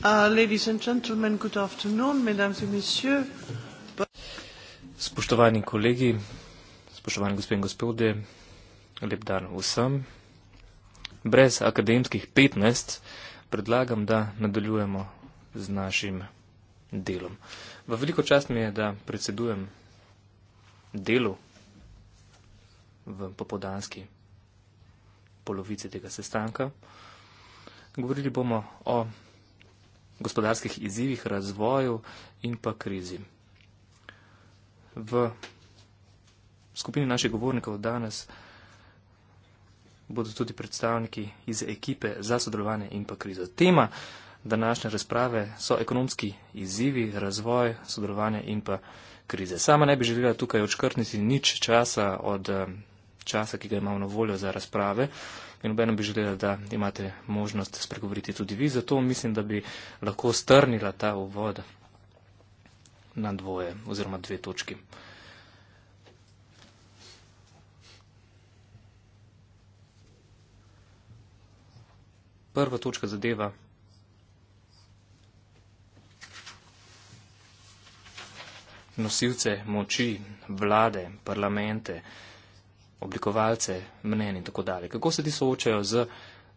Uh, spoštovani kolegi, spoštovani gospe in gospodje, lep dan vsem. Brez akademskih 15 predlagam, da nadaljujemo z našim delom. V veliko čast mi je, da predsedujem delu v popodanski polovici tega sestanka. Govorili bomo o gospodarskih izzivih, razvoju in pa krizi. V skupini naših govornikov danes bodo tudi predstavniki iz ekipe za sodelovanje in pa krizo. Tema današnje razprave so ekonomski izzivi, razvoj, sodelovanje in pa krize. Sama ne bi želela tukaj očkrtniti nič časa od eh, časa, ki ga imamo na voljo za razprave. Uh, in obenem bi želela, da imate možnost spregovoriti tudi vi. Zato mislim, da bi lahko strnila ta uvod na dvoje oziroma dve točki. Prva točka zadeva. nosilce moči, vlade, parlamente, oblikovalce, mnen in tako dalje. Kako se ti soočajo z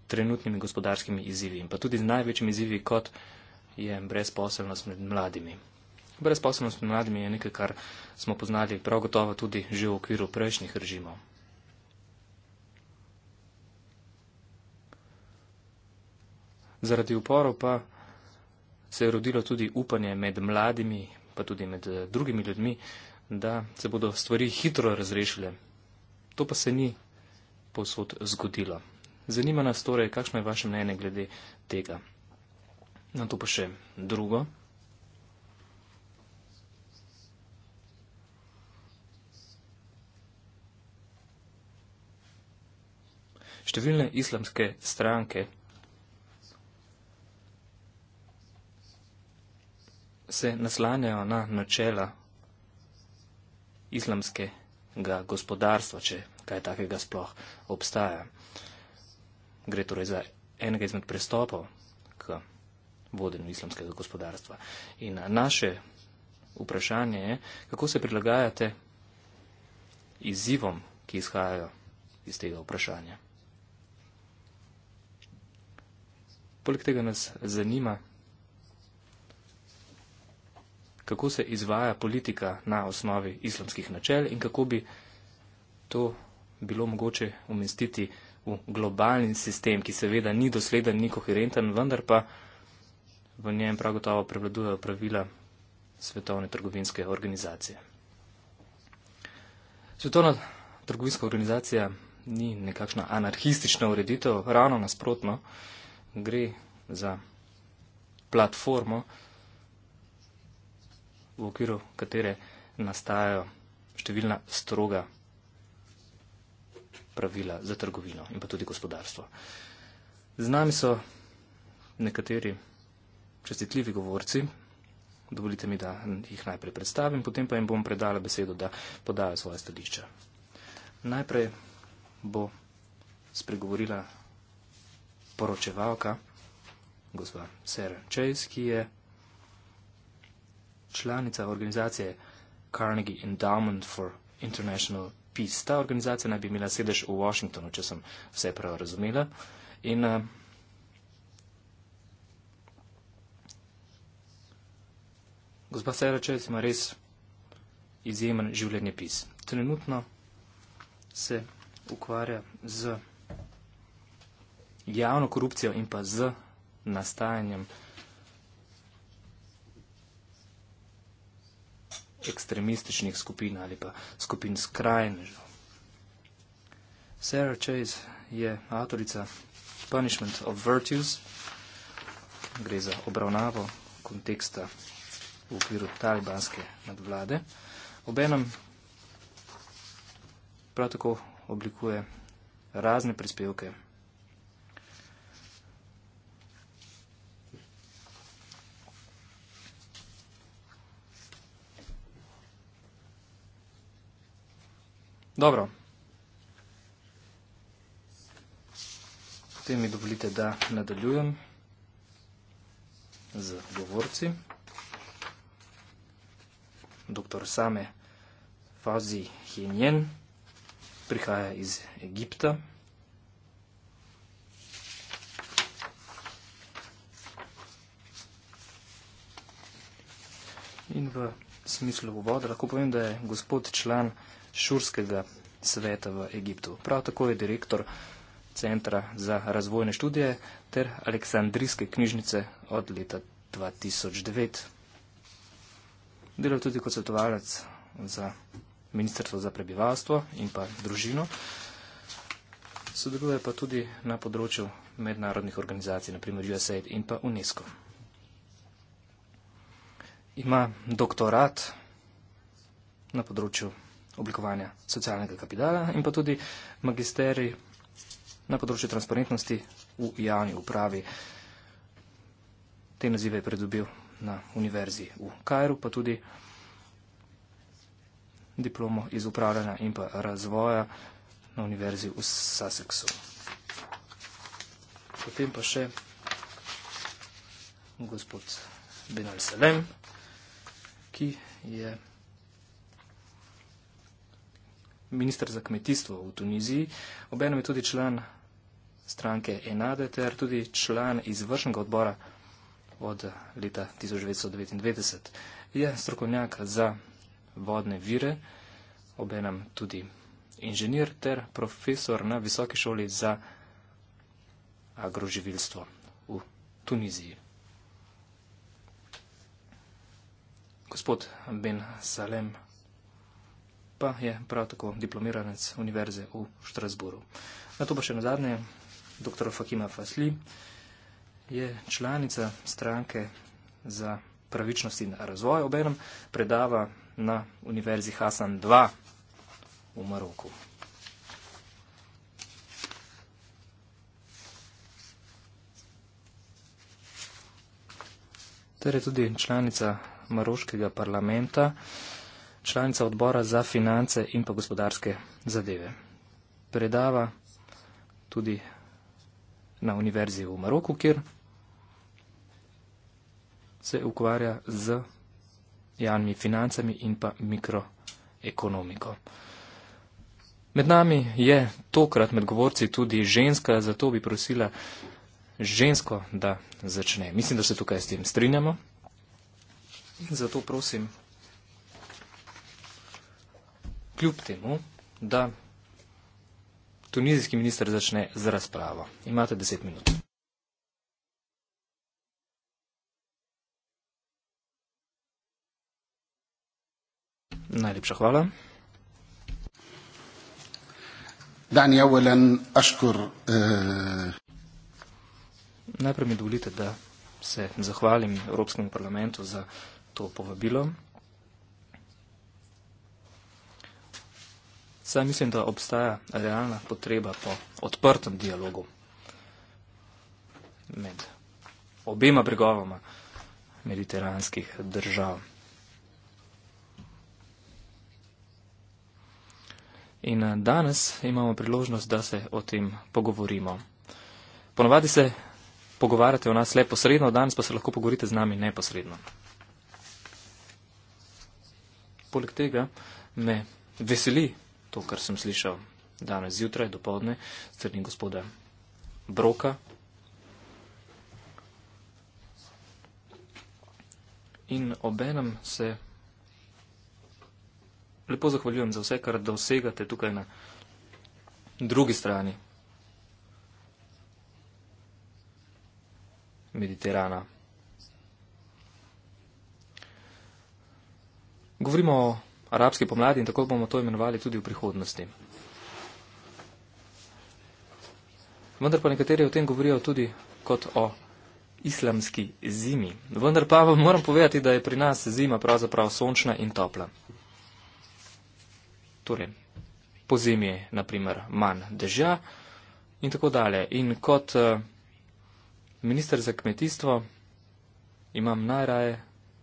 trenutnimi gospodarskimi izzivi in pa tudi z največjimi izzivi, kot je brezposelnost med mladimi? Brezposelnost med mladimi je nekaj, kar smo poznali prav gotovo tudi že v okviru prejšnjih režimov. Zaradi uporov pa se je rodilo tudi upanje med mladimi, pa tudi med eh, drugimi ljudmi, da se bodo stvari hitro razrešile To pa se ni posod zgodilo. Zanima nas torej, kakšno je vaše mnenje glede tega. Na to pa še drugo. Številne islamske stranke se naslanjajo na načela islamske slovenskega gospodarstva, če kaj takega sploh obstaja. Gre torej za enega izmed prestopov k vodenju islamskega gospodarstva. In naše vprašanje je, kako se prilagajate izzivom, ki izhajajo iz tega vprašanja. Poleg tega nas zanima, kako se izvaja politika na osnovi islamskih načel in kako bi to bilo mogoče umestiti v globalni sistem, ki seveda ni dosleden, ni koherenten, vendar pa v njem prav gotovo prevladujejo pravila Svetovne trgovinske organizacije. Svetovna trgovinska organizacija ni nekakšna anarhistična ureditev, ravno nasprotno gre za platformo, v okviru katere nastajajo številna stroga pravila za trgovino in pa tudi gospodarstvo. Z nami so nekateri čestitljivi govorci. Dovolite mi, da jih najprej predstavim, potem pa jim bom predala besedo, da podajo svoje stališča. Najprej bo spregovorila poročevalka, gospod Sarah Chase, ki je članica organizacije Carnegie Endowment for International Peace. Ta organizacija naj bi imela sedež v Washingtonu, če sem vse prav razumela. In uh, gospa Sajračevic ima res izjemen življenje pis. Trenutno se ukvarja z javno korupcijo in pa z nastajanjem uh, ekstremističnih skupin ali pa skupin skrajnežev. Sarah Chase je avtorica Punishment of Virtues, gre za obravnavo konteksta v okviru talibanske nadvlade. Obenem prav tako oblikuje razne prispevke Dobro. Potem mi dovolite, da nadaljujem z govorci. Doktor Same Fazi Hinjen prihaja iz Egipta. In v smislu uvoda lahko povem, da je gospod član Šurskega sveta v Egiptu. Prav tako je direktor Centra za razvojne študije ter Aleksandrijske knjižnice od leta 2009. Delal tudi kot svetovalec za Ministrstvo za prebivalstvo in pa družino. Sodeluje pa tudi na področju mednarodnih organizacij, naprimer USAID in pa UNESCO. Ima doktorat na področju oblikovanja socialnega kapitala in pa tudi magisteri na področju transparentnosti v javni upravi. Te nazive je pridobil na univerzi v Kajru, pa tudi diplomo iz upravljanja in pa razvoja na univerzi v Sussexu. Potem pa še gospod Benal Salem, ki je ministr za kmetijstvo v Tuniziji, obenem je tudi član stranke Enade ter tudi član izvršnega odbora od leta 1999. Je strokovnjak za vodne vire, obenem tudi inženir ter profesor na visoki šoli za agroživilstvo v Tuniziji. Gospod Ben Salem, pa je prav tako diplomiranec Univerze v Štrasburu. Na to pa še nazadnje, dr. Fakima Fasli je članica stranke za pravičnost in razvoj, obenem predava na Univerzi Hasan II v Maroku. Torej tudi članica Maroškega parlamenta članica odbora za finance in pa gospodarske zadeve. Predava tudi na univerzi v Maroku, kjer se ukvarja z javnimi financami in pa mikroekonomiko. Med nami je tokrat med govorci tudi ženska, zato bi prosila žensko, da začne. Mislim, da se tukaj s tem strinjamo. In zato prosim kljub temu, da tunizijski minister začne z razpravo. Imate deset minut. Najlepša hvala. Dani Avelen, ja, Aškur. Eh, Najprej mi dovolite, da se zahvalim Evropskemu parlamentu za to povabilo. Sam mislim, da obstaja realna potreba po odprtem dialogu med obema bregovama mediteranskih držav. In eh, danes imamo priložnost, da se o tem pogovorimo. Ponovadi se pogovarjate o nas le posredno, danes pa se lahko pogovorite z nami neposredno. Poleg tega me veseli to, kar sem slišal danes zjutraj, dopoledne, strani gospoda Broka. In obenem se lepo zahvaljujem za vse, kar dosegate tukaj na drugi strani Mediterana. Govorimo o arabske pomladi in tako bomo to imenovali tudi v prihodnosti. Vendar pa nekateri o tem govorijo tudi kot o islamski zimi. Vendar pa vam moram povedati, da je pri nas zima pravzaprav sončna in topla. Torej, po zimi je naprimer manj dežja in tako dalje. In kot eh, minister za kmetijstvo imam najraje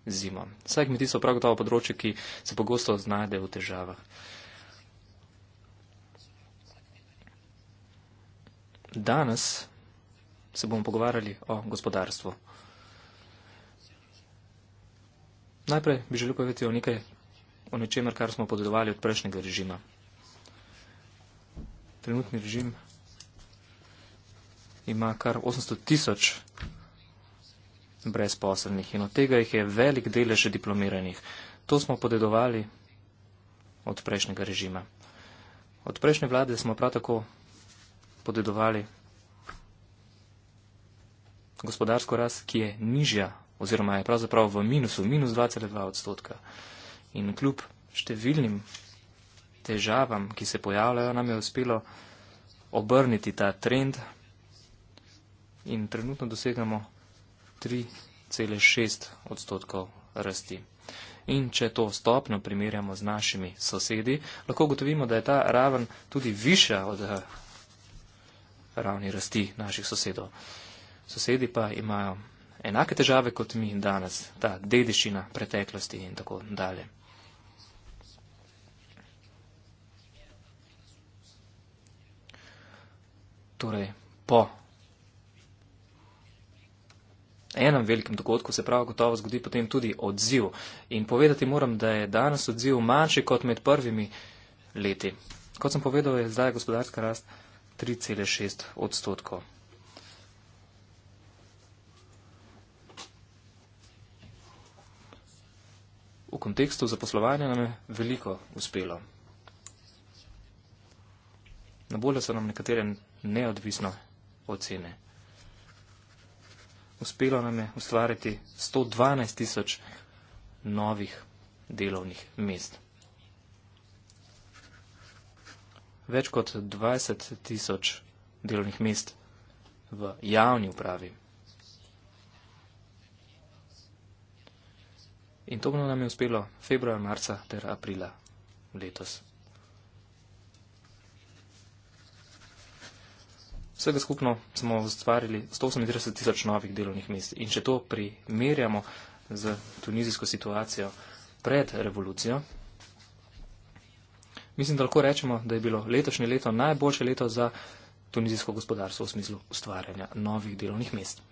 zima. Saj kmetijstvo je prav gotovo področje, ki se pogosto znajde v težavah. Danes se bomo pogovarjali o gospodarstvu. Najprej bi želel povedati o nekaj, o nečemer, kar smo podedovali od prejšnjega režima. Trenutni režim ima kar 800 tisoč brezposobnih in od tega jih je velik delež diplomiranih. To smo podedovali od prejšnjega režima. Od prejšnje vlade smo prav tako podedovali gospodarsko rast, ki je nižja oziroma je pravzaprav v minusu, minus 2,2 odstotka. In kljub številnim težavam, ki se pojavljajo, nam je uspelo obrniti ta trend in trenutno dosegamo 3,6 odstotkov rasti. In če to stopno primerjamo z našimi sosedi, lahko ugotovimo, da je ta raven tudi višja od eh, ravni rasti naših sosedov. Sosedi pa imajo enake težave kot mi danes, ta dediščina preteklosti in tako dalje. Torej, po enem velikem dogodku se prav gotovo zgodi potem tudi odziv. In povedati moram, da je danes odziv manjši kot med prvimi leti. Kot sem povedal, je zdaj gospodarska rast 3,6 odstotkov. V kontekstu zaposlovanja nam je veliko uspelo. Na bolje so nam nekatere neodvisno ocene uspelo nam je ustvariti 112 tisoč novih delovnih mest. Več kot 20 tisoč delovnih mest v javni upravi. In to nam je uspelo februar, marca ter aprila letos. Vsega skupno smo ustvarili 138 tisoč novih delovnih mest. In če to primerjamo z tunizijsko situacijo pred revolucijo, mislim, da lahko rečemo, da je bilo letošnje leto najboljše leto za tunizijsko gospodarstvo v smislu ustvarjanja novih delovnih mest.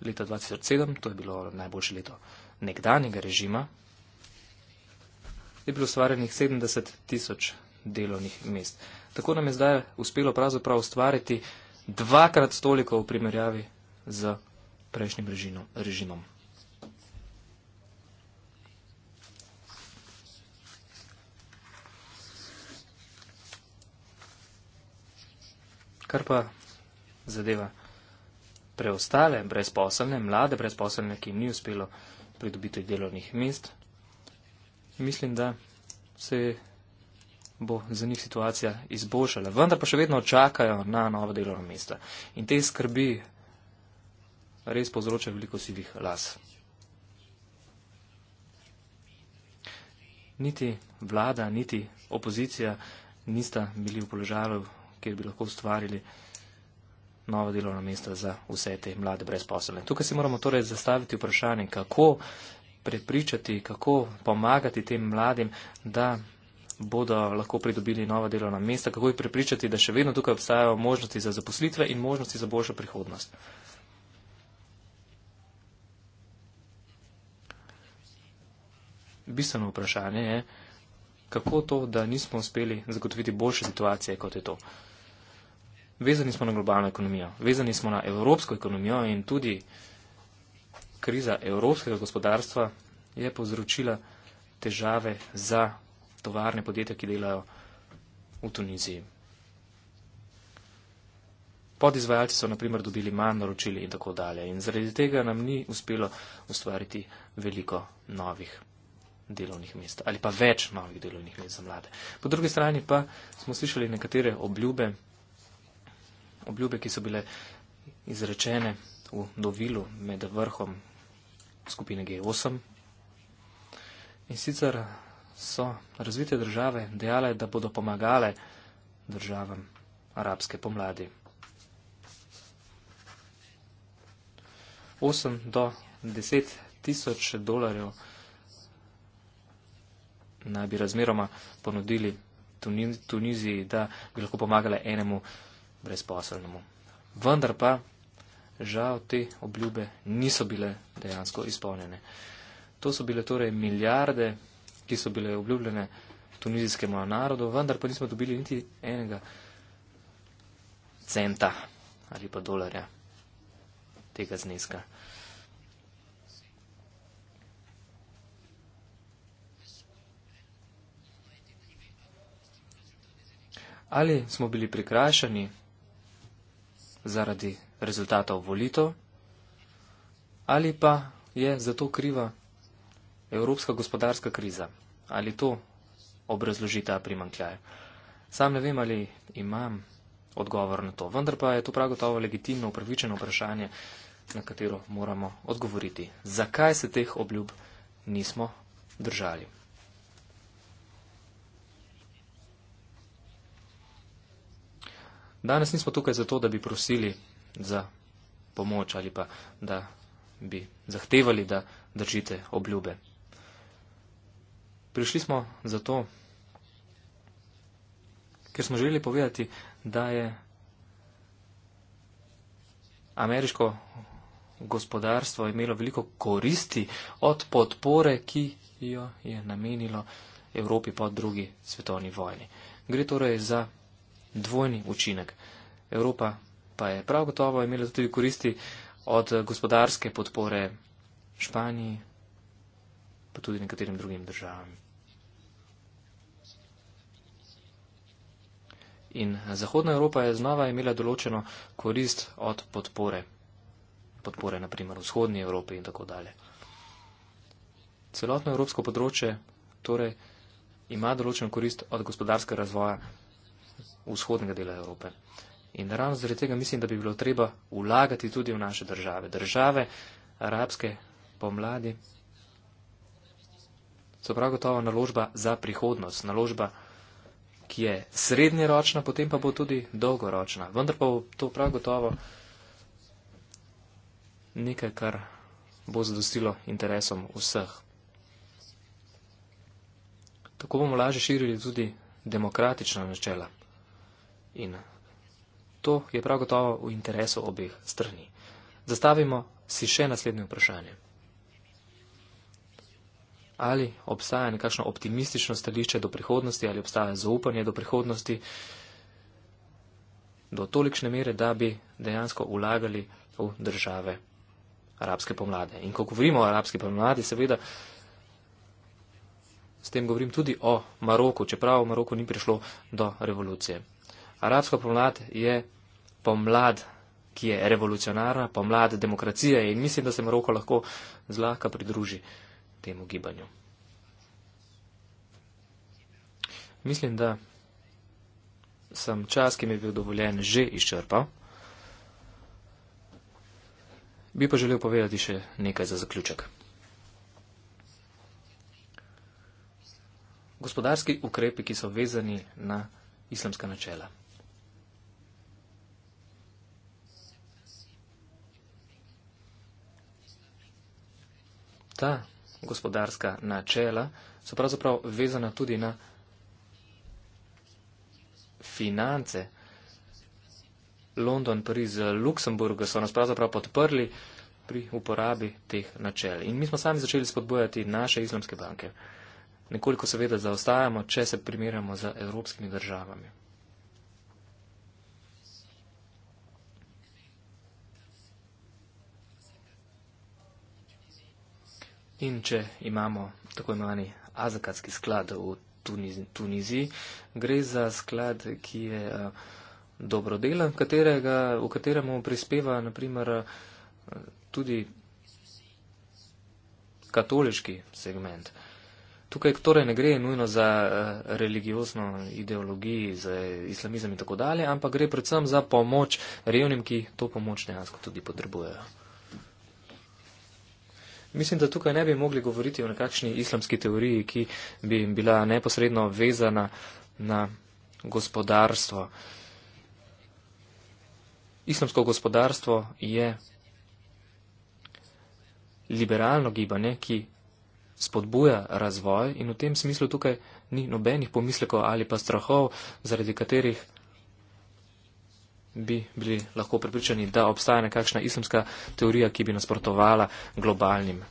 Leta 2007, to je bilo najboljše leto nekdanjega režima, je bilo ustvarjenih 70 tisoč delovnih mest. Tako nam je zdaj uspelo pravzaprav ustvariti dvakrat toliko v primerjavi z prejšnjim režino, režimom. Kar pa zadeva preostale brezposelne, mlade brezposelne, ki ni uspelo pridobiti delovnih mest, mislim, da se je bo za njih situacija izboljšala, vendar pa še vedno čakajo na nova delovna mesta. In te skrbi res povzročajo veliko sivih las. Niti vlada, niti opozicija nista bili v položaju, kjer bi lahko ustvarili nova delovna mesta za vse te mlade brezposelne. Tukaj si moramo torej zastaviti vprašanje, kako prepričati, kako pomagati tem mladim, da bodo lahko pridobili nova delovna mesta, kako jih prepričati, da še vedno tukaj obstajajo možnosti za zaposlitve in možnosti za boljšo prihodnost. Bistveno vprašanje je, kako to, da nismo uspeli zagotoviti boljše situacije, kot je to. Vezani smo na globalno ekonomijo, vezani smo na evropsko ekonomijo in tudi kriza evropskega gospodarstva je povzročila težave za tovarne, podjetja, ki delajo v Tuniziji. Podizvajalci so naprimer dobili manj naročili in tako dalje. In zaradi tega nam ni uspelo ustvariti veliko novih delovnih mest ali pa več novih delovnih mest za mlade. Po drugi strani pa smo slišali nekatere obljube, obljube, ki so bile izrečene v dovilu med vrhom skupine G8. In sicer so razvite države dejale, da bodo pomagale državam arabske pomladi. 8 do 10 tisoč dolarjev naj bi razmeroma ponudili Tuniziji, da bi lahko pomagale enemu brezposelnemu. Vendar pa žal te obljube niso bile dejansko izpolnjene. To so bile torej milijarde ki so bile obljubljene tunizijskemu narodu, vendar pa nismo dobili niti enega centa ali pa dolarja tega zneska. Ali smo bili prikrašeni zaradi rezultatov volitev, ali pa je zato kriva Evropska gospodarska kriza. Ali to obrazloži ta primankljaj? Sam ne vem, ali imam odgovor na to, vendar pa je to prav gotovo legitimno upravičeno vprašanje, na katero moramo odgovoriti. Zakaj se teh obljub nismo držali? Danes nismo tukaj zato, da bi prosili za pomoč ali pa da bi zahtevali, da držite obljube. Prišli smo zato, ker smo želeli povedati, da je ameriško gospodarstvo imelo veliko koristi od podpore, ki jo je namenilo Evropi po drugi svetovni vojni. Gre torej za dvojni učinek. Evropa pa je prav gotovo imela tudi koristi od gospodarske podpore Španiji, pa tudi nekaterim drugim državam. in Zahodna Evropa je znova imela določeno korist od podpore. Podpore naprimer v Vzhodni Evropi in tako dalje. Celotno evropsko področje torej ima določeno korist od gospodarskega razvoja vzhodnega dela Evrope. In ravno zaradi tega mislim, da bi bilo treba vlagati tudi v naše države. Države arabske pomladi so prav gotovo naložba za prihodnost, naložba za prihodnost ki je srednjeročna, potem pa bo tudi dolgoročna. Vendar pa bo to prav gotovo nekaj, kar bo zadostilo interesom vseh. Tako bomo lažje širili tudi demokratična načela. In to je prav gotovo v interesu obeh strani. Zastavimo si še naslednje vprašanje ali obstaja nekakšno optimistično stališče do prihodnosti, ali obstaja zaupanje do prihodnosti do tolikšne mere, da bi dejansko vlagali v države arabske pomlade. In ko govorimo o arabski pomladi, seveda s tem govorim tudi o Maroku, čeprav v Maroku ni prišlo do revolucije. Arabska pomlad je pomlad, ki je revolucionarna, pomlad demokracije in mislim, da se Maroko lahko zlahka pridruži temu gibanju. Mislim, da sem čas, ki mi je bil dovoljen, že izčrpal. Bi pa želel povedati še nekaj za zaključek. Gospodarski ukrepi, ki so vezani na islamska načela. Ta gospodarska načela so pravzaprav vezana tudi na finance. London, Pariz, Luksemburg so nas pravzaprav podprli pri uporabi teh načel. In mi smo sami začeli spodbojati naše islamske banke. Nekoliko seveda zaostajamo, če se primerjamo z evropskimi državami. In če imamo tako imenovani azakatski sklad v Tunizi, Tuniziji, gre za sklad, ki je eh, dobrodelen, v katerem prispeva naprimer eh, tudi katoliški segment. Tukaj torej ne gre nujno za eh, religiozno ideologijo, za islamizem in tako dalje, ampak gre predvsem za pomoč revnim, ki to pomoč dejansko tudi potrebujejo. Mislim, da tukaj ne bi mogli govoriti o nekakšni islamski teoriji, ki bi bila neposredno vezana na gospodarstvo. Islamsko gospodarstvo je liberalno gibanje, ki spodbuja razvoj in v tem smislu tukaj ni nobenih pomislekov ali pa strahov, zaradi katerih bi bili lahko pripričani, da obstaja nekakšna islamska teorija, ki bi nasprotovala globalnim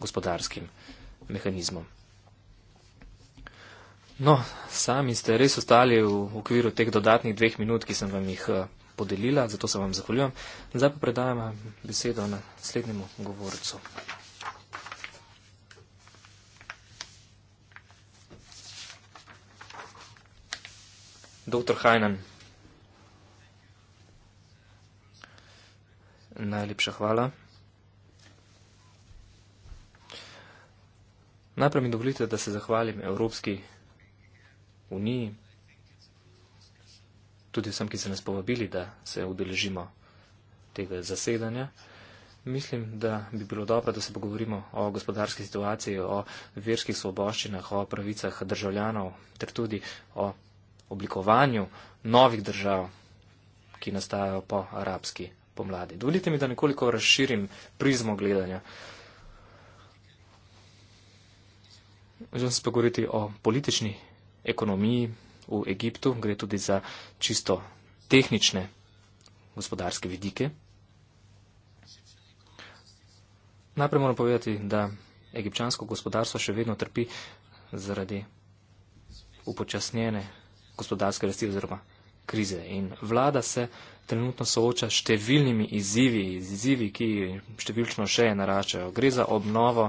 gospodarskim mehanizmom. No, sami ste res ostali v okviru teh dodatnih dveh minut, ki sem vam jih eh, podelila, zato se vam zahvaljujem. Zdaj pa predajam eh, besedo naslednjemu govorcu. Doktor Hajnan, Najlepša hvala. Najprej mi dovolite, da se zahvalim Evropski uniji, tudi vsem, ki se nas povabili, da se udeležimo tega zasedanja. Mislim, da bi bilo dobro, da se pogovorimo o gospodarski situaciji, o verskih svoboščinah, o pravicah državljanov ter tudi o oblikovanju novih držav, ki nastajajo po arabski pomladi. Dovolite mi, da nekoliko razširim prizmo gledanja. Želim se pogovoriti o politični ekonomiji v Egiptu, gre tudi za čisto tehnične gospodarske vidike. Najprej moram povedati, da egipčansko gospodarstvo še vedno trpi zaradi upočasnjene gospodarske rasti oziroma krize in vlada se trenutno sooča s številnimi izzivi, izzivi, ki številčno še naračajo. Gre za obnovo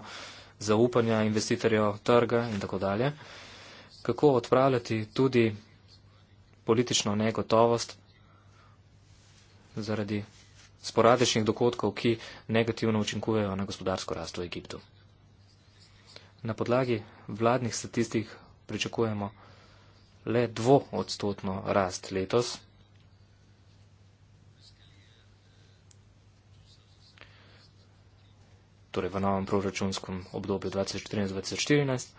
zaupanja investitorjev, trga in tako dalje. Kako odpravljati tudi politično negotovost zaradi sporadičnih dogodkov, ki negativno učinkujejo na gospodarsko rast v Egiptu. Na podlagi vladnih statistik pričakujemo le dvoodstotno rast letos, torej v novem proračunskem obdobju 2014-2014.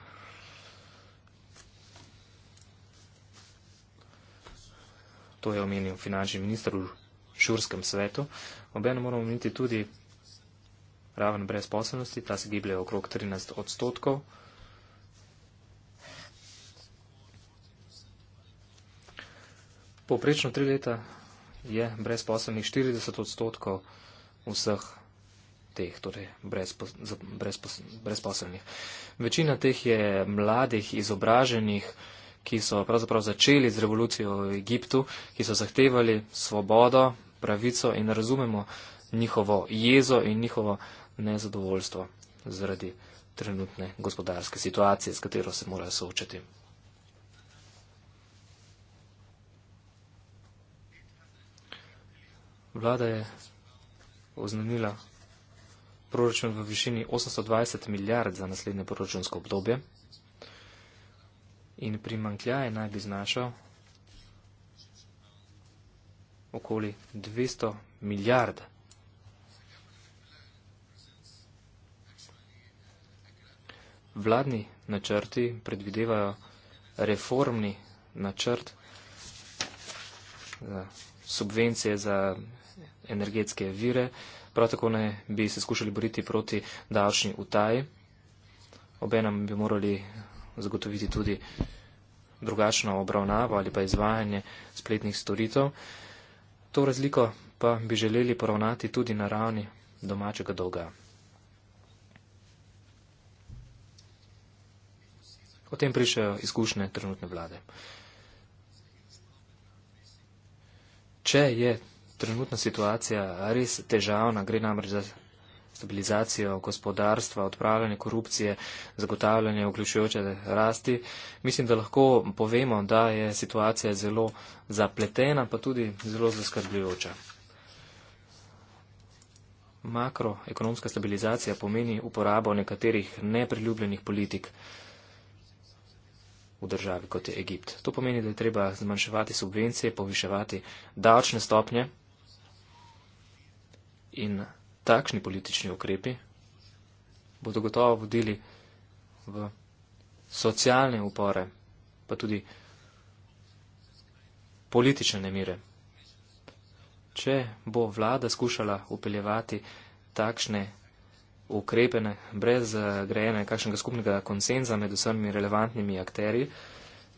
To je omenil finančni minister v Šurskem svetu. Obeno moramo omeniti tudi raven brezposobnosti, ta se giblje okrog 13 odstotkov. Poprečno tri leta je brezposobnih 40 odstotkov vseh teh torej brezposelnih. Večina teh je mladih, izobraženih, ki so pravzaprav začeli z revolucijo v Egiptu, ki so zahtevali svobodo, pravico in razumemo njihovo jezo in njihovo nezadovoljstvo zaradi trenutne gospodarske situacije, s katero se morajo soočati. Vlada je oznanila proračun v višini 820 milijard za naslednje proračunsko obdobje in primankljaj naj bi znašal okoli 200 milijard. Vladni načrti predvidevajo reformni načrt za subvencije za energetske vire, prav tako ne bi se skušali boriti proti davčni utaji. Obenem bi morali zagotoviti tudi drugačno obravnavo ali pa izvajanje spletnih storitev. To razliko pa bi želeli poravnati tudi na ravni domačega dolga. O tem prišajo izkušnje trenutne vlade. Če je trenutna situacija res težavna, gre namreč za stabilizacijo gospodarstva, odpravljanje korupcije, zagotavljanje vključujoče rasti. Mislim, da lahko povemo, da je situacija zelo zapletena, pa tudi zelo zaskrbljujoča. Makroekonomska stabilizacija pomeni uporabo nekaterih nepriljubljenih politik v državi kot je Egipt. To pomeni, da je treba zmanjševati subvencije, poviševati davčne stopnje. In takšni politični ukrepi bodo gotovo vodili v socialne upore, pa tudi politične nemire. Če bo vlada skušala upeljevati takšne ukrepene, brez eh, grejene kakšnega skupnega konsenza med vsemi relevantnimi akterji,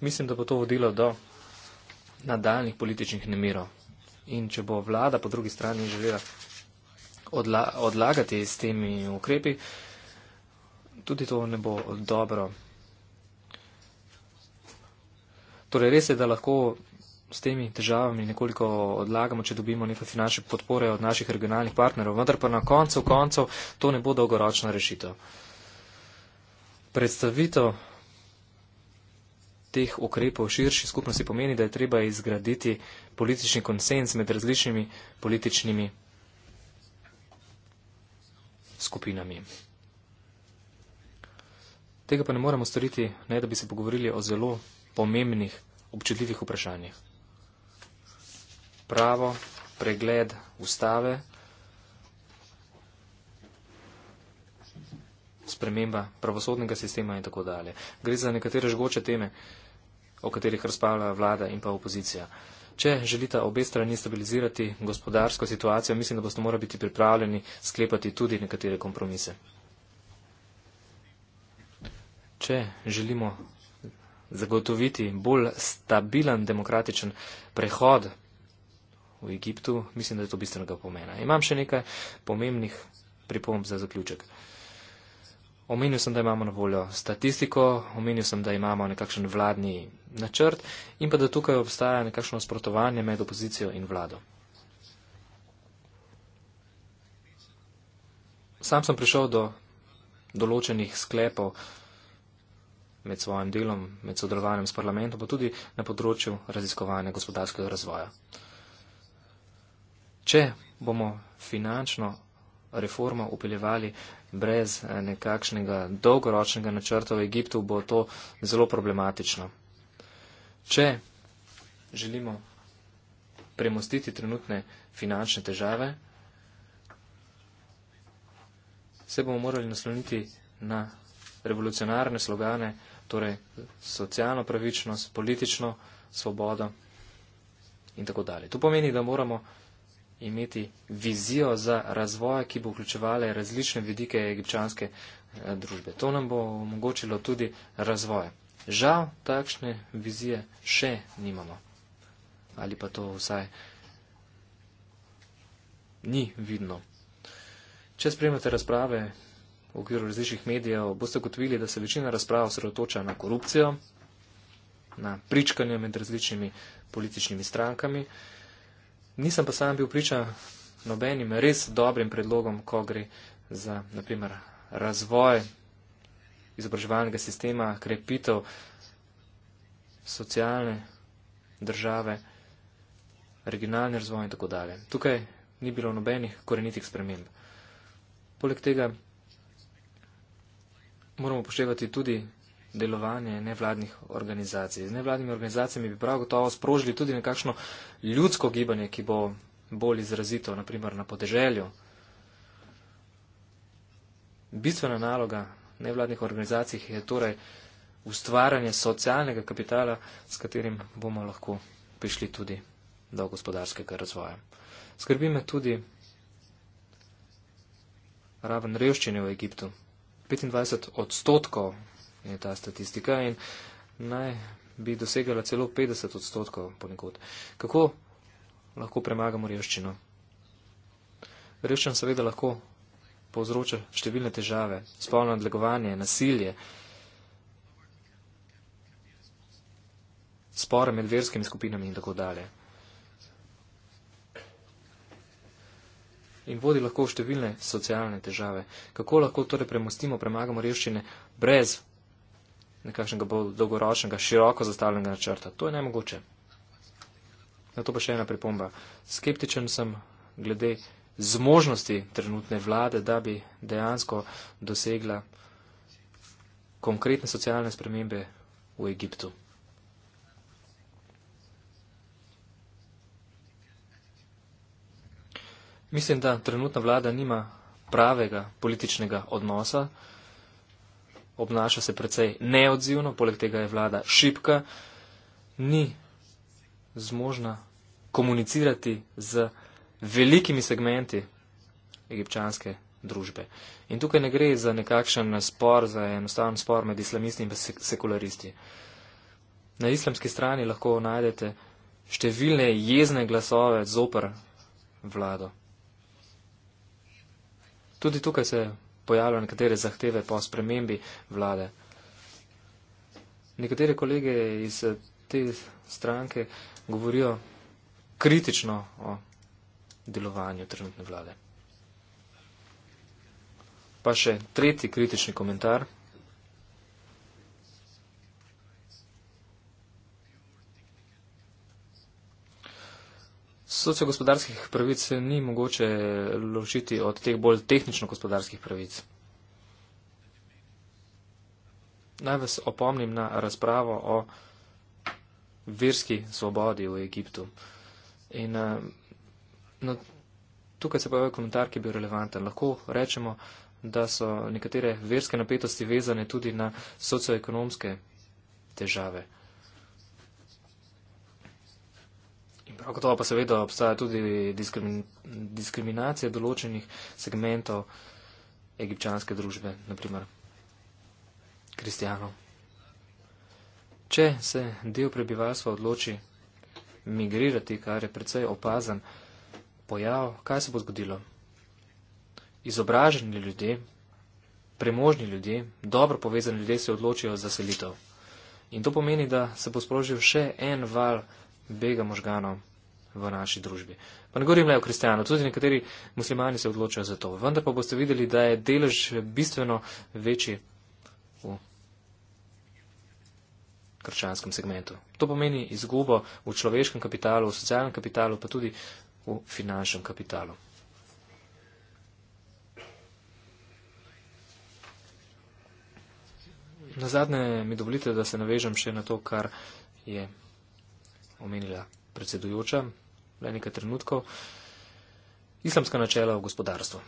mislim, da bo to vodilo do nadaljnih političnih nemirov. In če bo vlada po drugi strani želela odla odlagati s temi ukrepi, tudi to ne bo dobro. Torej, res je, da lahko s temi državami nekoliko odlagamo, če dobimo neko finančne podpore od naših regionalnih partnerov, vendar pa na koncu koncev to ne bo dolgoročna rešitev. Predstavitev teh ukrepov širši skupnosti pomeni, da je treba izgraditi politični konsens med različnimi političnimi partnerji skupinami. Tega pa ne moremo storiti, ne da bi se pogovorili o zelo pomembnih, občutljivih vprašanjih. Pravo, pregled ustave, sprememba pravosodnega sistema in tako dalje. Gre za nekatere žgoče teme, o katerih razpravlja vlada in pa opozicija. Če želita obe strani stabilizirati gospodarsko situacijo, mislim, da boste morali biti pripravljeni sklepati tudi nekatere kompromise. Če želimo zagotoviti bolj stabilen demokratičen prehod v Egiptu, mislim, da je to bistvenega pomena. Imam še nekaj pomembnih pripomb za zaključek. Omenil sem, da imamo na voljo statistiko, omenil sem, da imamo nekakšen vladni načrt in pa da tukaj obstaja nekakšno sprotovanje med opozicijo in vlado. Sam sem prišel do določenih sklepov med svojim delom, med sodelovanjem s parlamentom, pa tudi na področju raziskovanja gospodarskega razvoja. Če bomo finančno reformo upeljevali brez eh, nekakšnega dolgoročnega načrta v Egiptu, bo to zelo problematično. Če želimo premostiti trenutne finančne težave, se bomo morali nasloniti na revolucionarne slogane, torej socialno pravičnost, politično svobodo in tako dalje. To pomeni, da moramo imeti vizijo za razvoj, ki bo vključevala različne vidike egipčanske eh, družbe. To nam bo omogočilo tudi razvoj. Žal takšne vizije še nimamo. Ali pa to vsaj ni vidno. Če spremljate razprave v okviru različnih medijev, boste gotovili, da se večina razprav osredotoča na korupcijo, na pričkanje med različnimi političnimi strankami. Nisem pa sam bil priča nobenim res dobrim predlogom, ko gre za, naprimer, razvoj izobraževalnega sistema, krepitev socialne države, regionalni razvoj in tako dalje. Tukaj ni bilo nobenih korenitih sprememb. Poleg tega moramo poštevati tudi delovanje nevladnih organizacij. Z nevladnimi organizacijami bi prav gotovo sprožili tudi nekakšno ljudsko gibanje, ki bo bolj izrazito, naprimer na podeželju. Bistvena naloga nevladnih organizacij je torej ustvarjanje socialnega kapitala, s katerim bomo lahko prišli tudi do gospodarskega razvoja. Skrbi me tudi raven revščine v Egiptu. 25 odstotkov je ta statistika in naj bi dosegala celo 50 odstotkov ponekod. Kako lahko premagamo revščino? Revščina seveda lahko povzroča številne težave, spolno nadlegovanje, nasilje, spore med verskimi skupinami in tako dalje. In vodi lahko v številne socialne težave. Kako lahko torej premostimo, premagamo revščine brez nekakšnega bolj dolgoročnega, široko zastavljenega načrta. To je nemogoče. Na to pa še ena pripomba. Skeptičen sem glede zmožnosti trenutne vlade, da bi dejansko dosegla konkretne socialne spremembe v Egiptu. Mislim, da trenutna vlada nima pravega političnega odnosa obnaša se precej neodzivno, poleg tega je vlada šipka, ni zmožna komunicirati z velikimi segmenti egipčanske družbe. In tukaj ne gre za nekakšen spor, za enostaven spor med islamisti in sekularisti. Na islamski strani lahko najdete številne jezne glasove zoper vlado. Tudi tukaj se pojavljajo nekatere zahteve po spremembi vlade. Nekatere kolege iz te stranke govorijo kritično o delovanju trenutne vlade. Pa še tretji kritični komentar. sociogospodarskih pravic ni mogoče ločiti od teh bolj tehnično-gospodarskih pravic. Naj vas opomnim na razpravo o verski svobodi v Egiptu. In, eh, no, tukaj se pojavlja komentar, ki je bil relevanten. Lahko rečemo, da so nekatere verske napetosti vezane tudi na socioekonomske težave. Ampak to pa seveda obstaja tudi diskrimin diskriminacija določenih segmentov egipčanske družbe, naprimer kristijanov. Če se del prebivalstva odloči migrirati, kar je predvsej opazen pojav, kaj se bo zgodilo? Izobraženi ljudje, premožni ljudje, dobro povezani ljudje se odločijo za selitev. In to pomeni, da se bo sprožil še en val bega možganov v naši družbi. Pa ne govorim le o kristijanu, tudi nekateri muslimani se odločajo za to. Vendar pa boste videli, da je delež bistveno večji v krščanskem segmentu. To pomeni izgubo v človeškem kapitalu, v socialnem kapitalu, pa tudi v finančnem kapitalu. Na zadnje mi dovolite, da se navežem še na to, kar je omenila predsedujoča, le nekaj trenutkov, islamska načela v gospodarstvu.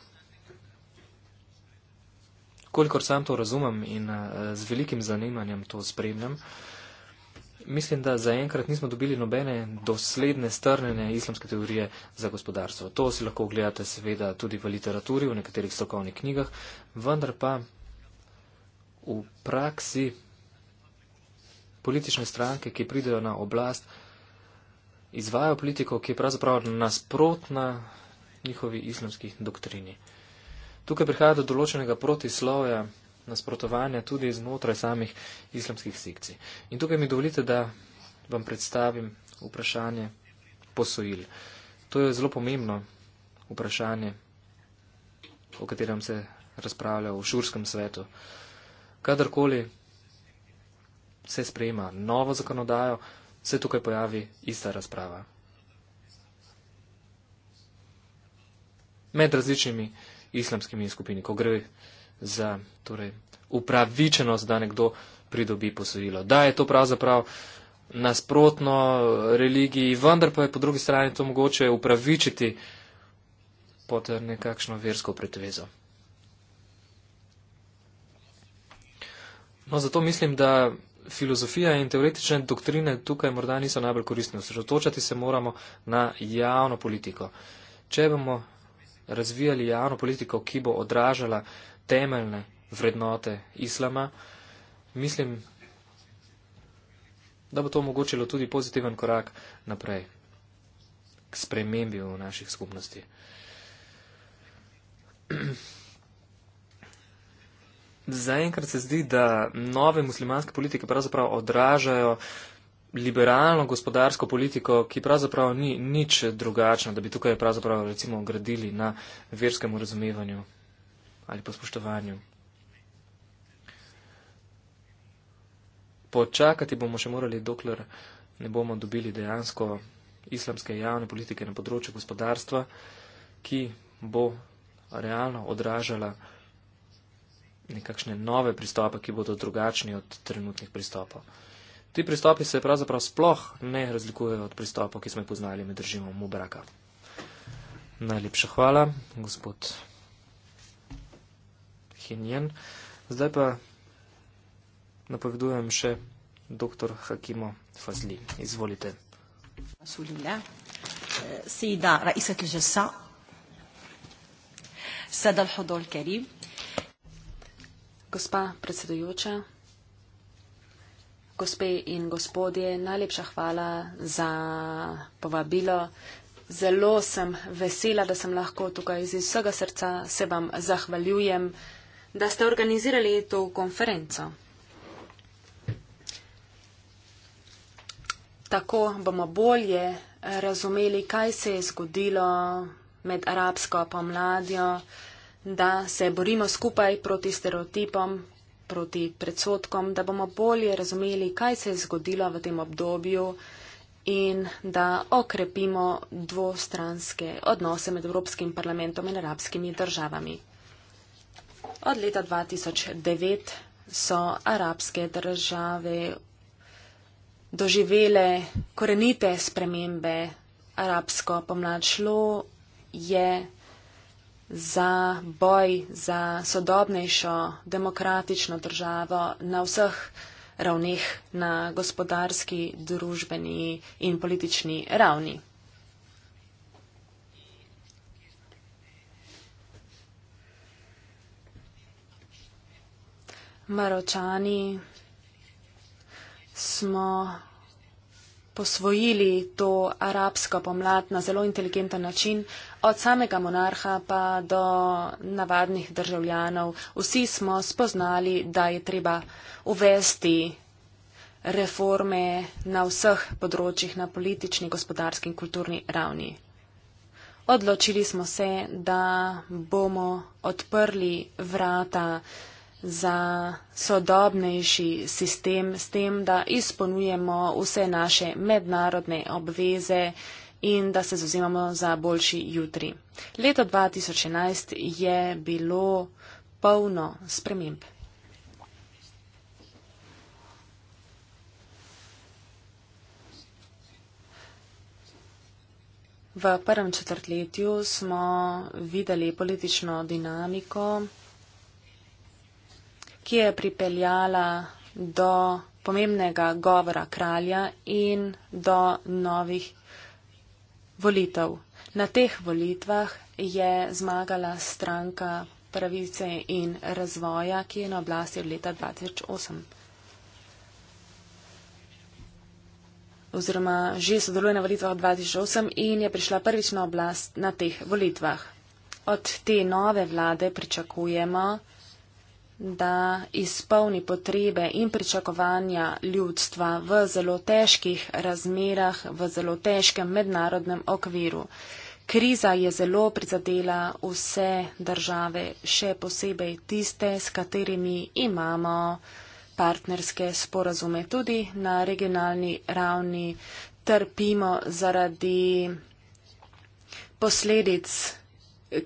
Kolikor sam to razumem in eh, z velikim zanimanjem to spremljam, mislim, da zaenkrat nismo dobili nobene dosledne, strnene islamske teorije za gospodarstvo. To si lahko ogledate seveda tudi v literaturi, v nekaterih strokovnih knjigah, vendar pa v praksi politične stranke, ki pridejo na oblast, izvajo politiko, ki je pravzaprav nasprotna njihovi islamski doktrini. Tukaj prihaja do določenega protislovja, nasprotovanja tudi znotraj samih islamskih sekcij. In tukaj mi dovolite, da vam predstavim vprašanje posojil. To je zelo pomembno vprašanje, o katerem se razpravlja v šurskem svetu. Kadarkoli se sprejema novo zakonodajo, se tukaj pojavi ista razprava. Med različnimi islamskimi skupini, ko gre za torej, upravičenost, da nekdo pridobi posojilo. Da je to pravzaprav nasprotno religiji, vendar pa je po drugi strani to mogoče upravičiti pod nekakšno versko pretvezo. No, zato mislim, da filozofija in teoretične doktrine tukaj morda niso najbolj koristne. Osredotočati se moramo na javno politiko. Če bomo razvijali javno politiko, ki bo odražala temeljne vrednote islama, mislim, da bo to omogočilo tudi pozitiven korak naprej k spremembi v naših skupnosti. Zaenkrat se zdi, da nove muslimanske politike pravzaprav odražajo liberalno gospodarsko politiko, ki pravzaprav ni nič drugačna, da bi tukaj pravzaprav recimo gradili na verskem razumevanju ali pa spoštovanju. Počakati bomo še morali, dokler ne bomo dobili dejansko islamske javne politike na področju gospodarstva, ki bo realno odražala nekakšne nove pristope, ki bodo drugačni od trenutnih pristopov. Ti pristopi se pravzaprav sploh ne razlikujejo od pristopov, ki smo jih poznali med režimom Mubraka. Najlepša hvala, gospod Hinjen. Zdaj pa napovedujem še dr. Hakimo Fazli. Izvolite. سيدة رئيسة الجلسة سادة الحضور الكريم Gospa predsedujoča, gospe in gospodje, najlepša hvala za povabilo. Zelo sem vesela, da sem lahko tukaj iz vsega srca se vam zahvaljujem, da ste organizirali to konferenco. Tako bomo bolje razumeli, kaj se je zgodilo med arabsko pomladjo da se borimo skupaj proti stereotipom, proti predsotkom, da bomo bolje razumeli, kaj se je zgodilo v tem obdobju in da okrepimo dvostranske odnose med Evropskim parlamentom in arabskimi državami. Od leta 2009 so arabske države doživele korenite spremembe. Arabsko pomlad šlo je za boj za sodobnejšo demokratično državo na vseh ravneh, na gospodarski, družbeni in politični ravni. Maročani smo posvojili to arabsko pomlad na zelo inteligenten način od samega monarha pa do navadnih državljanov. Vsi smo spoznali, da je treba uvesti reforme na vseh področjih, na politični, gospodarski in kulturni ravni. Odločili smo se, da bomo odprli vrata za sodobnejši sistem, s tem, da izpolnjujemo vse naše mednarodne obveze, in da se zauzemamo za boljši jutri. Leto 2011 je bilo polno sprememb. V prvem četrtletju smo videli politično dinamiko, ki je pripeljala do pomembnega govora kralja in do novih volitev. Na teh volitvah je zmagala stranka pravice in razvoja, ki je na oblasti od leta 2008. Oziroma, že sodeluje na volitvah od 2008 in je prišla prvič na oblast na teh volitvah. Od te nove vlade pričakujemo, da izpolni potrebe in pričakovanja ljudstva v zelo težkih razmerah, v zelo težkem mednarodnem okviru. Kriza je zelo prizadela vse države, še posebej tiste, s katerimi imamo partnerske sporazume. Tudi na regionalni ravni trpimo zaradi posledic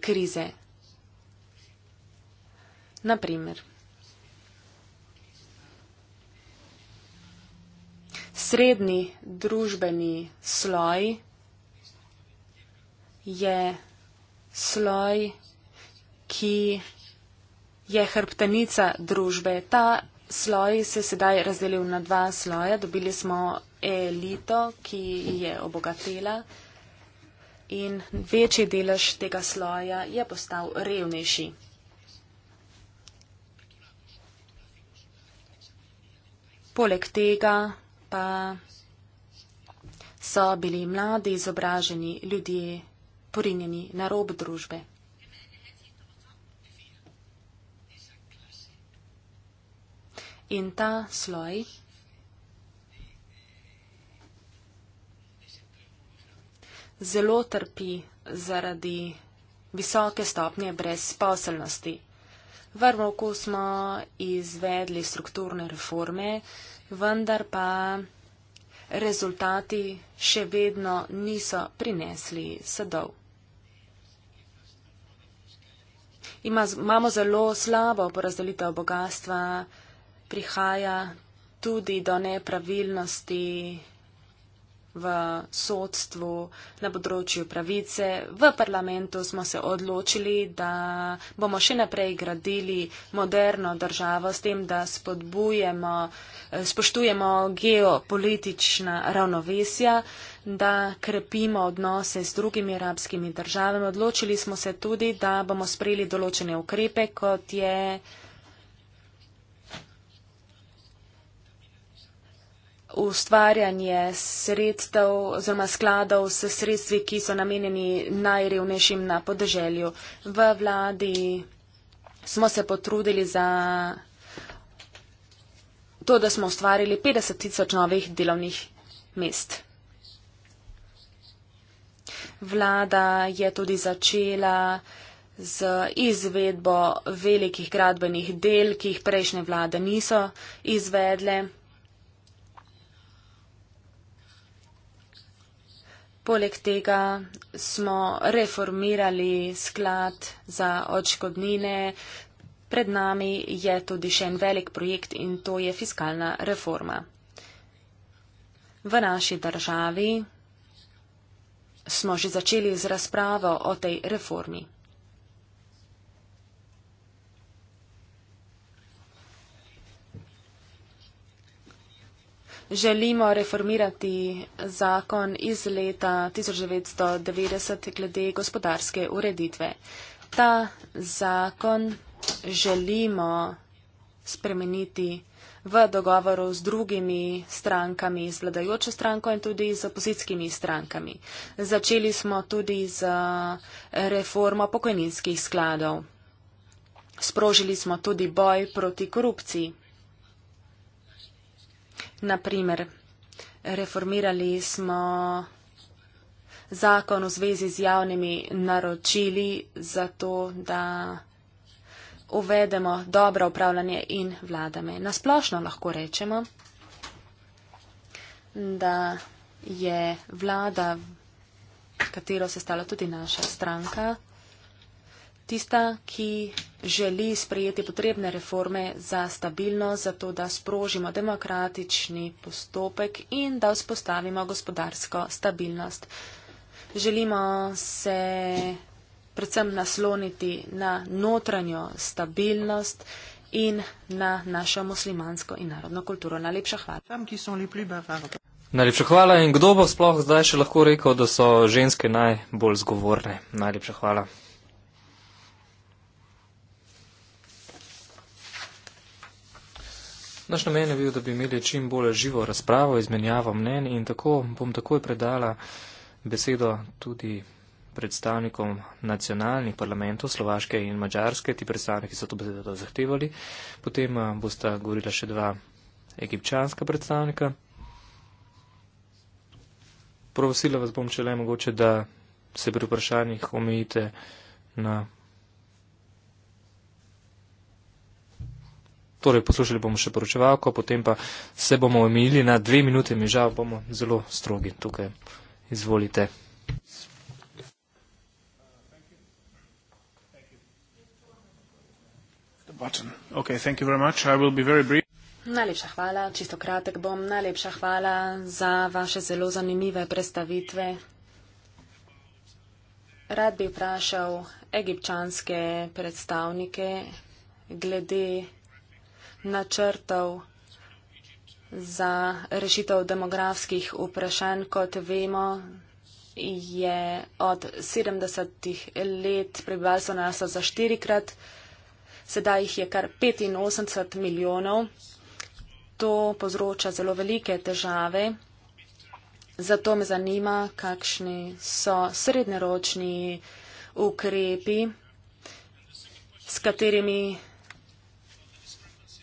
krize. Naprimer. Srednji družbeni sloj je sloj, ki je hrbtenica družbe. Ta sloj se je sedaj razdelil na dva sloja. Dobili smo elito, ki je obogatila in večji delež tega sloja je postal revnejši. Poleg tega pa so bili mladi izobraženi ljudje porinjeni na rob družbe. In ta sloj zelo trpi zaradi visoke stopnje brezposelnosti. V roku smo izvedli strukturne reforme, vendar pa rezultati še vedno niso prinesli sadov. Imamo zelo slabo porazdelitev bogatstva, prihaja tudi do nepravilnosti v sodstvu, na področju pravice. V parlamentu smo se odločili, da bomo še naprej gradili moderno državo s tem, da spodbujemo, eh, spoštujemo geopolitična ravnovesja, da krepimo odnose z drugimi arabskimi državami. Odločili smo se tudi, da bomo sprejeli določene ukrepe, kot je ustvarjanje sredstev oziroma skladov s sredstvi, ki so namenjeni najrevnejšim na podeželju. V vladi smo se potrudili za to, da smo ustvarili 50 tisoč novih delovnih mest. Vlada je tudi začela z izvedbo velikih gradbenih del, ki jih prejšnje vlade niso izvedle. Poleg tega smo reformirali sklad za očkodnine. Pred nami je tudi še en velik projekt in to je fiskalna reforma. V naši državi smo že začeli z razpravo o tej reformi. želimo reformirati zakon iz leta 1990 glede gospodarske ureditve. Ta zakon želimo spremeniti v dogovoru z drugimi strankami, z vladajočo stranko in tudi z opozicijskimi strankami. Začeli smo tudi z eh, reformo pokojninskih skladov. Sprožili smo tudi boj proti korupciji. Naprimer, reformirali smo zakon v zvezi z javnimi naročili za to, da uvedemo dobro upravljanje in vladame. Nasplošno lahko rečemo, da je vlada, katero se stala tudi naša stranka, tista, ki želi sprejeti potrebne reforme za stabilnost, zato da sprožimo demokratični postopek in da vzpostavimo gospodarsko stabilnost. Želimo se predvsem nasloniti na notranjo stabilnost in na našo muslimansko in narodno kulturo. Najlepša hvala. Tam, Najlepša hvala in kdo bo sploh zdaj še lahko rekel, da so ženske najbolj zgovorne. Najlepša hvala. Naš namen je bil, da bi imeli čim bolj živo razpravo, izmenjavo mnen in tako bom takoj predala besedo tudi predstavnikom nacionalnih parlamentov Slovaške in Mačarske. Ti predstavniki so to besedo zahtevali. Potem eh, bosta govorila še dva egipčanska predstavnika. Prosila vas bom, če le mogoče, da se pri vprašanjih omejite na Torej, poslušali bomo še poročevalko, potem pa se bomo omejili na dve minute, mi žal bomo zelo strogi tukaj. Izvolite. Okay, thank you very much. I will be very brief. Najlepša hvala, čisto kratek bom. Najlepša hvala za vaše zelo zanimive predstavitve. Rad bi vprašal egipčanske predstavnike glede načrtov za rešitev demografskih vprašanj, kot vemo, je od 70 let prebivalstvo narasla za štirikrat, sedaj jih je kar 85 milijonov. To povzroča zelo velike težave, zato me zanima, kakšni so srednjeročni ukrepi, s katerimi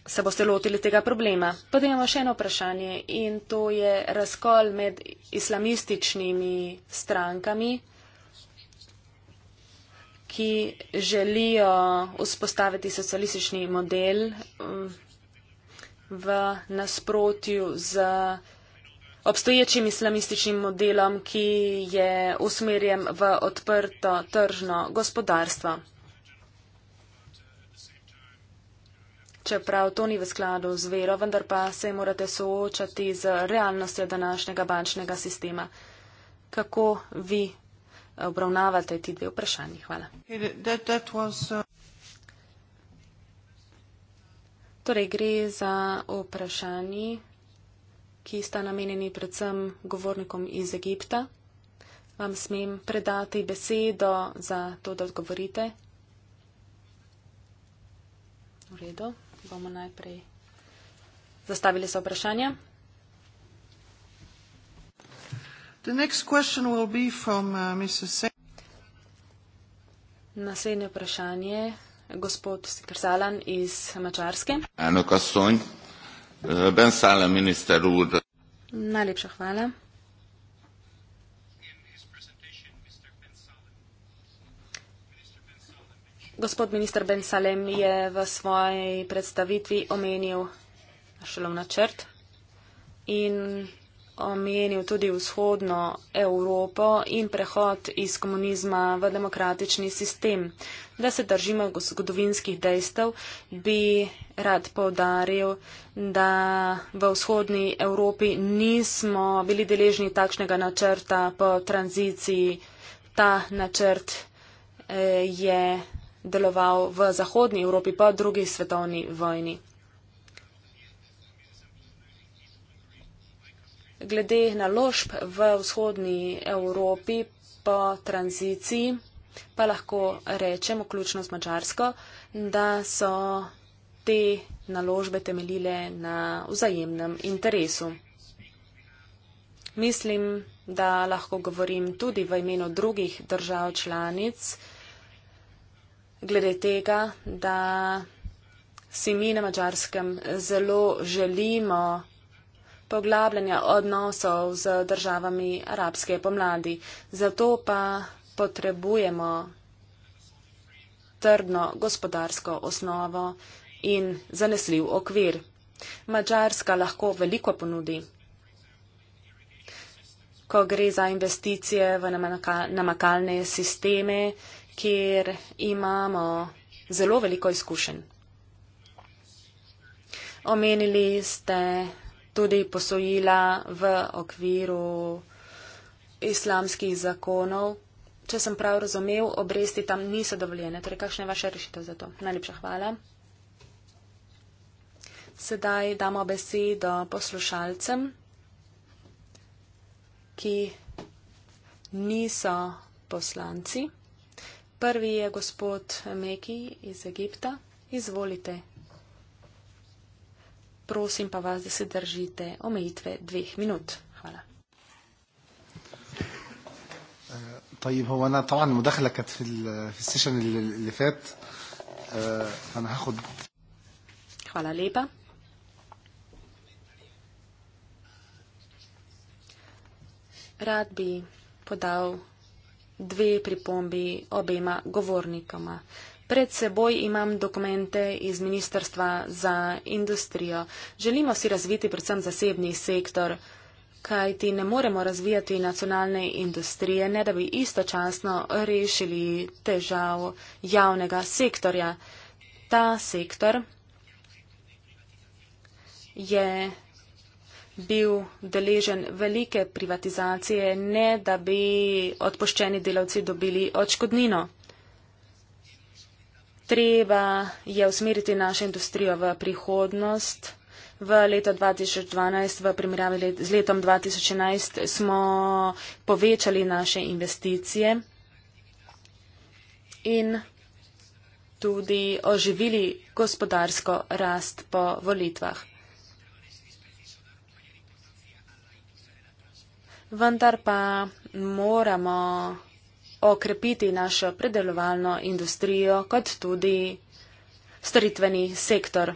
se boste lotili tega problema. Potem imamo še eno vprašanje in to je razkol med islamističnimi strankami, ki želijo vzpostaviti socialistični model v nasprotju z obstoječim islamističnim modelom, ki je usmerjen v odprto tržno gospodarstvo. čeprav to ni v skladu z vero, vendar pa se morate soočati z realnostjo današnjega bančnega sistema. Kako vi eh, obravnavate ti dve vprašanji? Hvala. Uh, torej, gre za vprašanji, ki sta namenjeni predvsem govornikom iz Egipta. Vam smem predati besedo za to, da odgovorite. V redu bomo najprej zastavili se vprašanje. The next question will be from uh, Mrs. Sen Naslednje vprašanje, gospod Sikr Salan iz Mačarske. Eno kasonj. Ben Salan, minister Rud. Najlepša hvala. Gospod minister Ben Salem je v svoji predstavitvi omenil šelov načrt in omenil tudi vzhodno Evropo in prehod iz komunizma v demokratični sistem. Da se držimo zgodovinskih dejstev, bi rad povdaril, da v vzhodni Evropi nismo bili deležni takšnega načrta po tranziciji. Ta načrt eh, je deloval v Zahodnji Evropi po drugi svetovni vojni. Glede naložb v vzhodni Evropi po tranziciji, pa lahko rečem, vključno s Mačarsko, da so te naložbe temeljile na vzajemnem interesu. Mislim, da lahko govorim tudi v imenu drugih držav članic, glede tega, da si mi na mačarskem zelo želimo poglabljanja odnosov z državami arabske pomladi. Zato pa potrebujemo trdno gospodarsko osnovo in zanesljiv okvir. Mačarska lahko veliko ponudi. Ko gre za investicije v namakalne sisteme, kjer imamo zelo veliko izkušenj. Omenili ste tudi posojila v okviru islamskih zakonov. Če sem prav razumev, obresti tam niso dovoljene. Torej, kakšna je vaša rešitev za to? Najlepša hvala. Sedaj damo besedo poslušalcem, ki niso poslanci. Prvi je gospod Meki iz Egipta. Izvolite. Prosim pa vas, da se držite omejitve dveh minut. Hvala. Eh, طيب هو انا طبعا المداخله كانت في في السيشن اللي فات فانا eh، هاخد خلا ليبا راد بي بوداو dve pripombi obema govornikoma. Pred seboj imam dokumente iz Ministrstva za industrijo. Želimo si razviti predvsem zasebni sektor, kaj ti ne moremo razvijati nacionalne industrije, ne da bi istočasno rešili težav javnega sektorja. Ta sektor je bil deležen velike privatizacije, ne da bi odpoščeni delavci dobili odškodnino. Treba je usmeriti našo industrijo v prihodnost. V letu 2012, v primerjavi let, z letom 2011, smo povečali naše investicije in tudi oživili gospodarsko rast po volitvah. vendar pa moramo okrepiti našo predelovalno industrijo, kot tudi storitveni sektor.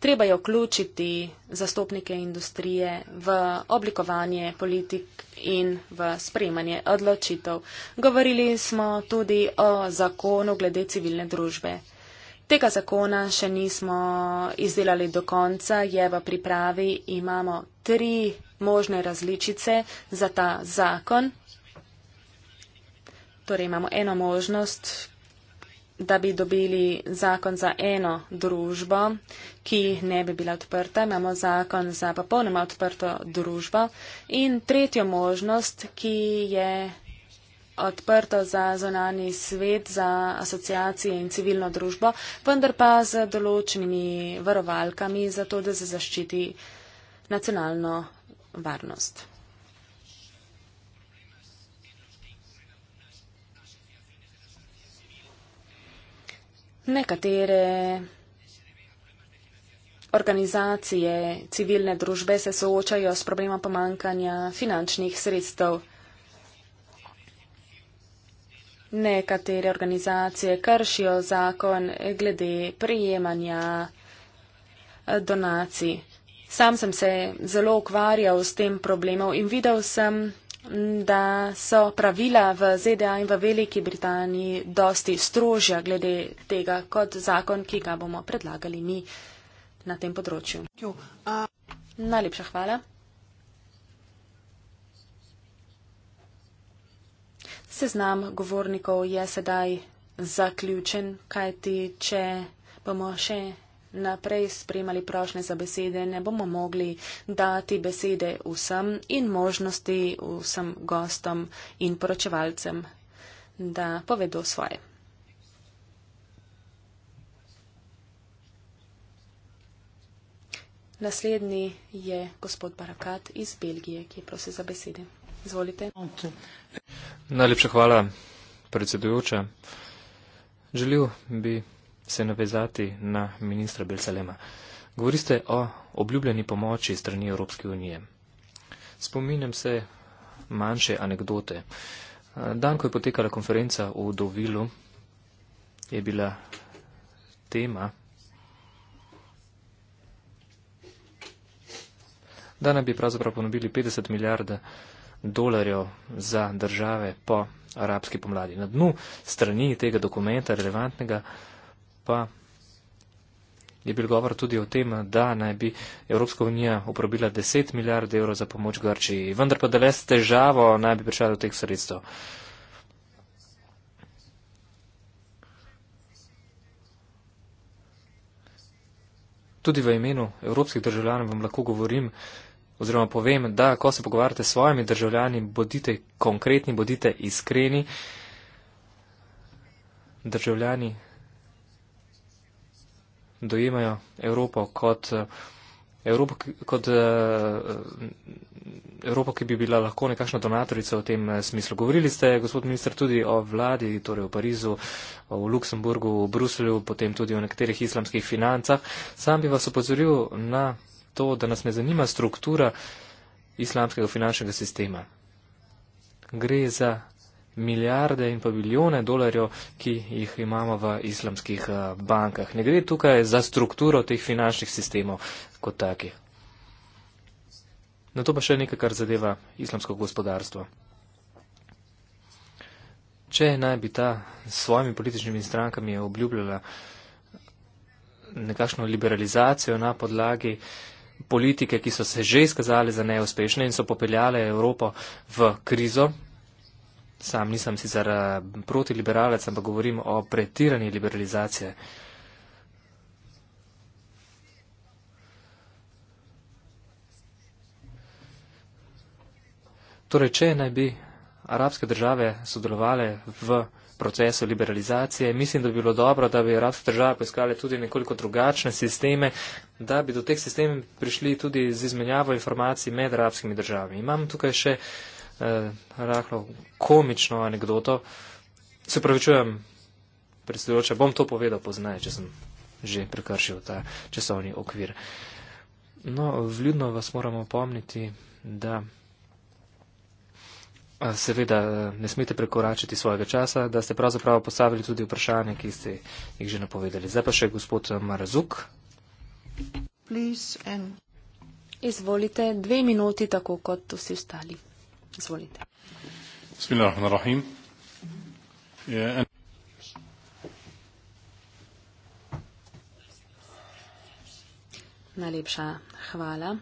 Treba je vključiti zastopnike industrije v oblikovanje politik in v sprejemanje odločitev. Govorili smo tudi o zakonu glede civilne družbe. Tega zakona še nismo izdelali do konca, je v pripravi, imamo tri možne različice za ta zakon. Torej imamo eno možnost, da bi dobili zakon za eno družbo, ki ne bi bila odprta. Imamo zakon za popolnoma odprto družbo. In tretjo možnost, ki je odprto za zonani svet, za asociacije in civilno družbo, vendar pa z določenimi varovalkami za to, da se zaščiti nacionalno varnost. Nekatere organizacije civilne družbe se soočajo s problemom pomankanja finančnih sredstev. Nekatere organizacije kršijo zakon glede prijemanja donacij. Sam sem se zelo ukvarjal s tem problemom in videl sem, da so pravila v ZDA in v Veliki Britaniji dosti strožja glede tega kot zakon, ki ga bomo predlagali mi na tem področju. Najlepša hvala. Seznam govornikov je sedaj zaključen, kajti če bomo še naprej spremali prošle za besede, ne bomo mogli dati besede vsem in možnosti vsem gostom in poročevalcem, da povedo svoje. Naslednji je gospod Barakat iz Belgije, ki je prosil za besede. Izvolite. Najlepša hvala, predsedujoča. Želil bi se navezati na ministra Belsalema. Govorite o obljubljeni pomoči strani Evropske unije. Spominjam se manjše anekdote. Dan, ko je potekala konferenca v Dovilu, je bila tema. Dana bi pravzaprav ponobili 50 milijard dolarjev za države po arabski pomladi. Na dnu strani tega dokumenta relevantnega pa je bil govor tudi o tem, da naj bi Evropska unija uporabila 10 milijard evrov za pomoč Grčiji, vendar pa da le s težavo naj bi prišla do teh sredstev. Tudi v imenu evropskih državljanov vam lahko govorim oziroma povem, da ko se pogovarjate s svojimi državljani, bodite konkretni, bodite iskreni. Državljani dojemajo Evropo kot, eh, Evropo, kot eh, Evropo, ki bi bila lahko nekakšna donatorica v tem eh, smislu. Govorili ste, gospod ministr, tudi o vladi, torej o Parizu, o Luksemburgu, o Bruselju, potem tudi o nekaterih islamskih financah. Sam bi vas opozoril na to, da nas ne zanima struktura islamskega finančnega sistema. Gre za milijarde in pa milijone dolarjev, ki jih imamo v islamskih eh, bankah. Ne gre tukaj za strukturo teh finančnih sistemov kot takih. Na to pa še nekaj, kar zadeva islamsko gospodarstvo. Če naj bi ta s svojimi političnimi strankami obljubljala nekakšno liberalizacijo na podlagi politike, ki so se že izkazali za neuspešne in so popeljale Evropo v krizo, sam nisem sicer eh, protiliberalec, ampak govorim o pretirani liberalizaciji. Torej, če naj bi arabske države sodelovali v procesu liberalizacije, mislim, da bi bilo dobro, da bi arabske države poiskali tudi nekoliko drugačne sisteme, da bi do teh sistemov prišli tudi z izmenjavo informacij med arabskimi državami. Imam tukaj še uh, eh, rahlo komično anegdoto. Se pravi, čujem, predsedujoča, bom to povedal poznaj, če sem že prekršil ta časovni okvir. No, vljudno vas moramo pomniti, da seveda ne smete prekoračiti svojega časa, da ste pravzaprav postavili tudi vprašanje, ki ste jih že napovedali. Zdaj pa še gospod Marazuk. Izvolite dve minuti, tako kot vsi ostali. Izvolite. Ja, Najlepša hvala.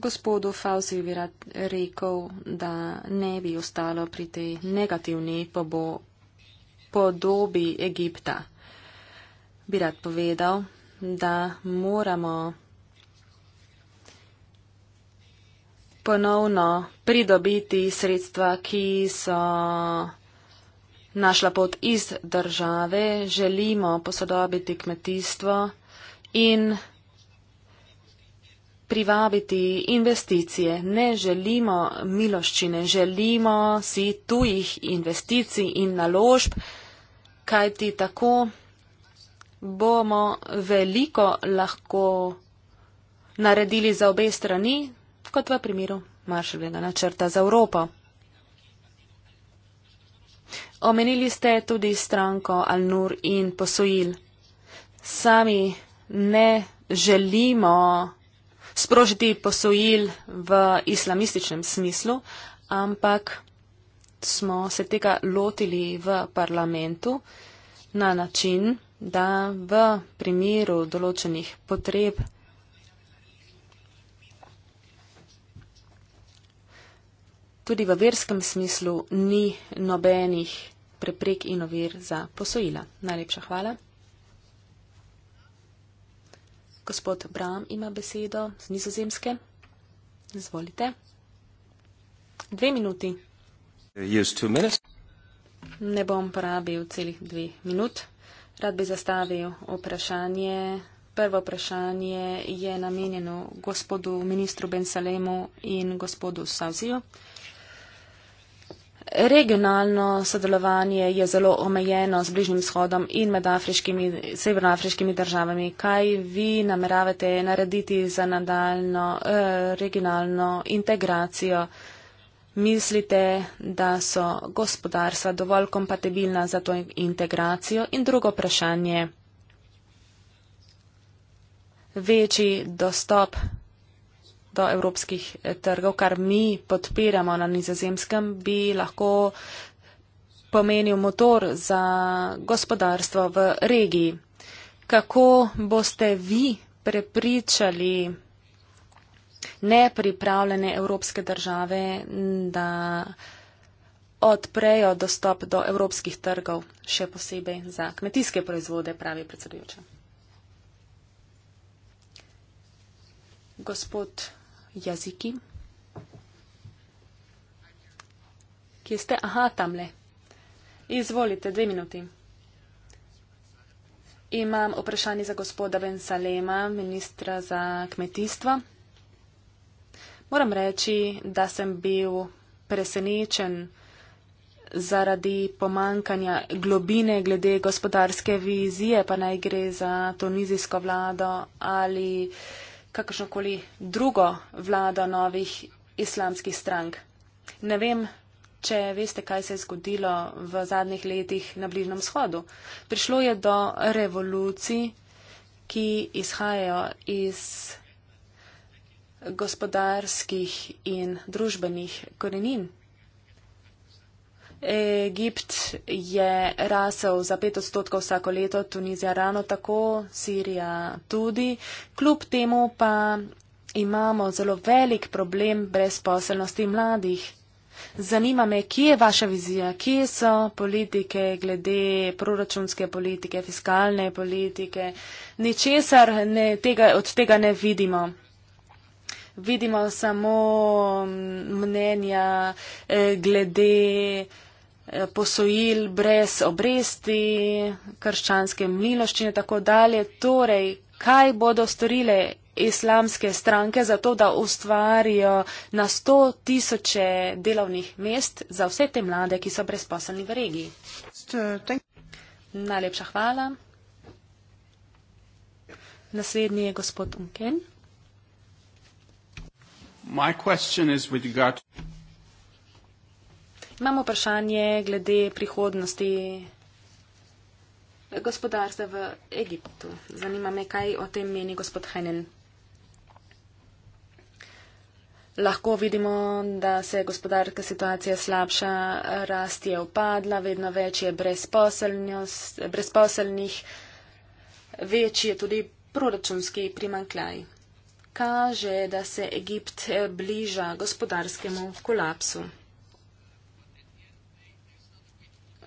Gospodu Fauci bi rad rekel, da ne bi ostalo pri tej negativni podobi Egipta bi rad povedal, da moramo ponovno pridobiti sredstva, ki so našla pot iz države. Želimo posodobiti kmetijstvo in privabiti investicije. Ne želimo miloščine, želimo si tujih investicij in naložb, kajti tako bomo veliko lahko naredili za obe strani, kot v primeru Marševega načrta za Evropo. Omenili ste tudi stranko Al-Nur in posojil. Sami ne želimo sprožiti posojil v islamističnem smislu, ampak smo se tega lotili v parlamentu na način, da v primeru določenih potreb tudi v verskem smislu ni nobenih preprek in ovir za posojila. Najlepša hvala. Gospod Bram ima besedo z nizozemske. Izvolite. Dve minuti. Ne bom porabil celih dve minut. Rad bi zastavil vprašanje. Prvo vprašanje je namenjeno gospodu ministru Bensalemu in gospodu Saziju. Regionalno sodelovanje je zelo omejeno z Bližnjim shodom in med afriškimi, severnoafriškimi državami. Kaj vi nameravate narediti za nadaljno eh, regionalno integracijo? Eh, Mislite, da so gospodarstva dovolj kompatibilna za to integracijo? In drugo vprašanje. Večji dostop do evropskih eh, trgov, kar mi podpiramo na nizozemskem, bi lahko pomenil motor za gospodarstvo v regiji. Kako boste vi prepričali nepripravljene evropske države, da odprejo dostop do evropskih trgov, še posebej za kmetijske proizvode, pravi predsedujoča. Gospod Jaziki, ki ste, aha, tamle. Izvolite, dve minuti. Imam vprašanje za gospoda Ben Salema, ministra za kmetijstvo. Moram reči, da sem bil presenečen zaradi pomankanja globine glede gospodarske vizije, pa naj gre za tunizijsko vlado ali kakršnokoli drugo vlado novih islamskih strank. Ne vem, če veste, kaj se je zgodilo v zadnjih letih na Bližnjem shodu. Prišlo je do revolucij, ki izhajajo iz gospodarskih in družbenih korenin. Egipt je rasel za pet odstotkov vsako leto, Tunizija ravno tako, Sirija tudi. Kljub temu pa imamo zelo velik problem brezposelnosti mladih. Zanima me, kje je vaša vizija, kje so politike glede proračunske politike, fiskalne politike. Ničesar ne, tega, od tega ne vidimo vidimo samo mm, mnenja eh, glede eh, posojil brez obresti, krščanske miloščine in tako dalje. Torej, kaj bodo storile islamske stranke za to, da ustvarijo na sto tisoče delovnih mest za vse te mlade, ki so brezposelni v regiji? Najlepša hvala. Naslednji je gospod Unken. My question is with regard to. Imamo vprašanje glede prihodnosti gospodarstva v Egiptu. Zanima me, kaj o tem meni gospod Henen. Lahko vidimo, da se gospodarska situacija slabša, rast je upadla, vedno več je brezposelnih, več je tudi proračunski primankljaj kaže, da se Egipt eh, bliža gospodarskemu kolapsu.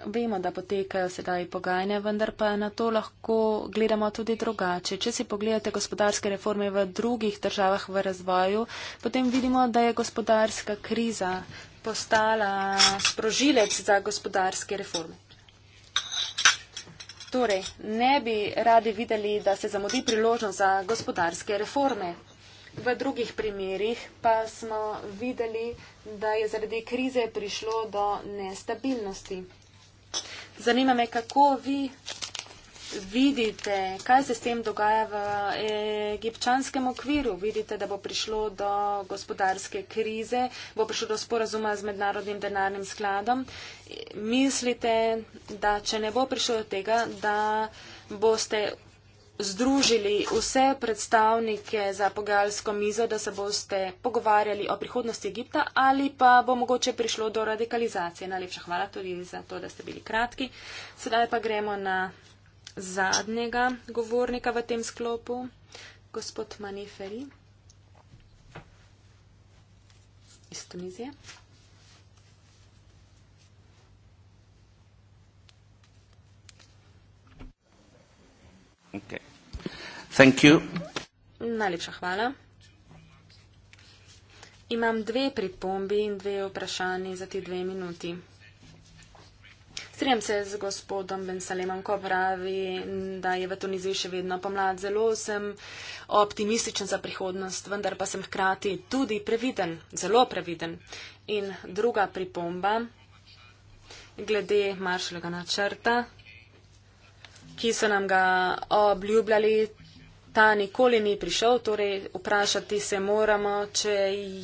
Vemo, da potekajo sedaj pogajanja, vendar pa na to lahko gledamo tudi drugače. Če si pogledate gospodarske reforme v drugih državah v razvoju, potem vidimo, da je gospodarska kriza postala sprožilec za gospodarske reforme. Torej, ne bi radi videli, da se zamudi priložnost za gospodarske reforme. V drugih primerjih pa smo videli, da je zaradi krize prišlo do nestabilnosti. Zanima me, kako vi vidite, kaj se s tem dogaja v egipčanskem okviru. Vidite, da bo prišlo do gospodarske krize, bo prišlo do sporazuma z mednarodnim denarnim skladom. Mislite, da če ne bo prišlo do tega, da boste združili vse predstavnike za pogajalsko mizo, da se boste pogovarjali o prihodnosti Egipta ali pa bo mogoče prišlo do radikalizacije. Najlepša hvala tudi za to, da ste bili kratki. Sedaj pa gremo na zadnjega govornika v tem sklopu, gospod Maniferi iz Tunizije. Okay. Najlepša hvala. Imam dve pripombi in dve vprašanje za ti dve minuti. Strijem se z gospodom Ben Salemom, ko pravi, da je v Tuniziji še vedno pomlad. Zelo sem optimističen za prihodnost, vendar pa sem hkrati tudi previden, zelo previden. In druga pripomba glede maršalega načrta ki so nam ga obljubljali, ta nikoli ni prišel. Torej, vprašati se moramo, če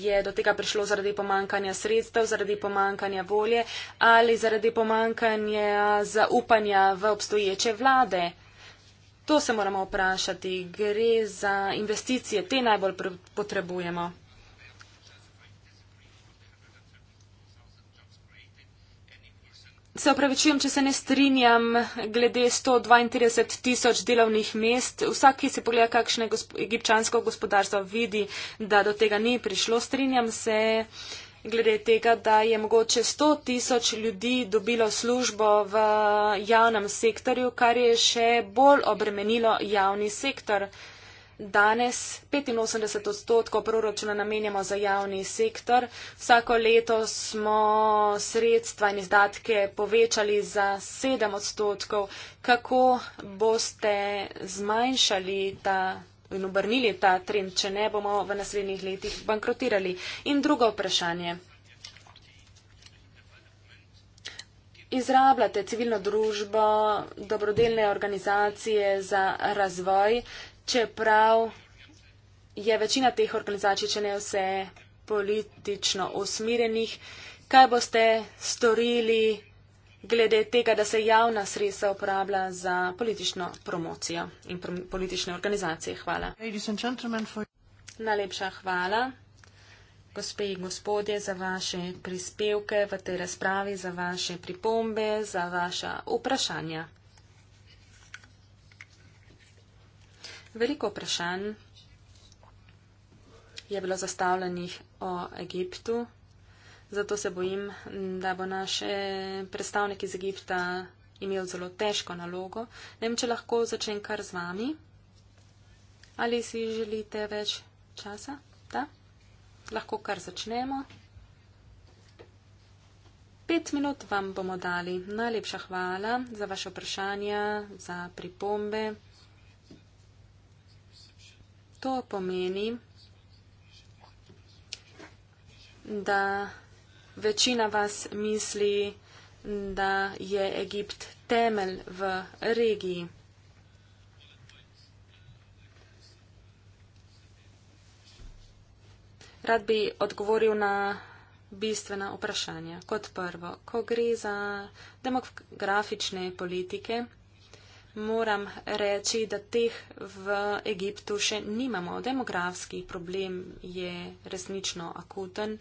je do tega prišlo zaradi pomankanja sredstev, zaradi pomankanja volje ali zaradi pomankanja zaupanja v obstoječe vlade. To se moramo vprašati. Gre za investicije, te najbolj potrebujemo. Se opravičujem, če se ne strinjam glede 132 tisoč delovnih mest. Vsak, ki si pogleda, kakšne gosp egipčansko gospodarstvo vidi, da do tega ni prišlo. Strinjam se glede tega, da je mogoče 100 tisoč ljudi dobilo službo v javnem sektorju, kar je še bolj obremenilo javni sektor. Danes 85 odstotkov proračuna namenjamo za javni sektor. Vsako leto smo sredstva in izdatke povečali za 7 odstotkov. Kako boste zmanjšali ta in obrnili ta trend, če ne bomo v naslednjih letih bankrotirali? In drugo vprašanje. Izrabljate civilno družbo, dobrodelne organizacije za razvoj čeprav je večina teh organizacij, če ne vse, politično usmirjenih. Kaj boste storili glede tega, da se javna sredstva uporablja za politično promocijo in pr politične organizacije? Hvala. For... Najlepša hvala, gospe in gospodje, za vaše prispevke v tej razpravi, za vaše pripombe, za vaša vprašanja. Veliko vprašanj je bilo zastavljenih o Egiptu, zato se bojim, da bo naš predstavnik iz Egipta imel zelo težko nalogo. Ne vem, če lahko začnem kar z vami. Ali si želite več časa? Da? Lahko kar začnemo. Pet minut vam bomo dali. Najlepša hvala za vaše vprašanja, za pripombe to pomeni, da večina vas misli, da je Egipt temelj v regiji. Rad bi odgovoril na bistvena vprašanja. Kot prvo, ko gre za demografične politike, moram reči, da teh v Egiptu še nimamo. Demografski problem je resnično akuten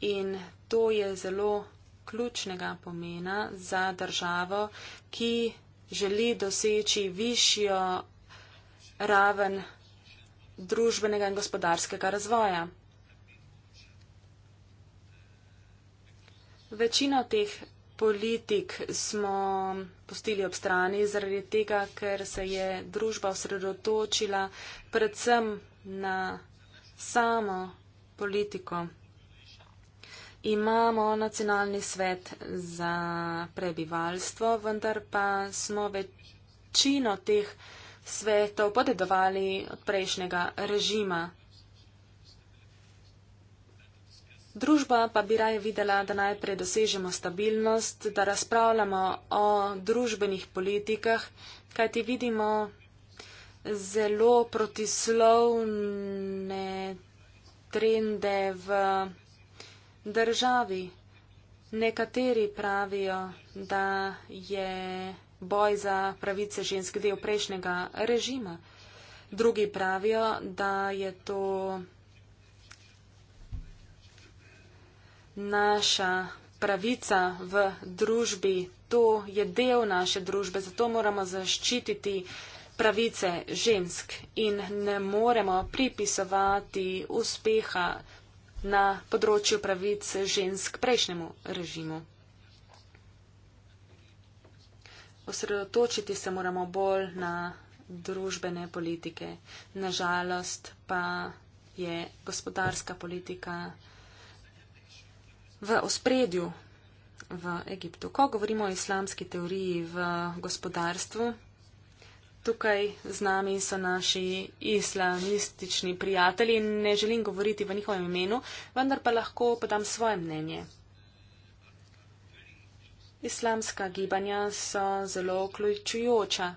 in to je zelo ključnega pomena za državo, ki želi doseči višjo raven družbenega in gospodarskega razvoja. Večina teh politik smo pustili ob strani zaradi tega, ker se je družba osredotočila predvsem na samo politiko. Imamo nacionalni svet za prebivalstvo, vendar pa smo večino teh svetov podedovali od prejšnjega režima. Družba pa bi raje videla, da najprej dosežemo stabilnost, da razpravljamo o družbenih politikah, kajti vidimo zelo protislovne trende v državi. Nekateri pravijo, da je boj za pravice žensk del prejšnjega režima. Drugi pravijo, da je to. naša pravica v družbi, to je del naše družbe, zato moramo zaščititi pravice žensk in ne moremo pripisovati uspeha na področju pravic žensk prejšnjemu režimu. Osredotočiti se moramo bolj na družbene politike. Nažalost pa je gospodarska politika v ospredju v Egiptu. Ko govorimo o islamski teoriji v gospodarstvu, tukaj z nami so naši islamistični prijatelji in ne želim govoriti v njihovem imenu, vendar pa lahko podam svoje mnenje. Islamska gibanja so zelo vključujoča.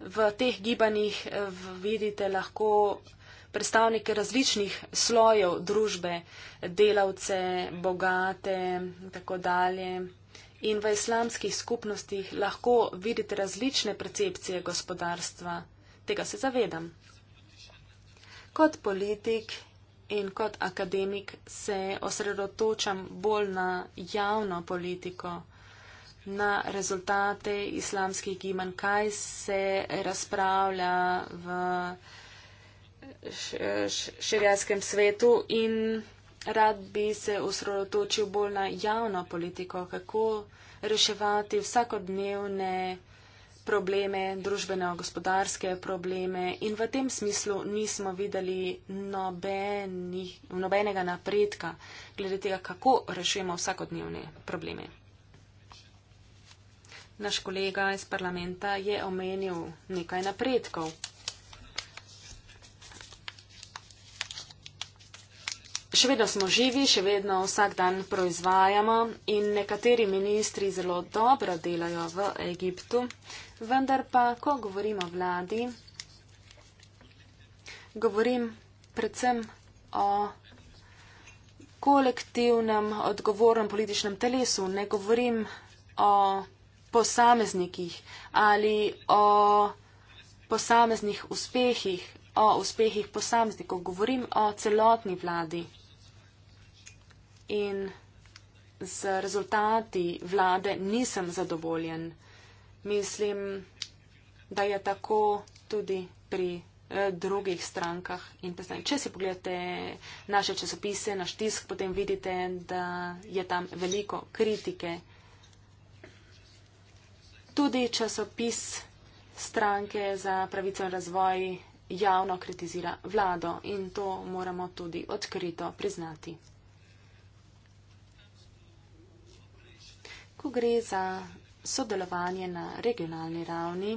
V teh gibanjih vidite lahko predstavnike različnih slojev družbe, delavce, bogate in tako dalje. In v islamskih skupnostih lahko vidite različne percepcije gospodarstva. Tega se zavedam. Kot politik in kot akademik se osredotočam bolj na javno politiko, na rezultate islamskih gimanj, kaj se razpravlja v širjaskem svetu in rad bi se usrotočil bolj na javno politiko, kako reševati vsakodnevne probleme, družbeno-gospodarske probleme in v tem smislu nismo videli nobenih, nobenega napredka glede tega, kako rešujemo vsakodnevne probleme. Naš kolega iz parlamenta je omenil nekaj napredkov. Še vedno smo živi, še vedno vsak dan proizvajamo in nekateri ministri zelo dobro delajo v Egiptu, vendar pa, ko govorimo o vladi, govorim predvsem o kolektivnem, odgovornem političnem telesu, ne govorim o posameznikih ali o posameznih uspehih, o uspehih posameznikov, govorim o celotni vladi in z rezultati vlade nisem zadovoljen. Mislim, da je tako tudi pri eh, drugih strankah in predstavnikih. Če si pogledate naše časopise, naš tisk, potem vidite, da je tam veliko kritike. Tudi časopis stranke za pravico in razvoj javno kritizira vlado in to moramo tudi odkrito priznati. ko gre za sodelovanje na regionalni ravni,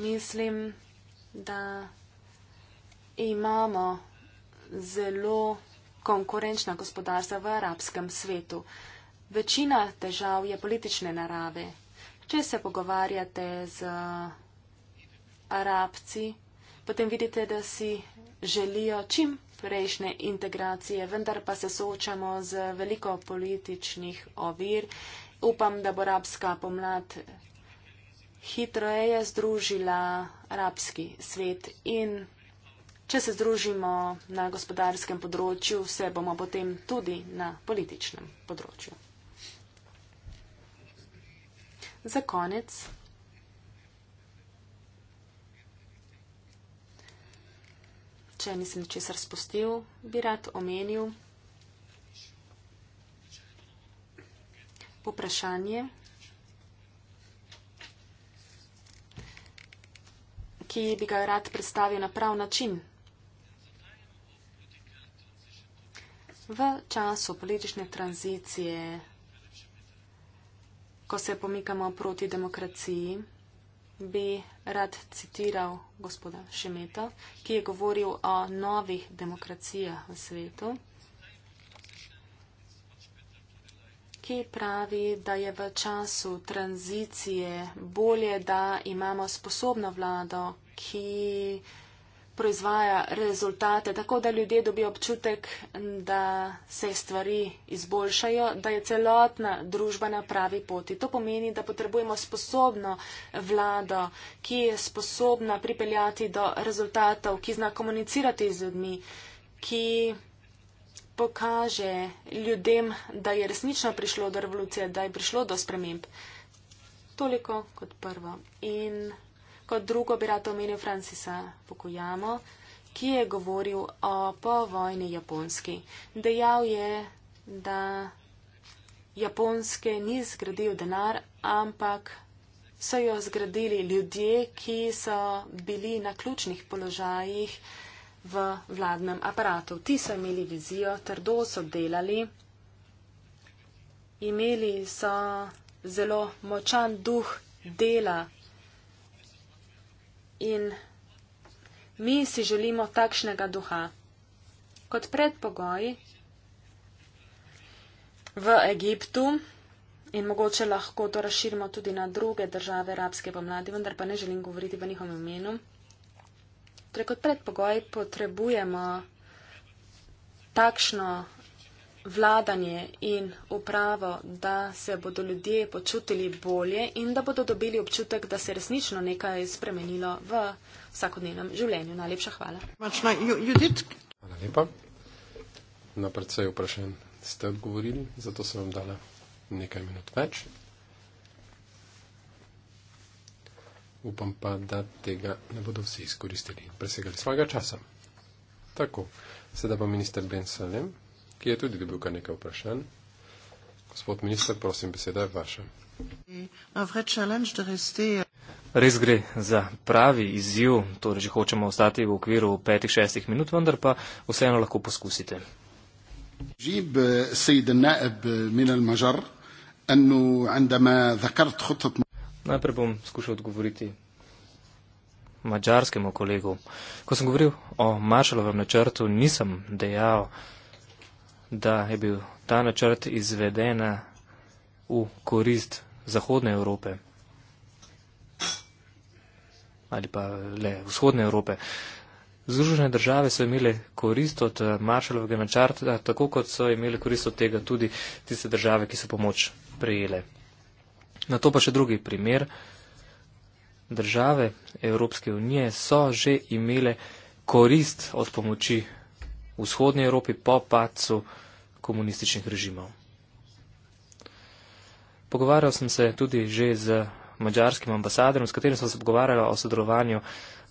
mislim, da imamo zelo konkurenčna gospodarstva v arabskem svetu. Večina težav je politične narave. Če se pogovarjate z arabci, potem vidite, da si želijo čim prejšnje integracije, vendar pa se soočamo z veliko političnih ovir upam, da bo arabska pomlad hitreje združila arabski svet in če se združimo na gospodarskem področju, se bomo potem tudi na političnem področju. Za konec. Če nisem česar spustil, bi rad omenil. vprašanje, ki bi ga rad predstavil na prav način. V času politične tranzicije, ko se pomikamo proti demokraciji, bi rad citiral gospoda Šemeta, ki je govoril o novih demokracijah v svetu. ki pravi, da je v času tranzicije bolje, da imamo sposobno vlado, ki proizvaja rezultate, tako da ljudje dobijo občutek, da se stvari izboljšajo, da je celotna družba na pravi poti. To pomeni, da potrebujemo sposobno vlado, ki je sposobna pripeljati do rezultatov, ki zna komunicirati z ljudmi, ki pokaže ljudem, da je resnično prišlo do revolucije, da je prišlo do sprememb. Toliko kot prvo. In kot drugo bi rad omenil Francisa Fukuyamo, ki je govoril o povojni Japonski. Dejal je, da Japonske ni zgradil denar, ampak so jo zgradili ljudje, ki so bili na ključnih položajih v vladnem aparatu. Ti so imeli vizijo, trdo so delali, imeli so zelo močan duh dela in mi si želimo takšnega duha. Kot predpogoj v Egiptu in mogoče lahko to razširimo tudi na druge države arabske pomladi, vendar pa ne želim govoriti v njihovem imenu. Torej, kot predpogoj potrebujemo takšno vladanje in upravo, da se bodo ljudje počutili bolje in da bodo dobili občutek, da se je resnično nekaj spremenilo v vsakodnevnem življenju. Najlepša hvala. Hvala lepa. Na predvsej vprašanj ste odgovorili, zato sem vam dala nekaj minut več. upam pa, da tega ne bodo vsi izkoristili in presegali svojega časa. Tako, sedaj pa minister Ben Salem, ki je tudi dobil kar nekaj vprašanj. Gospod minister, prosim, beseda je vaša. Res gre za pravi izziv, torej že hočemo ostati v okviru petih, šestih minut, vendar pa vseeno lahko poskusite. Najprej bom skušal odgovoriti mačarskemu kolegu. Ko sem govoril o maršalovem načrtu, nisem dejal, da je bil ta načrt izvedena v korist Zahodne Evrope ali pa le Vzhodne Evrope. Združene države so imele korist od eh, maršalovega načrta, tako kot so imele korist od tega tudi tiste države, ki so pomoč prejele. Na to pa še drugi primer. Države Evropske unije so že imele korist od pomoči vzhodnje Evropi po pacu komunističnih režimov. Pogovarjal sem se tudi že z mađarskim ambasadorjem, s katerim sem se pogovarjal o sodelovanju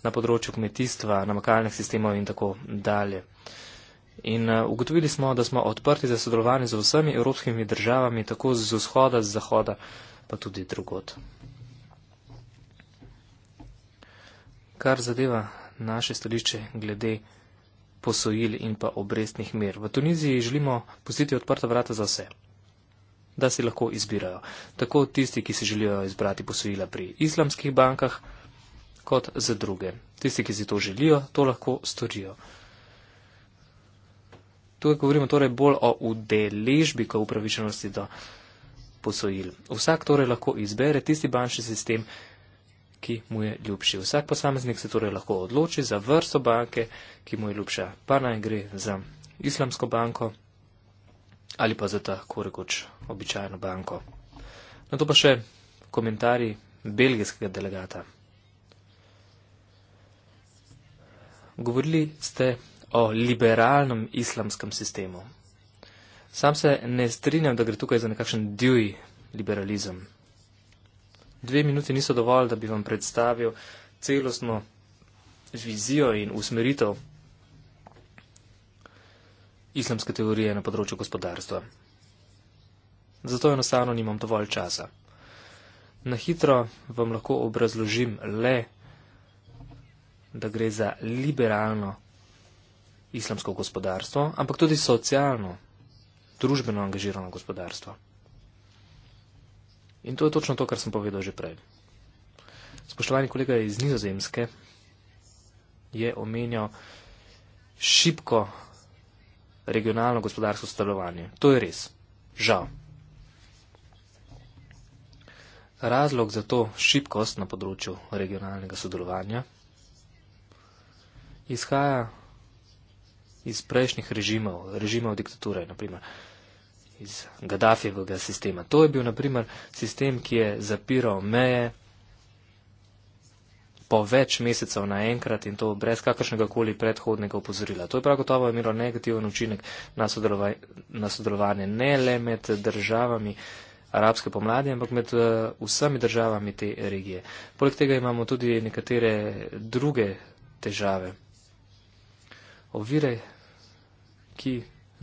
na področju kmetijstva, namakalnih sistemov in tako dalje. In eh, ugotovili smo, da smo odprti za sodelovanje z vsemi evropskimi državami, tako z vzhoda, z zahoda pa tudi drugot. Kar zadeva naše stališče glede posojil in pa obrestnih mer. V Tuniziji želimo pustiti odprta vrata za vse, da si lahko izbirajo. Tako tisti, ki si želijo izbrati posojila pri islamskih bankah, kot za druge. Tisti, ki si to želijo, to lahko storijo. Tukaj govorimo torej bolj o udeležbi, ko upravičenosti do posojil. Vsak torej lahko izbere tisti bančni sistem, ki mu je ljubši. Vsak posameznik se torej lahko odloči za vrsto banke, ki mu je ljubša. Pa naj gre za islamsko banko ali pa za ta korekoč običajno banko. Na to pa še komentarji belgijskega delegata. Govorili ste o liberalnem islamskem sistemu. Sam se ne strinjam, da gre tukaj za nekakšen divji liberalizem. Dve minuti niso dovolj, da bi vam predstavil celostno vizijo in usmeritev islamske teorije na področju gospodarstva. Zato enostavno nimam dovolj časa. Na hitro vam lahko obrazložim le, da gre za liberalno islamsko gospodarstvo, ampak tudi socialno družbeno angažirano gospodarstvo. In to je točno to, kar sem povedal že prej. Spoštovani kolega iz Nizozemske je omenjal šipko regionalno gospodarsko stalovanje. To je res. Žal. Razlog za to šipkost na področju regionalnega sodelovanja izhaja iz prejšnjih režimov, režimov diktature, naprimer iz Gaddafijevega sistema. To je bil, naprimer, sistem, ki je zapiral meje po več mesecev naenkrat in to brez kakršnega koli predhodnega opozorila. To je prav gotovo imelo negativen učinek na, sodelova na sodelovanje ne le med državami arabske pomladi, ampak med eh, vsemi državami te regije. Poleg tega imamo tudi nekatere druge težave. Ovire ki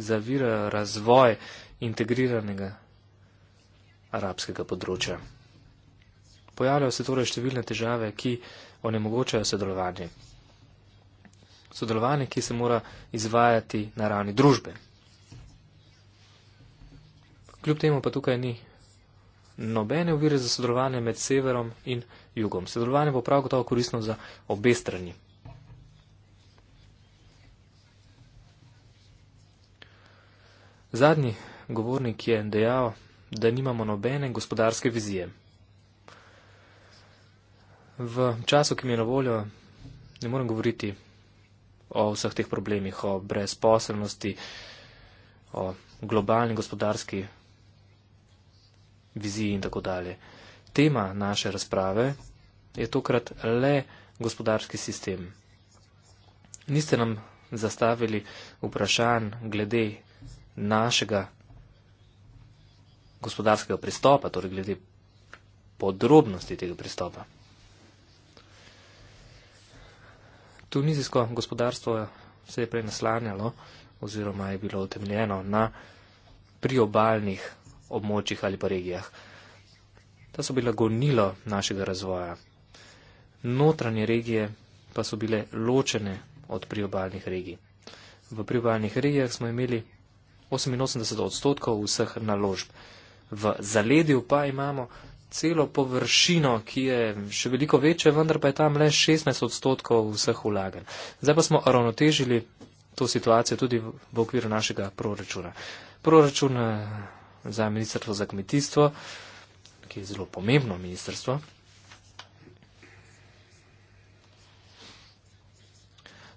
zavirajo razvoj integriranega arabskega področja. Pojavljajo se torej številne težave, ki onemogočajo sodelovanje. Sodelovanje, ki se mora izvajati na ravni družbe. Kljub temu pa tukaj ni nobene uvire za sodelovanje med severom in jugom. Sodelovanje bo prav gotovo koristno za obe strani. Zadnji govornik je dejal, da nimamo nobene gospodarske vizije. V času, ki mi je na voljo, ne morem govoriti o vseh teh problemih, o brezposobnosti, o globalni gospodarski viziji in tako dalje. Tema naše razprave je tokrat le gospodarski sistem. Niste nam zastavili vprašanj glede našega gospodarskega pristopa, torej glede podrobnosti tega pristopa. Tunizijsko gospodarstvo se je prej naslanjalo oziroma je bilo utemljeno na priobalnih območjih ali pa regijah. Ta so bila gonilo našega razvoja. Notranje regije pa so bile ločene od priobalnih regij. V priobalnih regijah smo imeli 88 odstotkov vseh naložb. V zaledju pa imamo celo površino, ki je še veliko večja, vendar pa je tam le 16 odstotkov vseh vlaganj. Zdaj pa smo ravnotežili to situacijo tudi v okviru našega proračuna. Proračun eh, za Ministrstvo za kmetijstvo, ki je zelo pomembno ministrstvo,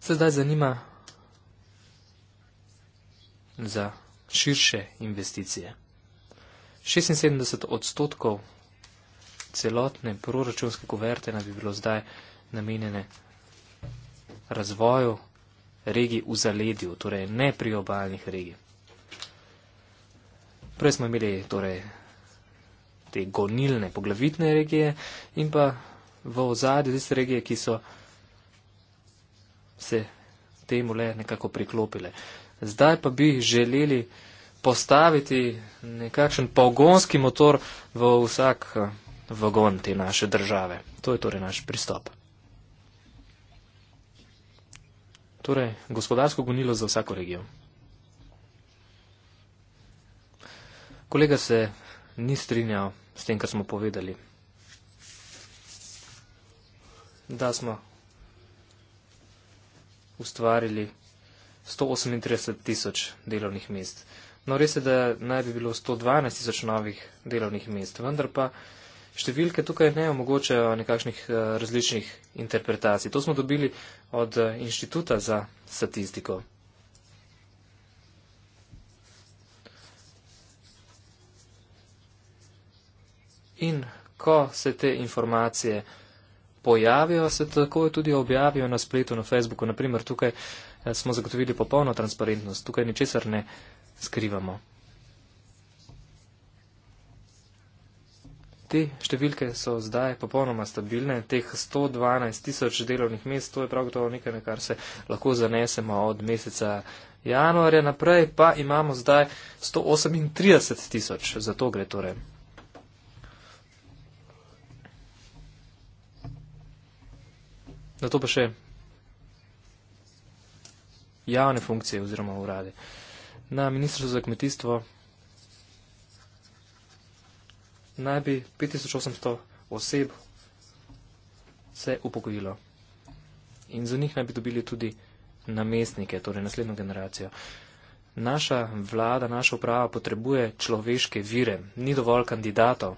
se zdaj zanima za širše investicije. 76 odstotkov celotne proračunske kuverte naj bi bilo zdaj namenjene razvoju regij v zaledju, torej ne pri obaljnih regij. Prej smo imeli torej te gonilne, poglavitne regije in pa v ozadju tiste regije, ki so se temu le nekako priklopile zdaj pa bi želeli postaviti nekakšen pogonski motor v vsak eh, vagon te naše države. To je torej naš pristop. Torej, gospodarsko gonilo za vsako regijo. Kolega se ni strinjal s tem, kar smo povedali. Da smo ustvarili 138 tisoč delovnih mest. No, res je, da naj bi bilo 112 tisoč novih delovnih mest, vendar pa številke tukaj ne omogočajo nekakšnih eh, različnih interpretacij. To smo dobili od eh, Inštituta za statistiko. In ko se te informacije pojavijo, se tako tudi objavijo na spletu, na Facebooku, naprimer tukaj. Eh, smo zagotovili popolno transparentnost, tukaj ničesar ne skrivamo. Te številke so zdaj popolnoma stabilne, teh 112 tisoč delovnih mest, to je prav gotovo nekaj, na kar se lahko zanesemo od meseca januarja naprej, pa imamo zdaj 138 tisoč, za to gre torej. Zato pa še javne funkcije oziroma urade. Na ministrstvo za kmetijstvo naj bi 5800 oseb se upokojilo in za njih naj bi dobili tudi namestnike, torej naslednjo generacijo. Naša vlada, naša uprava potrebuje človeške vire, ni dovolj kandidatov.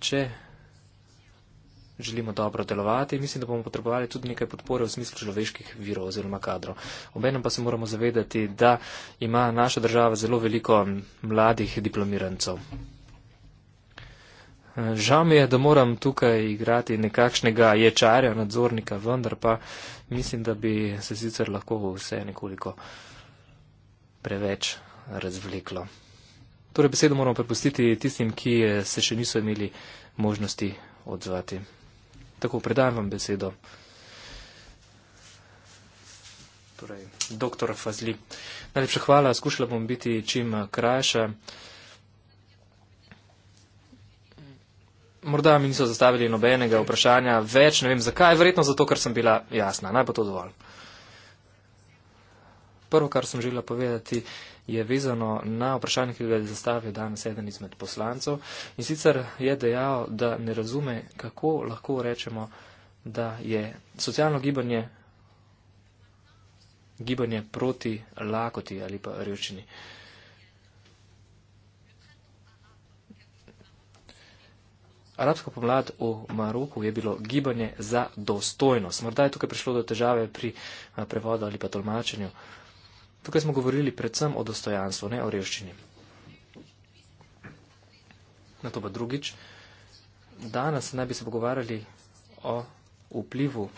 Če želimo dobro delovati, mislim, da bomo potrebovali tudi nekaj podpore v smislu človeških virov oziroma kadrov. Obenem pa se moramo zavedati, da ima naša država zelo veliko mladih diplomirancov. Žal mi je, da moram tukaj igrati nekakšnega ječarja, nadzornika, vendar pa mislim, da bi se sicer lahko vse nekoliko preveč razvleklo. Torej besedo moramo prepustiti tistim, ki eh, se še niso imeli možnosti odzvati. Tako predajam vam besedo. Torej, doktor Fazli. Najlepša hvala, skušala bom biti čim krajša. Morda mi niso zastavili nobenega vprašanja več, ne vem zakaj, verjetno zato, ker sem bila jasna, naj bo to dovolj. Prvo, kar sem želela povedati, je vezano na vprašanje, ki ga je zastavil danes eden izmed poslancov. In sicer je dejal, da ne razume, kako lahko rečemo, da je socialno gibanje gibanje proti lakoti ali pa revščini. Arabsko pomlad v Maroku je bilo gibanje za dostojnost. Morda je tukaj prišlo do težave pri eh, prevodu ali pa tolmačenju. Tukaj smo govorili predvsem o dostojanstvu, ne o revščini. Na to pa drugič. Danes naj bi se pogovarjali o vplivu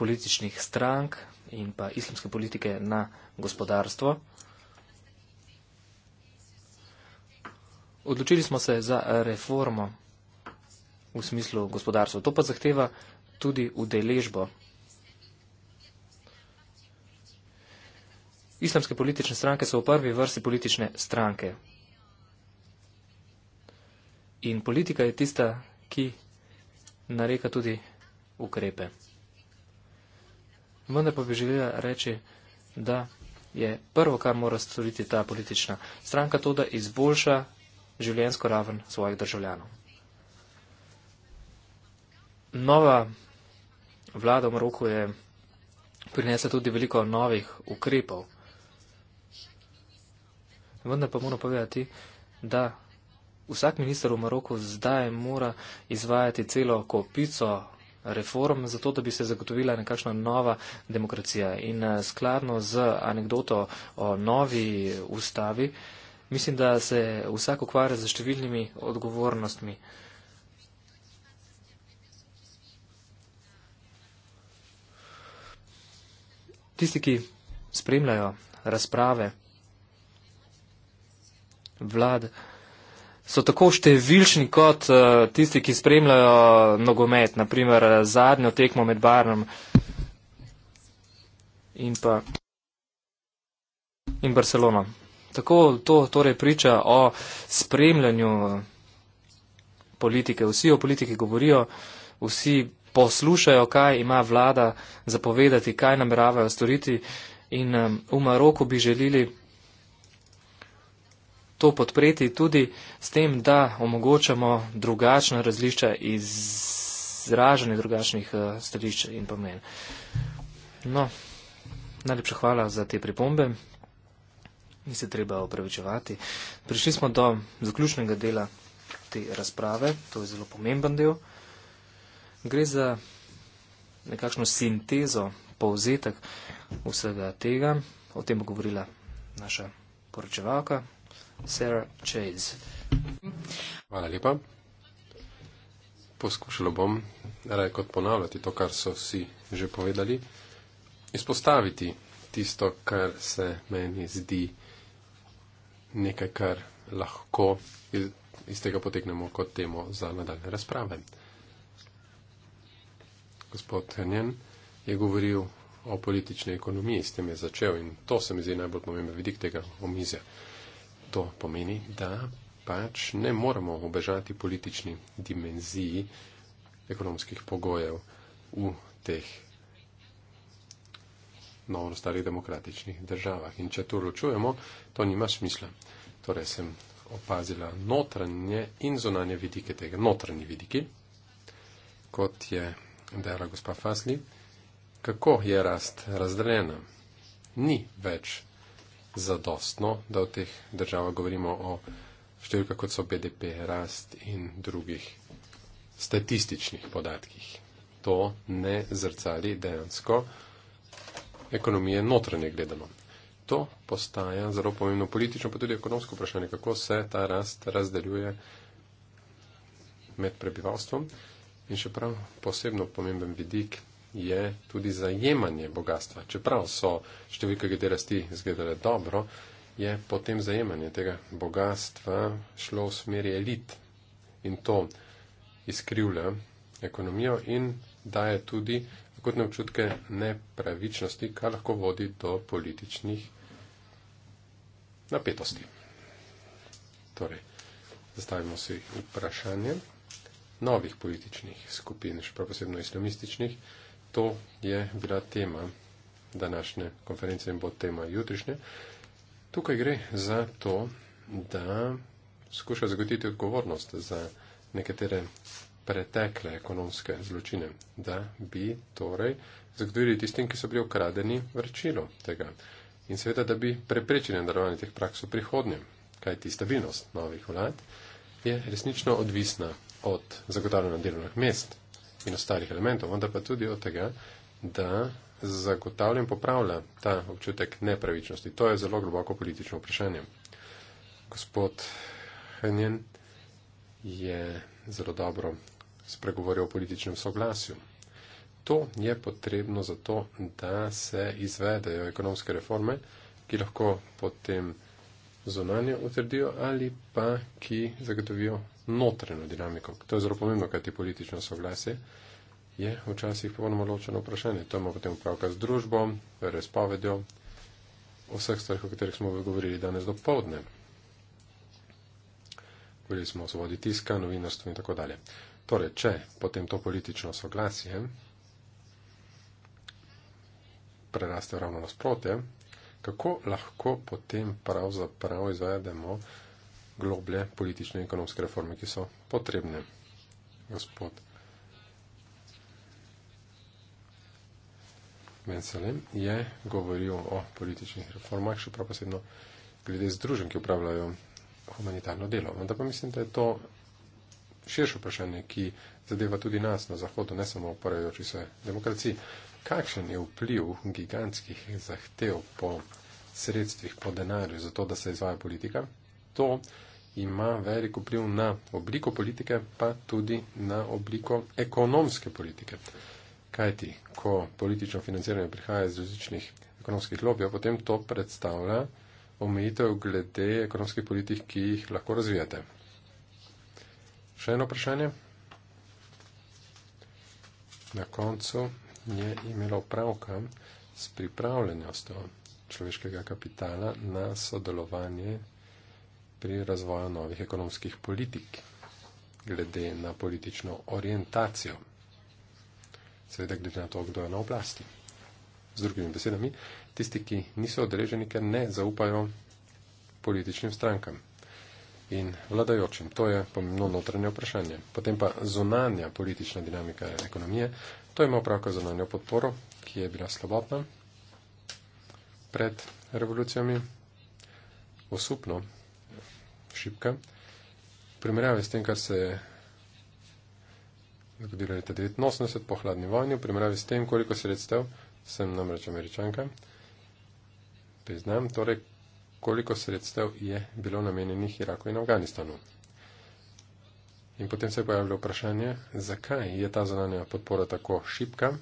političnih strank in pa islamske politike na gospodarstvo. Odločili smo se za reformo v smislu gospodarstva. To pa zahteva tudi udeležbo Islamske politične stranke so v prvi vrsti politične stranke. In politika je tista, ki nareka tudi ukrepe. Vendar pa bi želela reči, da je prvo, kar mora storiti ta politična stranka, to, da izboljša življensko raven svojih državljanov. Nova vlada v Maroku je prinesla tudi veliko novih ukrepov vendar pa moram povedati, da vsak minister v Maroku zdaj mora izvajati celo kopico reform, zato da bi se zagotovila nekakšna nova demokracija. In eh, skladno z anegdoto o novi ustavi, mislim, da se vsak ukvarja za številnimi odgovornostmi. Tisti, ki spremljajo razprave, vlade. So tako številčni kot uh, tisti, ki spremljajo nogomet, naprimer eh, zadnjo tekmo med Barnom in pa in Barcelona. Tako to torej priča o spremljanju eh, politike. Vsi o politiki govorijo, vsi poslušajo, kaj ima vlada zapovedati, kaj nameravajo storiti in um, v Maroku bi želeli to podpreti tudi s tem, da omogočamo drugačna različja izražanja drugačnih eh, stališč in pa mnen. No, najlepša hvala za te pripombe. Ni se treba opravičevati. Prišli smo do zaključnega dela te razprave. To je zelo pomemben del. Gre za nekakšno sintezo, povzetek vsega tega. O tem bo govorila naša poročevalka, Sarah Chase. Hvala lepa. Poskušala bom raje kot ponavljati to, kar so vsi že povedali, izpostaviti tisto, kar se meni zdi nekaj, kar lahko iz, iz tega poteknemo kot temo za nadaljne razprave. Gospod Hrnjen je govoril o politični ekonomiji, s tem je začel in to se mi zdi najbolj pomemben vidik tega omizja. To pomeni, da pač ne moremo obežati politični dimenziji ekonomskih pogojev v teh novo starih demokratičnih državah. In če to ločujemo, to nima smisla. Torej sem opazila notranje in zonanje vidike tega. Notranji vidiki, kot je dejala gospa Fasli, kako je rast razdeljena. Ni več zadostno, da v teh državah govorimo o številkah, kot so BDP, rast in drugih statističnih podatkih. To ne zrcali dejansko ekonomije notranje gledano. To postaja zelo pomembno politično, pa tudi ekonomsko vprašanje, kako se ta rast razdeljuje med prebivalstvom. In še prav posebno pomemben vidik je tudi zajemanje bogatstva. Čeprav so številke glede rasti izgledale dobro, je potem zajemanje tega bogatstva šlo v smeri elit in to izkrivlja ekonomijo in daje tudi akutne občutke nepravičnosti, kar lahko vodi do političnih napetosti. Torej, zastavimo si vprašanje novih političnih skupin, še pa posebno islamističnih, to je bila tema današnje konference in bo tema jutrišnje. Tukaj gre za to, da skuša zagotiti odgovornost za nekatere pretekle ekonomske zločine, da bi torej zagotovili tistim, ki so bili ukradeni, vrčilo tega. In seveda, da bi preprečili nadaljevanje teh praks v prihodnje, kajti stabilnost novih vlad je resnično odvisna od zagotavljanja delovnih mest in ostalih elementov, vendar pa tudi od tega, da zagotavljam popravlja ta občutek nepravičnosti. To je zelo globoko politično vprašanje. Gospod Henjen je zelo dobro spregovoril o političnem soglasju. To je potrebno zato, da se izvedejo ekonomske reforme, ki lahko potem zunanje utrdijo ali pa ki zagotovijo notreno dinamiko. To je zelo pomembno, kaj ti politično soglasje je včasih popolnoma ločeno vprašanje. To imamo potem upravka z družbo, razpovedjo, torej vseh stvarih, o katerih smo govorili danes do povdne. Govorili smo o svobodi tiska, novinarstvu in tako dalje. Torej, če potem to politično soglasje preraste ravno nasprotje, kako lahko potem pravzaprav izvedemo globlje politične in ekonomske reforme, ki so potrebne. Gospod Menselem je govoril o političnih reformah, še prav posebno glede združen, ki upravljajo humanitarno delo. Vendar pa mislim, da je to širše vprašanje, ki zadeva tudi nas na Zahodu, ne samo uporajoči se demokraciji. Kakšen je vpliv gigantskih zahtev po sredstvih, po denarju za to, da se izvaja politika, to ima velik vpliv na obliko politike, pa tudi na obliko ekonomske politike. Kajti, ko politično financiranje prihaja iz različnih ekonomskih lobijev, potem to predstavlja omejitev glede ekonomskih politik, ki jih lahko razvijate. Še eno vprašanje. Na koncu je imela upravka s pripravljenostjo človeškega kapitala na sodelovanje pri razvoju novih ekonomskih politik, glede na politično orientacijo, seveda glede na to, kdo je na oblasti. Z drugimi besedami, tisti, ki niso odreženi, ker ne zaupajo političnim strankam in vladajočim. To je pomembno notranje vprašanje. Potem pa zunanja politična dinamika ekonomije. To ima opravka zunanjo podporo, ki je bila slabotna pred revolucijami. Osupno šibka. V primerjavi s tem, kar se je zgodilo leta 1989 po hladni vojni, v primerjavi s tem, koliko sredstev, sem namreč američanka, priznam, torej koliko sredstev je bilo namenjenih Iraku in Afganistanu. In potem se je pojavilo vprašanje, zakaj je ta zunanja podpora tako šibka.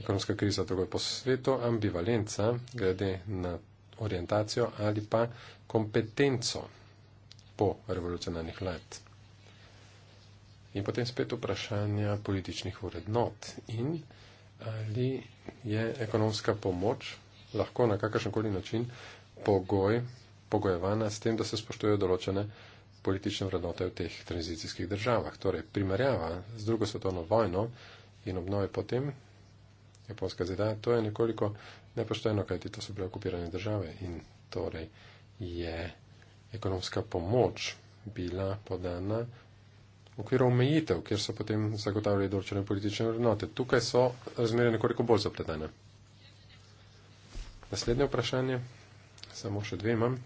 Ekonomska kriza tako je po svetu, ambivalenca glede na orientacijo ali pa kompetenco po revolucionarnih let. In potem spet vprašanja političnih vrednot in ali je ekonomska pomoč lahko na kakršen koli način pogoj, pogojevana s tem, da se spoštujejo določene politične vrednote v teh tranzicijskih državah. Torej, primerjava z drugo svetovno vojno in obnove potem Japonska zida, to je nekoliko nepošteno, kajti to so bile okupirane države in torej je ekonomska pomoč bila podana v okviru omejitev, kjer so potem zagotavljali določene politične vrednote. Tukaj so razmere nekoliko bolj zapletene. Naslednje vprašanje, samo še dve imam.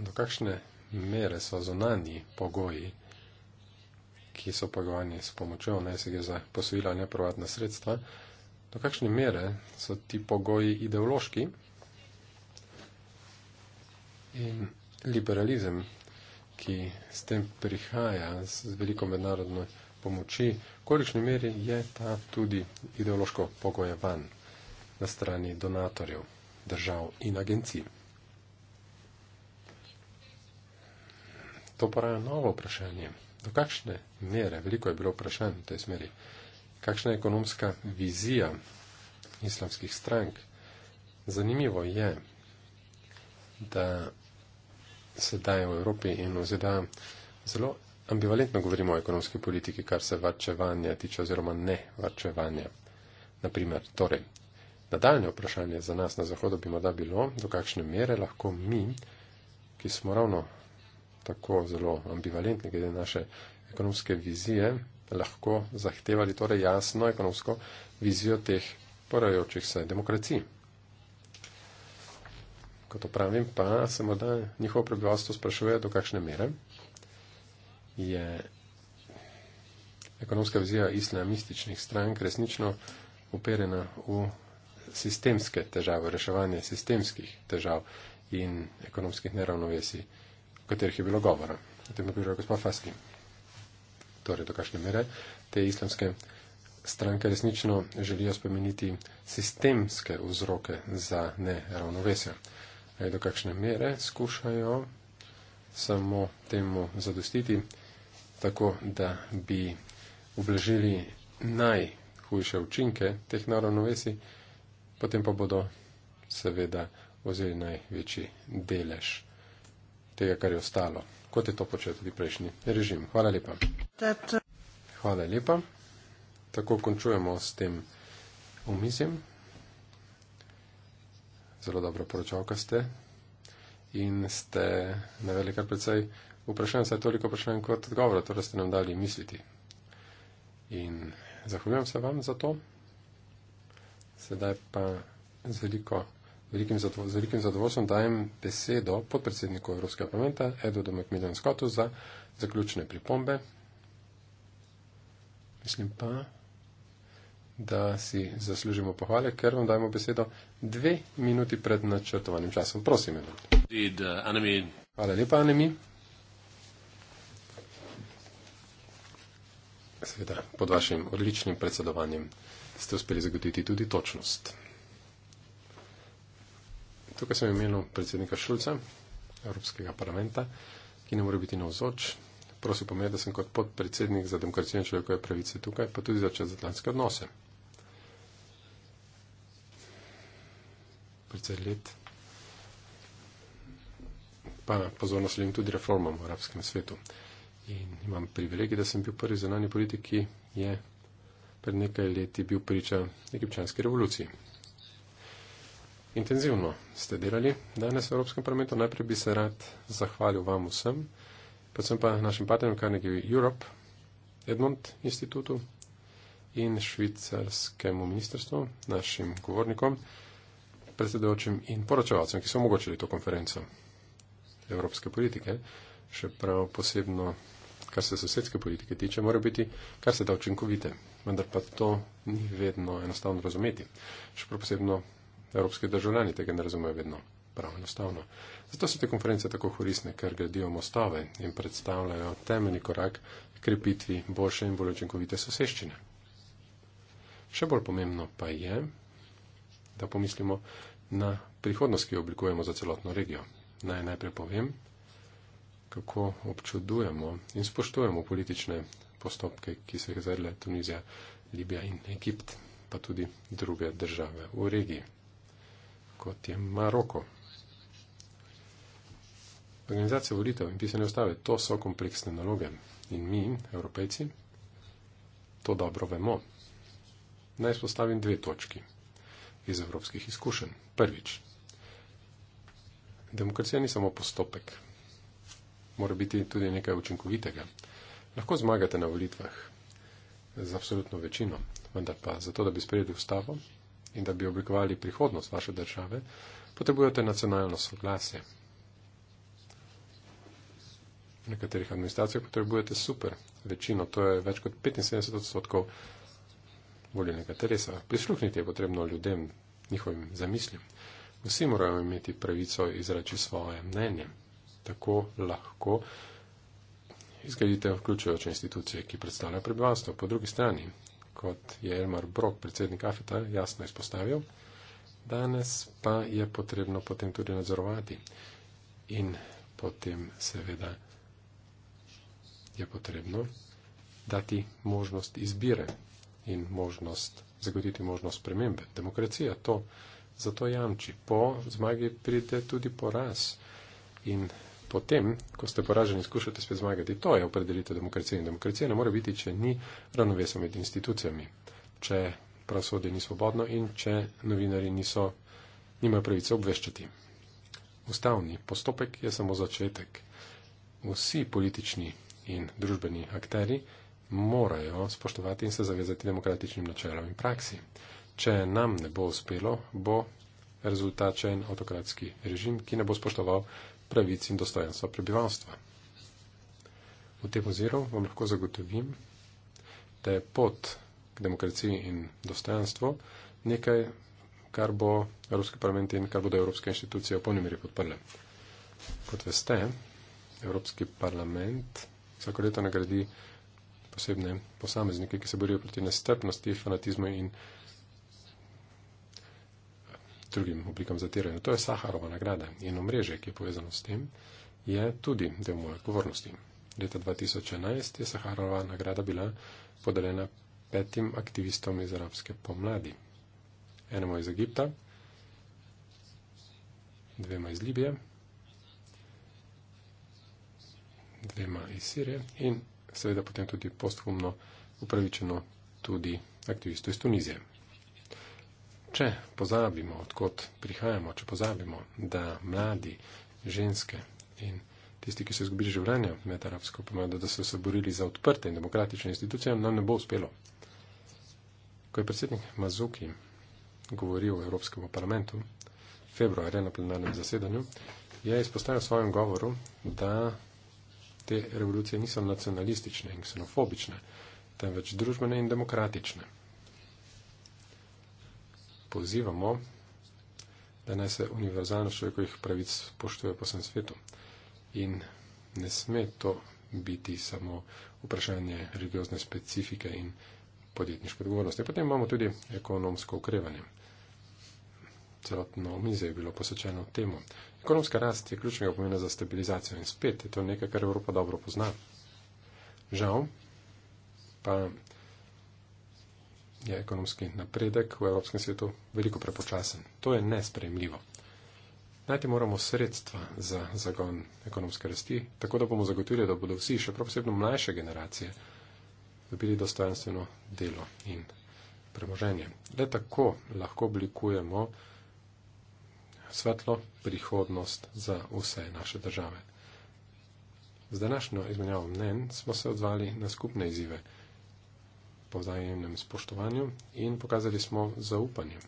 Do kakšne mere so zonani pogoji ki so pagovani s pomočjo, naj se gre za posojila neprovatna sredstva, do kakšne mere so ti pogoji ideološki in liberalizem, ki s tem prihaja z veliko mednarodno pomoči, v kolikšni meri je ta tudi ideološko pogojevan na strani donatorjev, držav in agencij. To pa je novo vprašanje do kakšne mere, veliko je bilo vprašanj v tej smeri, kakšna je ekonomska vizija islamskih strank. Zanimivo je, da sedaj v Evropi in v ZDA zelo ambivalentno govorimo o ekonomski politiki, kar se varčevanja tiče oziroma ne varčevanja. Naprimer, torej, nadaljne vprašanje za nas na Zahodu bi morda bilo, do kakšne mere lahko mi, ki smo ravno tako zelo ambivalentni glede naše ekonomske vizije, lahko zahtevali torej jasno ekonomsko vizijo teh porajočih se demokracij. Kot opravim, pa se morda njihovo prebivalstvo sprašuje, do kakšne mere je ekonomska vizija islamističnih strank resnično uperjena v sistemske težave, reševanje sistemskih težav in ekonomskih neravnovesij katerih je bilo govora. O tem govorijo gospod Faski. Torej, do kakšne mere te islamske stranke resnično želijo spremeniti sistemske vzroke za neravnovesja. Do kakšne mere skušajo samo temu zadostiti, tako da bi ublažili najhujše učinke teh neravnovesij, potem pa bodo seveda vzeli največji delež tega, kar je ostalo, kot je to počel tudi prejšnji režim. Hvala lepa. Hvala lepa. Tako končujemo s tem omizjem. Zelo dobro poročavka ste in ste navedli kar precej vprašanj, saj toliko vprašanj kot odgovora, torej ste nam dali misliti. In zahvaljujem se vam za to. Sedaj pa z veliko velikim, zadovo z velikim zadovoljstvom dajem besedo podpredsedniku Evropskega parlamenta Edwardu McMillan Scottu za zaključne pripombe. Mislim pa, da si zaslužimo pohvale, ker vam dajemo besedo dve minuti pred načrtovanim časom. Prosim, Edward. Did, uh, Hvala lepa, Anemi. Seveda, pod vašim odličnim predsedovanjem ste uspeli zagotoviti tudi točnost. Tukaj sem imel predsednika Šulca, Evropskega parlamenta, ki ne more biti navzoč. Prosil pa me, da sem kot podpredsednik za demokracijo in človekove pravice tukaj, pa tudi za čezatlantske odnose. Predsed let. Pa pozorno sledim tudi reformam v arabskem svetu. In imam privilegij, da sem bil prvi zunanji politik, ki je pred nekaj leti bil priča egipčanski revoluciji. Intenzivno ste delali danes v Evropskem parlamentu. Najprej bi se rad zahvalil vam vsem, predvsem pa našim partnerjem Carnegie Europe, Edmund institutu in švicarskemu ministrstvu, našim govornikom, predsedojočim in poročevalcem, ki so omogočili to konferenco evropske politike, še prav posebno, kar se sosedske politike tiče, mora biti kar se da učinkovite, vendar pa to ni vedno enostavno razumeti. Še prav posebno evropski državljani tega ne razumejo vedno prav enostavno. Zato so te konference tako horisne, ker gradijo mostove in predstavljajo temeljni korak krepitvi boljše in bolj učinkovite soseščine. Še bolj pomembno pa je, da pomislimo na prihodnost, ki jo oblikujemo za celotno regijo. Naj najprej povem, kako občudujemo in spoštujemo politične postopke, ki so jih zadele Tunizija, Libija in Egipt, pa tudi druge države v regiji kot je Maroko. Organizacija volitev in pisanje ustave, to so kompleksne naloge in mi, evropejci, to dobro vemo. Naj spostavim dve točki iz evropskih izkušenj. Prvič, demokracija ni samo postopek, mora biti tudi nekaj učinkovitega. Lahko zmagate na volitvah z absolutno večino, vendar pa zato, da bi sprejeli ustavo, in da bi oblikovali prihodnost vaše države, potrebujete nacionalno soglasje. V nekaterih administracijah potrebujete super večino, to je več kot 75 odstotkov voljenega telesa. Prisluhniti je potrebno ljudem, njihovim zamislim. Vsi morajo imeti pravico izreči svoje mnenje. Tako lahko izgledite vključujoče institucije, ki predstavljajo prebivalstvo. Po drugi strani kot je Elmar Brok, predsednik Afeta, jasno izpostavil, danes pa je potrebno potem tudi nadzorovati in potem seveda je potrebno dati možnost izbire in možnost, zagotiti možnost spremembe. Demokracija to zato jamči. Po zmagi pride tudi poraz in potem, ko ste poraženi, skušate spet zmagati. To je opredelitev demokracije in demokracija ne more biti, če ni ravnovesja med institucijami, če pravosodje ni svobodno in če novinari niso, nimajo pravice obveščati. Ustavni postopek je samo začetek. Vsi politični in družbeni akteri morajo spoštovati in se zavezati demokratičnim načelom in praksi. Če nam ne bo uspelo, bo rezultačen avtokratski režim, ki ne bo spoštoval pravic in dostojanstva prebivalstva. V tem oziru vam lahko zagotovim, da je pot k demokraciji in dostojanstvu nekaj, kar bo Evropski parlament in kar bodo Evropske inštitucije v polni meri podprle. Kot veste, Evropski parlament vsako leto nagradi posebne posameznike, ki se borijo proti nestrpnosti, fanatizmu in drugim oblikam zatiranja. To je Saharova nagrada in omrežje, ki je povezano s tem, je tudi del moje odgovornosti. Leta 2011 je Saharova nagrada bila podeljena petim aktivistom iz arabske pomladi. Enemu iz Egipta, dvema iz Libije, dvema iz Sirije in seveda potem tudi posthumno upravičeno tudi aktivistu iz Tunizije. Če pozabimo, odkot prihajamo, če pozabimo, da mladi, ženske in tisti, ki so izgubili življenje med arabsko pomladjo, da so se borili za odprte in demokratične institucije, nam ne bo uspelo. Ko je predsednik Mazuki govoril v Evropskem parlamentu februarja na plenarnem zasedanju, je izpostavil v svojem govoru, da te revolucije niso nacionalistične in ksenofobične, temveč družbene in demokratične pozivamo, da naj se univerzalno človekovih pravic poštuje po vsem svetu. In ne sme to biti samo vprašanje religiozne specifike in podjetniške odgovornosti. Potem imamo tudi ekonomsko ukrevanje. Celotno omize je bilo posvečeno temu. Ekonomska rast je ključnega pomena za stabilizacijo in spet je to nekaj, kar Evropa dobro pozna. Žal, pa je ekonomski napredek v evropskem svetu veliko prepočasen. To je nespremljivo. Najti moramo sredstva za zagon ekonomske rasti, tako da bomo zagotovili, da bodo vsi, še posebno mlajše generacije, dobili dostojanstveno delo in premoženje. Le tako lahko oblikujemo svetlo prihodnost za vse naše države. Z današnjo izmenjavo mnen smo se odzvali na skupne izzive po vzajemnem spoštovanju in pokazali smo zaupanje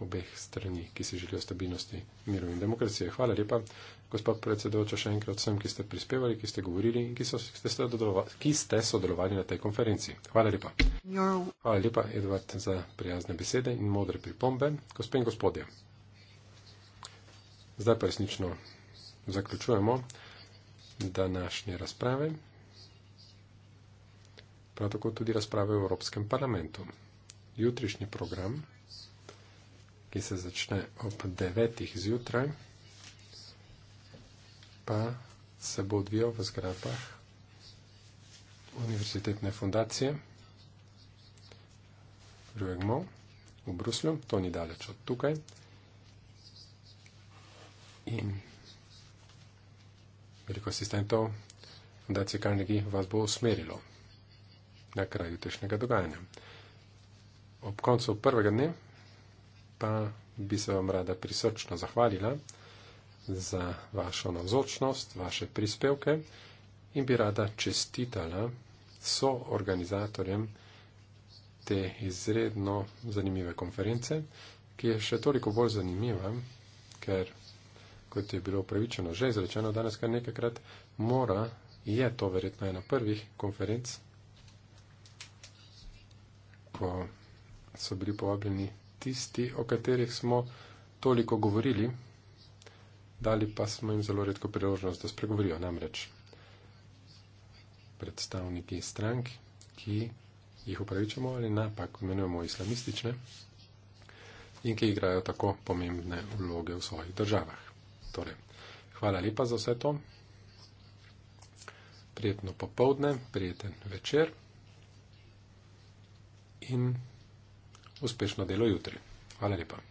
obeh strani, ki si želijo stabilnosti, miru in demokracije. Hvala lepa, gospod predsedoča, še enkrat vsem, ki ste prispevali, ki ste govorili in ki, so, ki, ste, sodelovali, ki ste sodelovali na tej konferenci. Hvala lepa. Hvala lepa, Edvard, za prijazne besede in modre pripombe. Gospod in gospodje, zdaj pa resnično zaključujemo današnje razprave prav tako tudi razprave v Evropskem parlamentu. Jutrišnji program, ki se začne ob devetih zjutraj, pa se bo odvijal v zgrabah Univerzitetne fundacije Rujegmo v Bruslju, to ni daleč od tukaj. In veliko asistentov fundacije Carnegie vas bo usmerilo na kraju tešnega dogajanja. Ob koncu prvega dne pa bi se vam rada prisrčno zahvalila za vašo navzočnost, vaše prispevke in bi rada čestitala so organizatorjem te izredno zanimive konference, ki je še toliko bolj zanimiva, ker, kot je bilo upravičeno že izrečeno danes kar nekajkrat, mora, je to verjetno ena prvih konferenc ko so bili povabljeni tisti, o katerih smo toliko govorili, dali pa smo jim zelo redko priložnost, da spregovorijo namreč predstavniki strank, ki jih upravičamo ali napak imenujemo islamistične in ki igrajo tako pomembne vloge v svojih državah. Torej, hvala lepa za vse to. Prijetno popovdne, prijeten večer in uspešno delo jutri. Hvala lepa.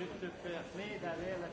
juste te permet d'aller à la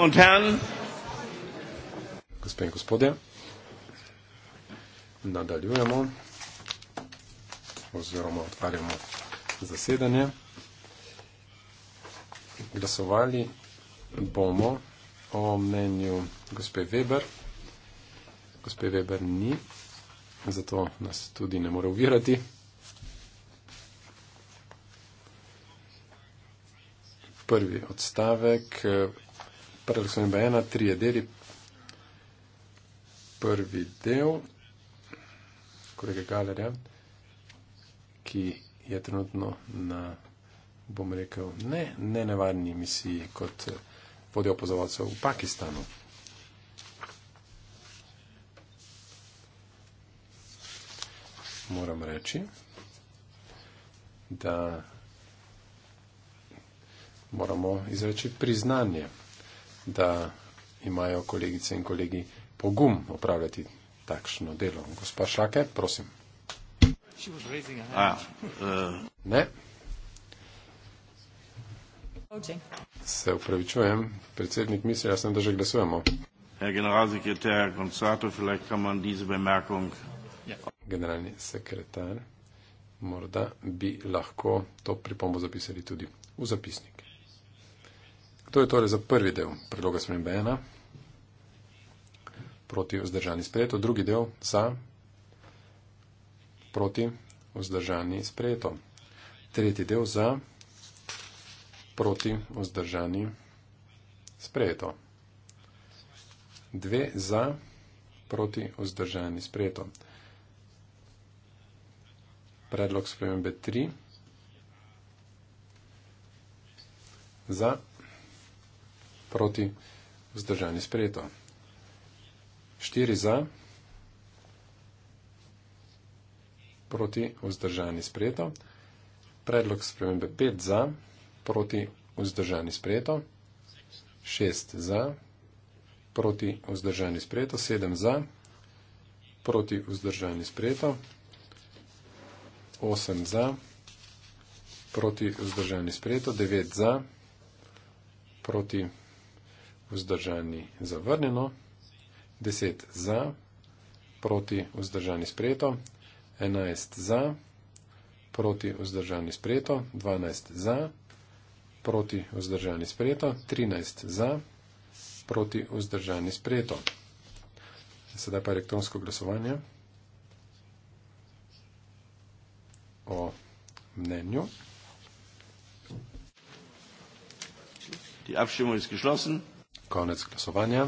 und Herren. Gospe in gospodje, nadaljujemo oziroma odpravljamo zasedanje. Glasovali bomo o mnenju gospe Weber. Gospe Weber ni, zato nas tudi ne more uvirati. Prvi odstavek, Prvi smo imeli ena, tri deli. Prvi del kolega Galerja, ki je trenutno na, bom rekel, ne, ne nevarni misiji kot eh, vodja opozovalcev v Pakistanu. Moram reči, da moramo izreči priznanje da imajo kolegice in kolegi pogum opravljati takšno delo. Gospa Šake, prosim. Ah, ne. Se upravičujem, predsednik, mislila sem, da že glasujemo. Ja. Generalni sekretar, morda bi lahko to pripombo zapisali tudi v zapisnik. To je torej za prvi del predloga spremembe 1 proti vzdržani sprejeto, drugi del za proti vzdržani sprejeto, tretji del za proti vzdržani sprejeto, dve za proti vzdržani sprejeto. Predlog spremembe 3 za proti vzdržani sprejeto. 4 za, proti vzdržani sprejeto. Predlog spremembe 5 za, proti vzdržani sprejeto. 6 za, proti vzdržani sprejeto. 7 za, proti vzdržani sprejeto. 8 za, proti vzdržani sprejeto. 9 za, proti vzdržani sprejeto vzdržani zavrnjeno, 10 za, proti vzdržani sprejeto, 11 za, proti vzdržani sprejeto, 12 za, proti vzdržani sprejeto, 13 za, proti vzdržani sprejeto. Sedaj pa elektronsko glasovanje o mnenju. Die Abstimmung ist geschlossen konec glasovanja.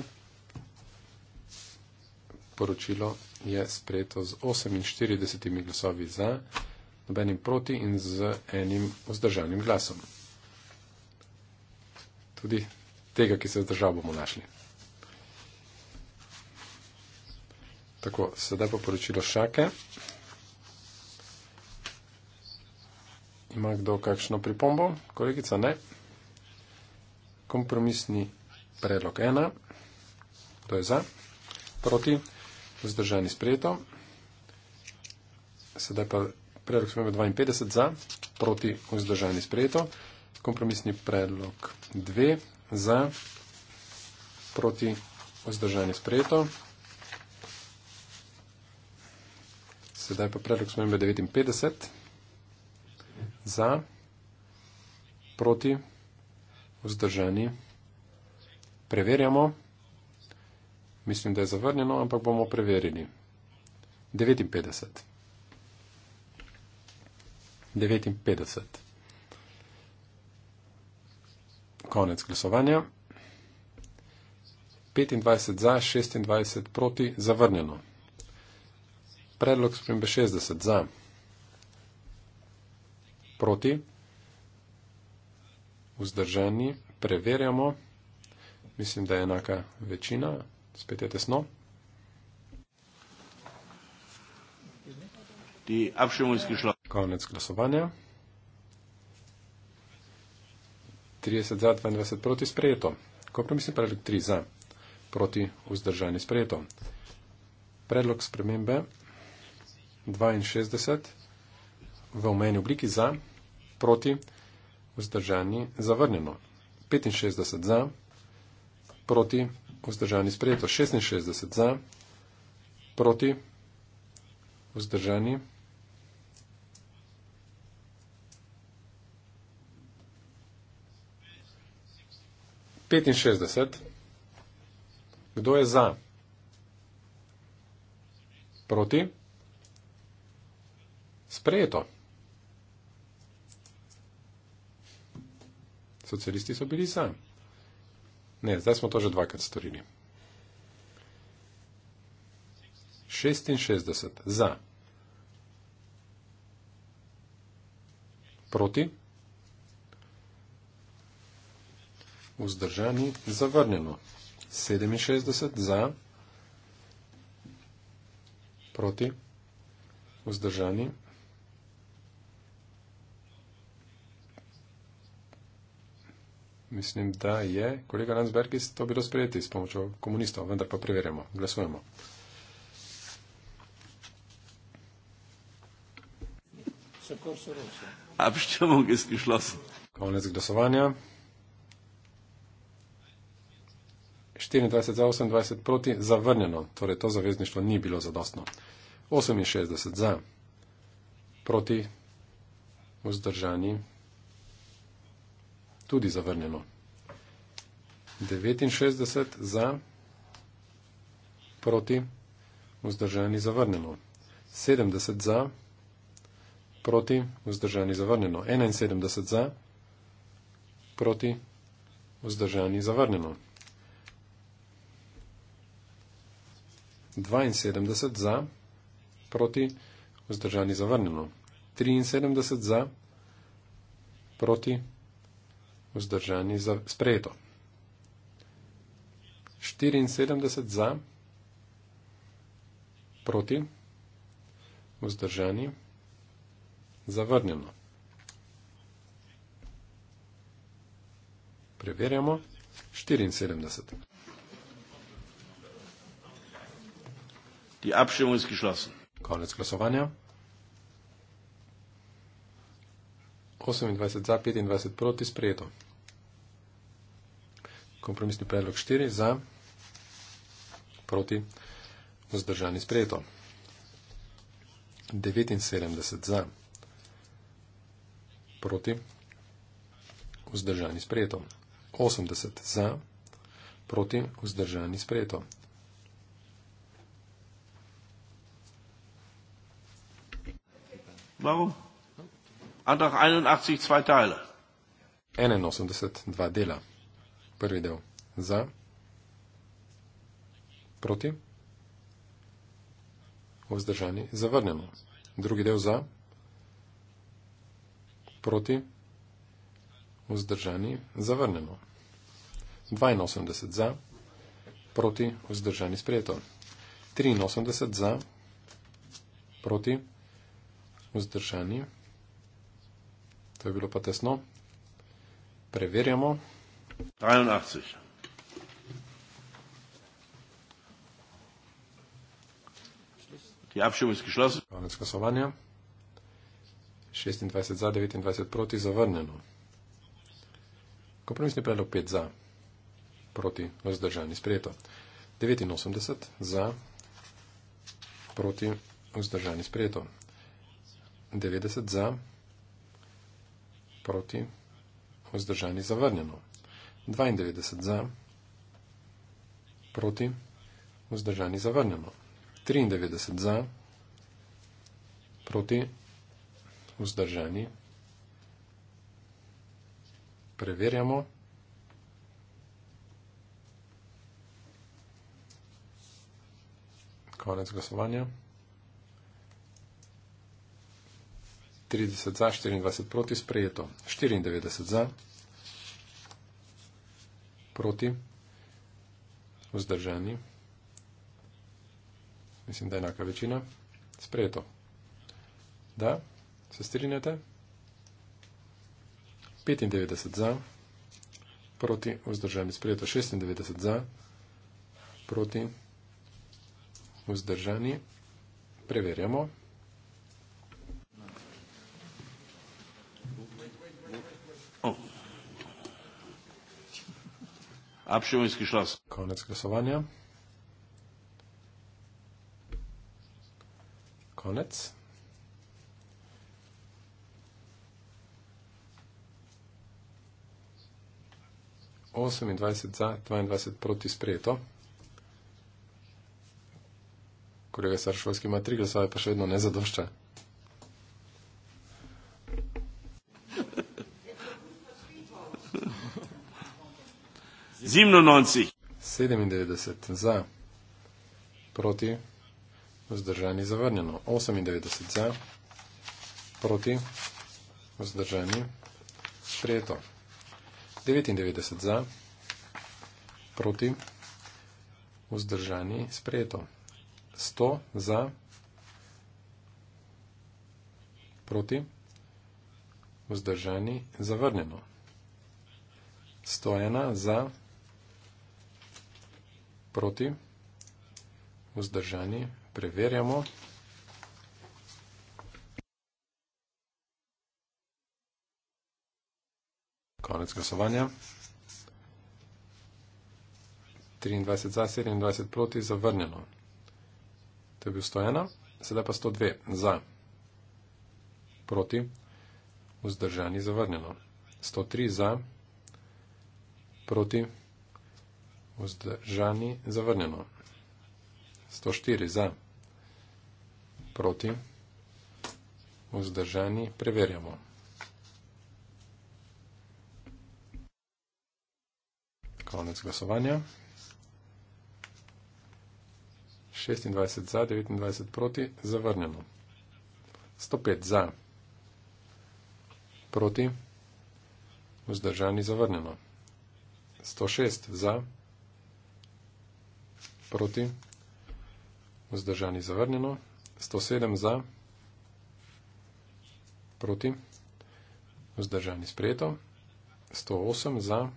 Poročilo je sprejeto z 48 glasovi za, nobenim proti in z enim vzdržanim glasom. Tudi tega, ki se je vzdržal, bomo našli. Tako, sedaj pa poročilo šake. Ima kdo kakšno pripombo? Kolegica, ne? Kompromisni Predlog ena, to je za, proti, vzdržani sprejeto. Sedaj pa predlog smo 52 za, proti, vzdržani sprejeto. Kompromisni predlog dve, za, proti, vzdržani sprejeto. Sedaj pa predlog smo 59 za, proti, vzdržani sprejeto. Preverjamo. Mislim, da je zavrnjeno, ampak bomo preverili. 59. 59. Konec glasovanja. 25 za, 26 proti, zavrnjeno. Predlog spremembe 60 za, proti, vzdržani, preverjamo mislim, da je enaka večina, spet je tesno. Konec glasovanja. 30 za, 22 proti sprejeto. Kompromisni predlog 3 za, proti vzdržani sprejeto. Predlog spremembe 62 v omenju obliki za, proti vzdržani zavrnjeno. 65 za, proti, vzdržani sprejeto 66 za, proti, vzdržani. Petinšestdeset. Kdo je za? Proti? Sprejeto. Socialisti so bili za. Ne, zdaj smo to že dvakrat storili. 66 za. Proti. Vzdržani zavrnjeno. 67 za. Proti. Vzdržani zavrnjeno. Mislim, da je. Kolega Landsberg je to bilo sprejeti s pomočjo komunistov, vendar pa preverjamo. Glasujemo. Konec glasovanja. 24 za 28 proti zavrnjeno, torej to zavezništvo ni bilo zadostno. 68 za proti vzdržani tudi zavrnjeno. 69 za, proti, vzdržani zavrnjeno. 70 za, proti, vzdržani zavrnjeno. 71 za, proti, vzdržani zavrnjeno. 72 za, proti, vzdržani zavrnjeno. 73 za, proti, vzdržani zavrnjeno vzdržani za sprejeto. 74 za, proti, vzdržani, zavrnjeno. Preverjamo 74. Die Abstimmung ist geschlossen. Konec glasovanja. 28 za, 25 proti sprejeto. Kompromisni predlog 4 za, proti, vzdržani sprejeto. 79 za, proti, vzdržani sprejeto. 80 za, proti, vzdržani sprejeto. Bravo. Ampak 81, dva dela. 81, dva dela. Prvi del za, proti, vzdržani, zavrnjeno. Drugi del za, proti, vzdržani, zavrnjeno. 82 za, proti, vzdržani, sprejeto. 83 za, proti, vzdržani, sprejeto to je bilo pa tesno. Preverjamo. 83. Ja, še vojski šlas. Konec glasovanja. 26 za, 29 proti, zavrnjeno. Kompromisni predlog 5 za, proti, vzdržani, sprejeto. 89 za, proti, vzdržani, sprejeto. 90 za, proti, vzdržani zavrnjeno. 92 za, proti, vzdržani zavrnjeno. 93 za, proti, vzdržani. Preverjamo. Konec glasovanja. 30 za, 24 proti, sprejeto 94 za, proti, vzdržani, mislim, da je enaka večina, sprejeto. Da, se strinjate? 95 za, proti, vzdržani, sprejeto 96 za, proti, vzdržani, preverjamo. Abstimmungsgeschloss. Schloss. Konec glasovanja. Konec. Osemindvajset za, dvaindvajset proti sprejeto. Kolega Saršovski ima tri glasove, pa še vedno ne zadošča. zimno nonci. 97 za, proti, vzdržani zavrnjeno. 98 za, proti, vzdržani, sprejeto. 99 za, proti, vzdržani, sprejeto. 100 za, proti, vzdržani, zavrnjeno. 101 za, proti, vzdržani, zavrnjeno proti, vzdržani, preverjamo. Konec glasovanja. 23 za, 27 proti, zavrnjeno. To je bil 101, sedaj pa 102 za, proti, vzdržani, zavrnjeno. 103 za, proti, vzdržani vzdržani, zavrnjeno. 104 za, proti, vzdržani, preverjamo. Konec glasovanja. 26 za, 29 proti, zavrnjeno. 105 za, proti, vzdržani, zavrnjeno. 106 za, proti, proti, vzdržani zavrnjeno, 107 za, proti, vzdržani sprejeto, 108 za,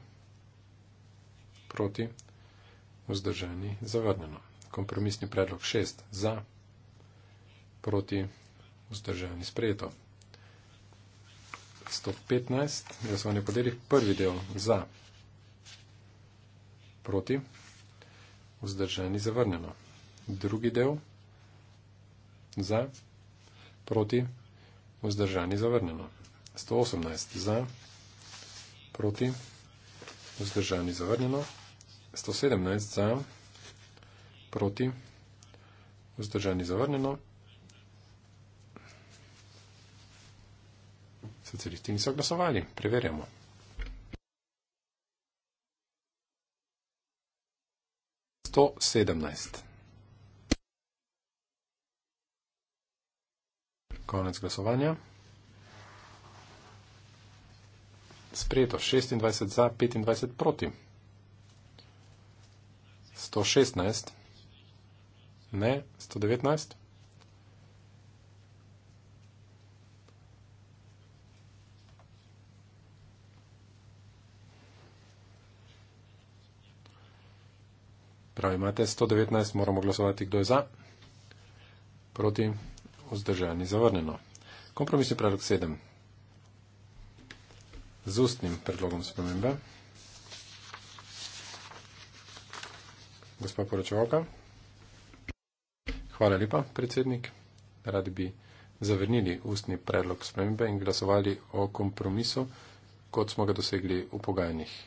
proti, vzdržani zavrnjeno. Kompromisni predlog 6 za, proti, vzdržani sprejeto. 115, glasovanje podelih, prvi del za, proti, vzdržani zavrnjeno vzdržani zavrnjeno. Drugi del za, proti, vzdržani zavrnjeno. 118 za, proti, vzdržani zavrnjeno. 117 za, proti, vzdržani zavrnjeno. Socialisti niso glasovali, preverjamo. 117. Konec glasovanja. Sprejeto 26 za, 25 proti. 116. Ne, 119. pravi, imate 119, moramo glasovati, kdo je za, proti, vzdržani, zavrnjeno. Kompromisni predlog 7. Z ustnim predlogom spremembe. Gospod poročevalka. Hvala lepa, predsednik. Radi bi zavrnili ustni predlog spremembe in glasovali o kompromisu, kot smo ga dosegli v pogajanjih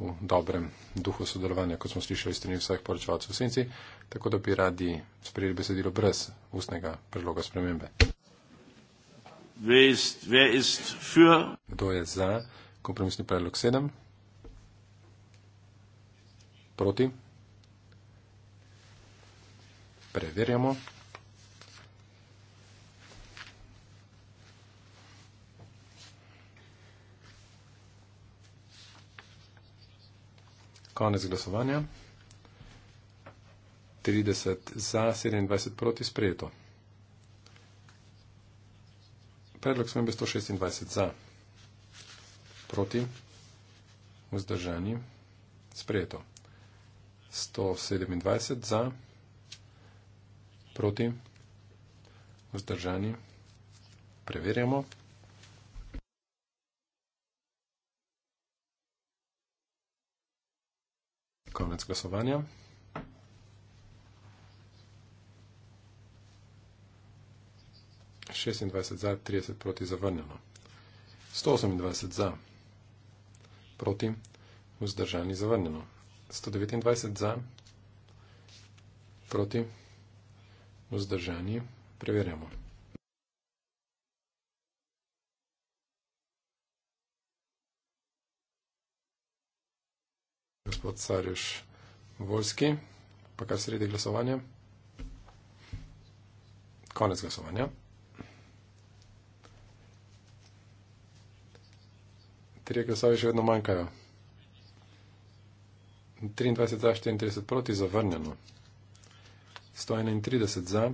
v dobrem duhu sodelovanja, kot smo slišali strani vseh poročevalcev v senci, tako da bi radi sprejeli besedilo brez ustnega predloga spremembe. Kdo je za kompromisni predlog 7? Proti? Preverjamo. Konec glasovanja. 30 za, 27 proti sprejeto. Predlog smo imeli 126 za, proti, vzdržani, sprejeto. 127 za, proti, vzdržani, preverjamo. konec glasovanja. Šestindvajset za, trideset proti zavrnjeno. Sto osemindvajset za, proti vzdržani zavrnjeno. Sto devetindvajset za, proti vzdržani preverjamo. gospod Sarjuš Volski, pa kar sredi glasovanja. Konec glasovanja. Trije glasovi še vedno manjkajo. 23 za, 34 proti, zavrnjeno. 131 za,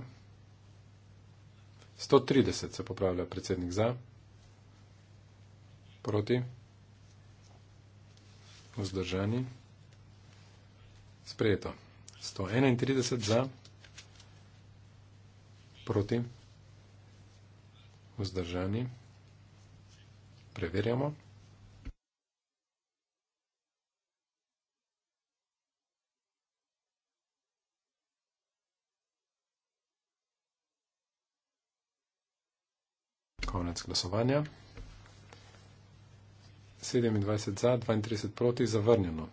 130 se popravlja predsednik za, proti, vzdržani. Sprejeto. 131 za, proti, vzdržani. Preverjamo. Konec glasovanja. 27 za, 32 proti, zavrnjeno.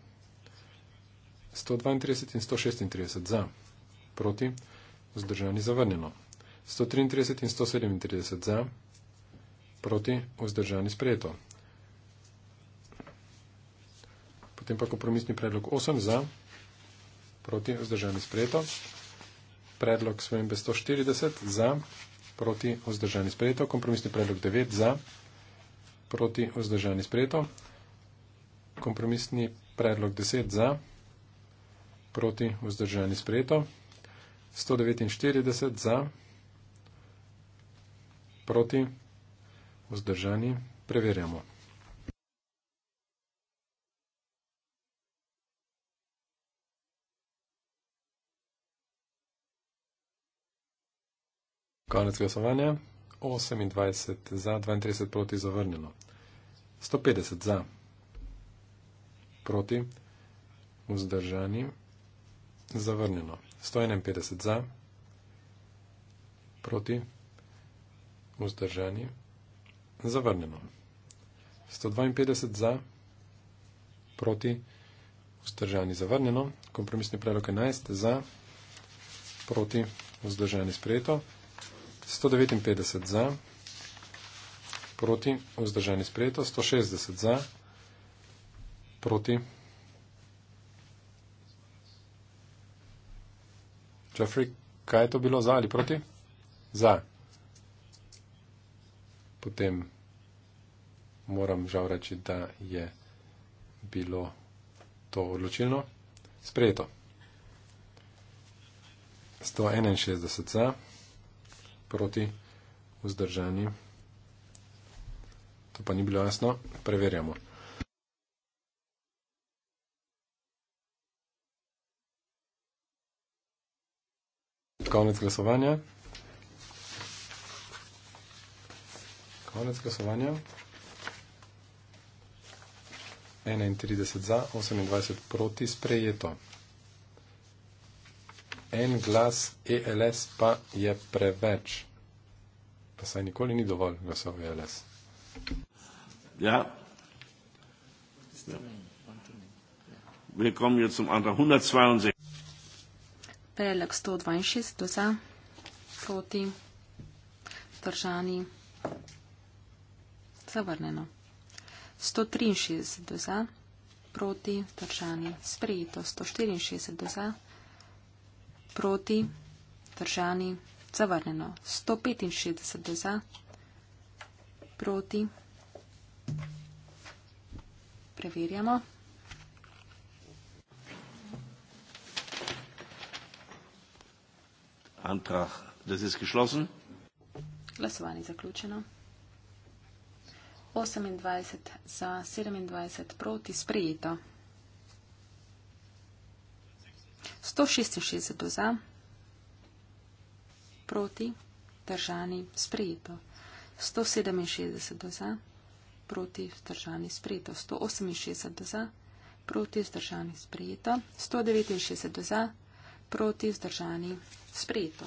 132 in 136 za, proti, vzdržani zavrnjeno. 133 in 137 za, proti, vzdržani sprejeto. Potem pa kompromisni predlog 8 za, proti, vzdržani sprejeto. Predlog svojem 140 za, proti, vzdržani sprejeto. Kompromisni predlog 9 za, proti, vzdržani sprejeto. Kompromisni predlog 10 za, proti, vzdržani sprejeto proti vzdržani sprejeto, 149 za, proti vzdržani preverjamo. Konec glasovanja, 28 za, 32 proti zavrnjeno, 150 za, proti vzdržani preverjamo zavrnjeno. 151 za, proti, vzdržani, zavrnjeno. 152 za, proti, vzdržani, zavrnjeno. Kompromisni predlog 11 za, proti, vzdržani, sprejeto. 159 za, proti, vzdržani, sprejeto. 160 za, proti, vzdržani, sprejeto. Jeffrey, kaj je to bilo za ali proti? Za. Potem moram žal reči, da je bilo to odločilno. Sprejeto. 161 za proti vzdržani. To pa ni bilo jasno. Preverjamo. konec glasovanja. Konec glasovanja. 31 za, 28 proti, sprejeto. En glas ELS pa je preveč. Pa saj nikoli ni dovolj glasov ELS. Ja. ja. Willkommen jetzt zum Antrag 162 predlog 162 za, proti, držani, zavrneno. 163 za, proti, držani, sprejeto. 164 za, proti, držani, zavrneno. 165 za, proti, preverjamo. Antrag, das ist geschlossen. Glasovanje je zaključeno. 28 za, 27 proti, sprejeto. 166 za, proti, držani, sprejeto. 167 za, proti, držani, sprejeto. 168 za, proti, držani, sprejeto. 169 za proti vzdržani. Sprejeto.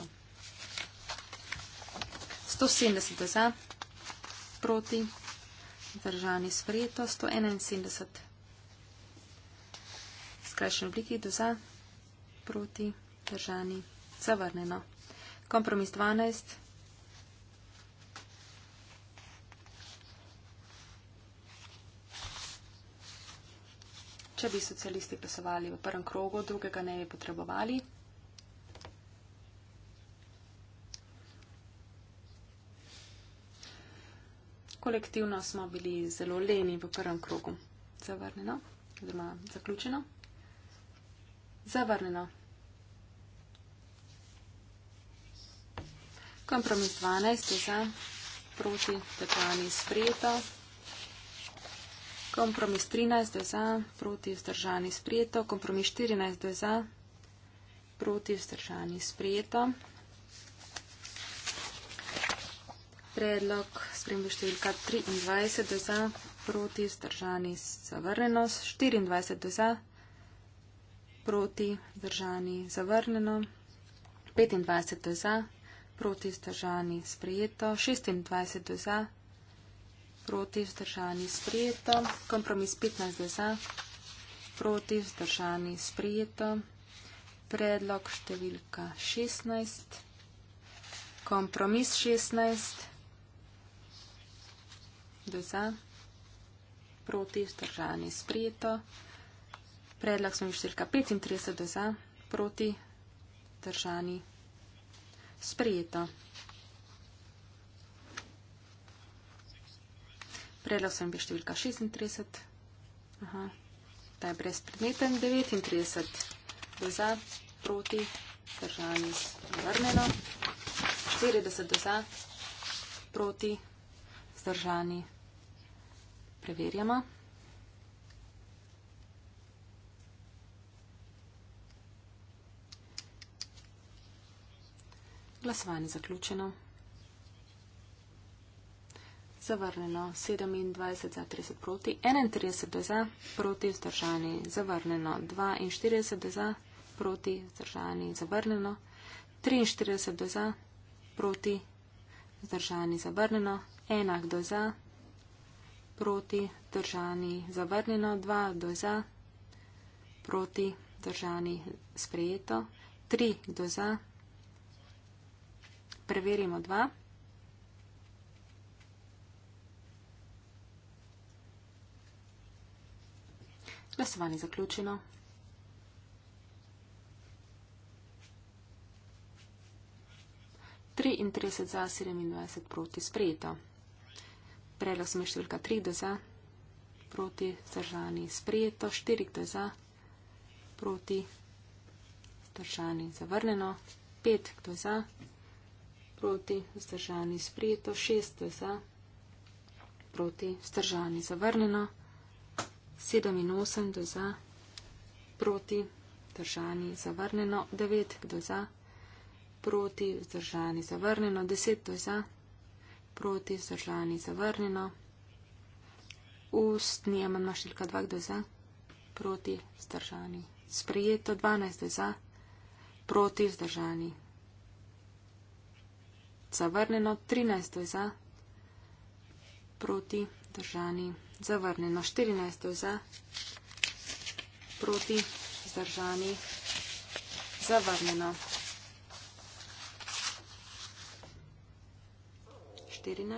170 za, proti, vzdržani sprejeto. 171 skrajšen obliki do za, proti, vzdržani, zavrneno. Kompromis 12. Če bi socialisti glasovali v prvem krogu, drugega ne bi potrebovali. kolektivno smo bili zelo leni v prvem krogu. Zavrnjeno, oziroma zaključeno. Zavrnjeno. Kompromis 12 je za, proti, tekani sprejeto. Kompromis 13 je za, proti, vzdržani sprejeto. Kompromis 14 je za, proti, vzdržani sprejeto. predlog spremembe številka 23 za proti zdržani zavrnjeno, 24 za proti zdržani zavrnjeno, 25 za proti zdržani sprejeto, 26 za proti zdržani sprejeto, kompromis 15 za proti zdržani sprejeto, predlog številka 16, kompromis 16, da za, proti, vzdržani, sprejeto. Predlog smo številka 35, da za, proti, vzdržani, sprejeto. Predlog sem bil številka 36, Aha. ta je brezpredmeten, 39, da za, proti, vzdržani, vrneno, 40, da za, proti, vzdržani, vrneno preverjamo. Glasovanje zaključeno. Zavrnjeno 27 za 30 proti, 31 za proti vzdržani, zavrnjeno 42 za proti vzdržani, zavrnjeno 43 za proti vzdržani, zavrnjeno enak do za proti, držani, zavrnjeno, dva, do za, proti, držani, sprejeto, tri, do za, preverimo dva. Glasovanje zaključeno. Tri in trideset za, sedemindvajset proti, sprejeto. Predlog sem številka 3 za, proti zdržani sprejeto, 4 za, proti zdržani zavrnjeno, 5 za, proti zdržani sprejeto, 6 za, proti zdržani zavrnjeno, 7 in 8 za, proti zdržani zavrnjeno, 9 za, proti zdržani zavrnjeno, 10 za proti vzdržani zavrnjeno. Ustni amandma številka 2, kdo je za, proti vzdržani. Sprejeto 12, kdo je za, proti vzdržani. Zavrnjeno 13, kdo je za, proti vzdržani. Zavrnjeno 14, kdo je za, proti vzdržani. Zavrnjeno. 14.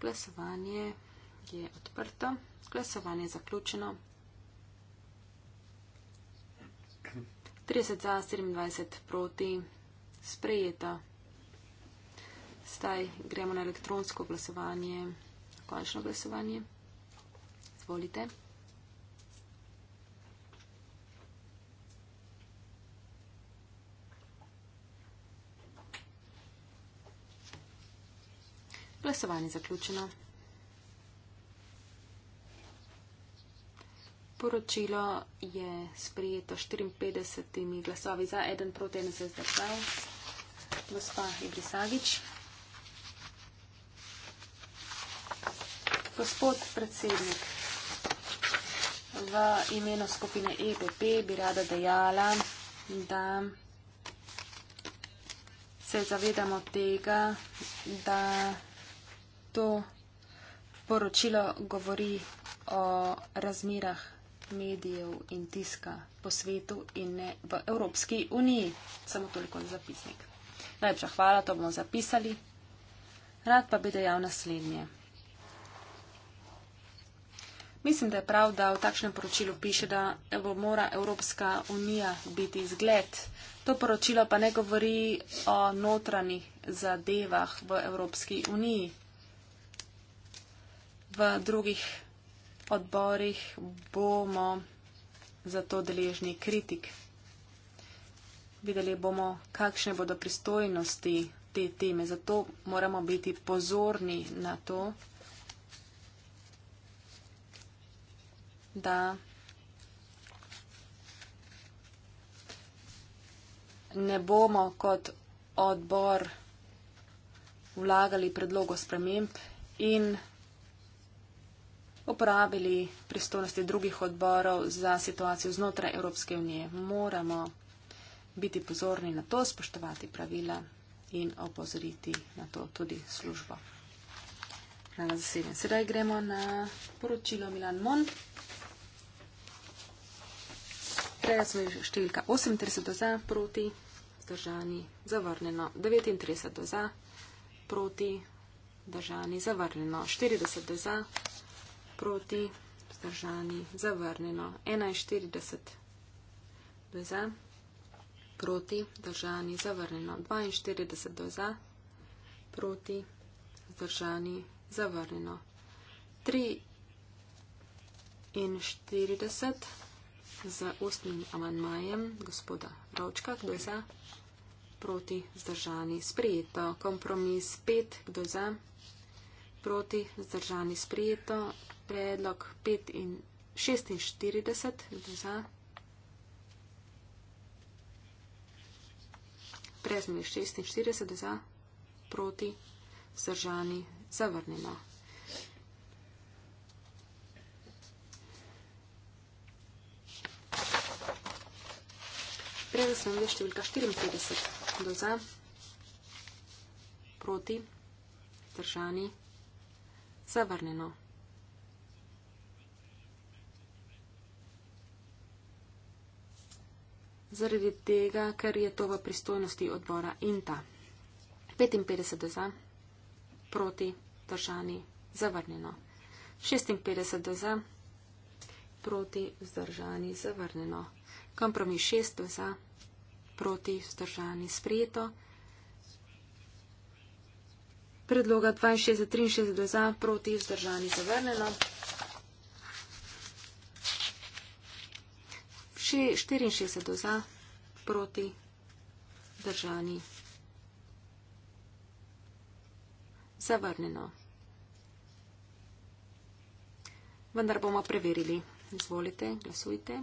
Glasovanje je odprto. Glasovanje je zaključeno. 30 za, 27 proti, sprejeta. Zdaj gremo na elektronsko glasovanje, končno glasovanje. Izvolite. Glasovanje zaključeno. Poročilo je sprijeto 54 glasovi za, eden proti en se zdržal. Gospa Ibrisagič. Gospod predsednik, v imenu skupine EPP bi rada dejala, da se zavedamo tega, da to poročilo govori o razmerah medijev in tiska po svetu in ne v Evropski uniji. Samo toliko za zapisnik. Najlepša hvala, to bomo zapisali. Rad pa bi dejal naslednje. Mislim, da je prav, da v takšnem poročilu piše, da mora Evropska unija biti zgled. To poročilo pa ne govori o notranjih zadevah v Evropski uniji v drugih odborih bomo zato deležni kritik. Videli bomo, kakšne bodo pristojnosti te teme. Zato moramo biti pozorni na to, da ne bomo kot odbor vlagali predlogo sprememb in uporabili pristojnosti drugih odborov za situacijo znotraj Evropske unije. Moramo biti pozorni na to, spoštovati pravila in opozoriti na to tudi službo. Hvala za sedem. Sedaj gremo na poročilo Milan Mon. Prej smo številka 38 do za, proti, držani, zavrnjeno. 39 do za, proti, držani, zavrnjeno. 40 do za, proti, vzdržani, zavrnjeno. 41 do za, proti, vzdržani, zavrnjeno. 42 do za, proti, vzdržani, zavrnjeno. 43 z ustnim amandmajem gospoda Ravčka, kdo je za, proti, vzdržani, sprijeto. Kompromis 5, kdo je za, proti, vzdržani, sprijeto predlog 5 in 46 za. Prezmeni 46 za, proti, zdržani, zavrnjeno. Predlog sem veš številka 54 do za, proti, zdržani, zavrnjeno. zaradi tega, ker je to v pristojnosti odbora INTA. 55 za, proti, držani, zavrnjeno. 56 za, proti, vzdržani, zavrnjeno. Kompromis 6 za, proti, vzdržani, sprejeto. Predloga 62-63 za, proti, vzdržani, zavrnjeno. 64 za, proti držani. Zavrnjeno. Vendar bomo preverili. Izvolite, glasujte.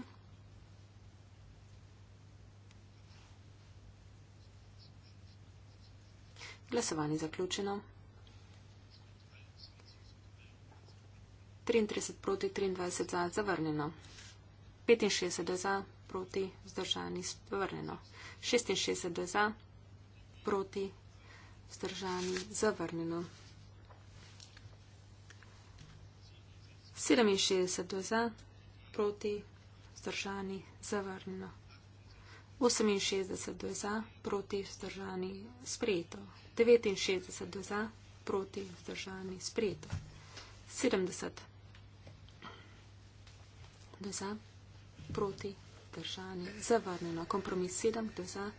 Glasovanje zaključeno. 33 proti 23 za zavrnjeno. 65 za, proti, vzdržani, zavrnjeno. 66 za, proti, vzdržani, zavrnjeno. 67 za, proti, vzdržani, zavrnjeno. 68 za, proti, vzdržani, sprejeto. 69 za, proti, vzdržani, sprejeto. 70 za, proti, vzdržani, sprejeto proti, zdržani, zavrnjeno. Kompromis 7, kdo za,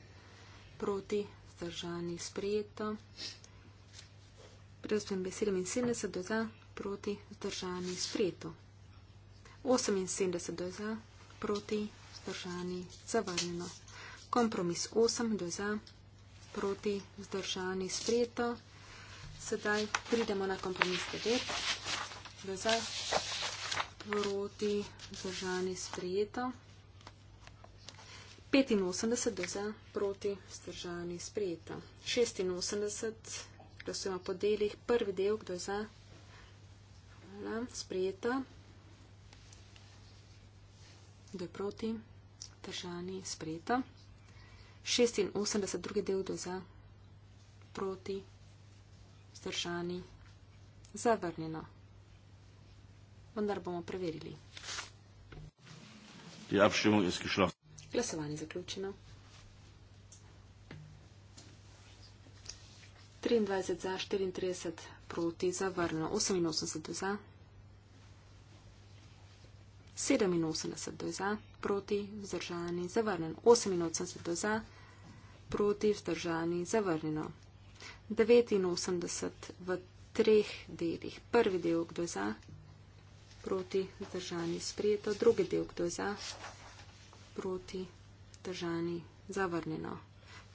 proti, zdržani, sprejeto. Predstavljam bi 77, kdo za, proti, zdržani, sprejeto. 78, kdo za, proti, zdržani, zavrnjeno. Kompromis 8, kdo za, proti, zdržani, sprejeto. Sedaj pridemo na kompromis 9, kdo za, proti, zdržani, sprejeto proti, vzdržani sprejeto. 85 do za, proti, vzdržani sprejeto. 86, glasujemo po delih, prvi del, kdo je za, Hvala. sprejeto. Kdo je proti, vzdržani sprejeto. 86, drugi del, kdo je za, proti, vzdržani, zavrnjeno vendar bomo preverili. Ja, še bomo izkišlo. Glasovanje zaključeno. 23 za, 34 proti, zavrnjeno 88 za, 87 za, proti, vzdržani, zavrnjeno 88 za, proti, vzdržani, zavrnjeno 89 v treh delih. Prvi del, kdo je za? proti držani sprejeto, drugi del kdo za, proti držani zavrnjeno,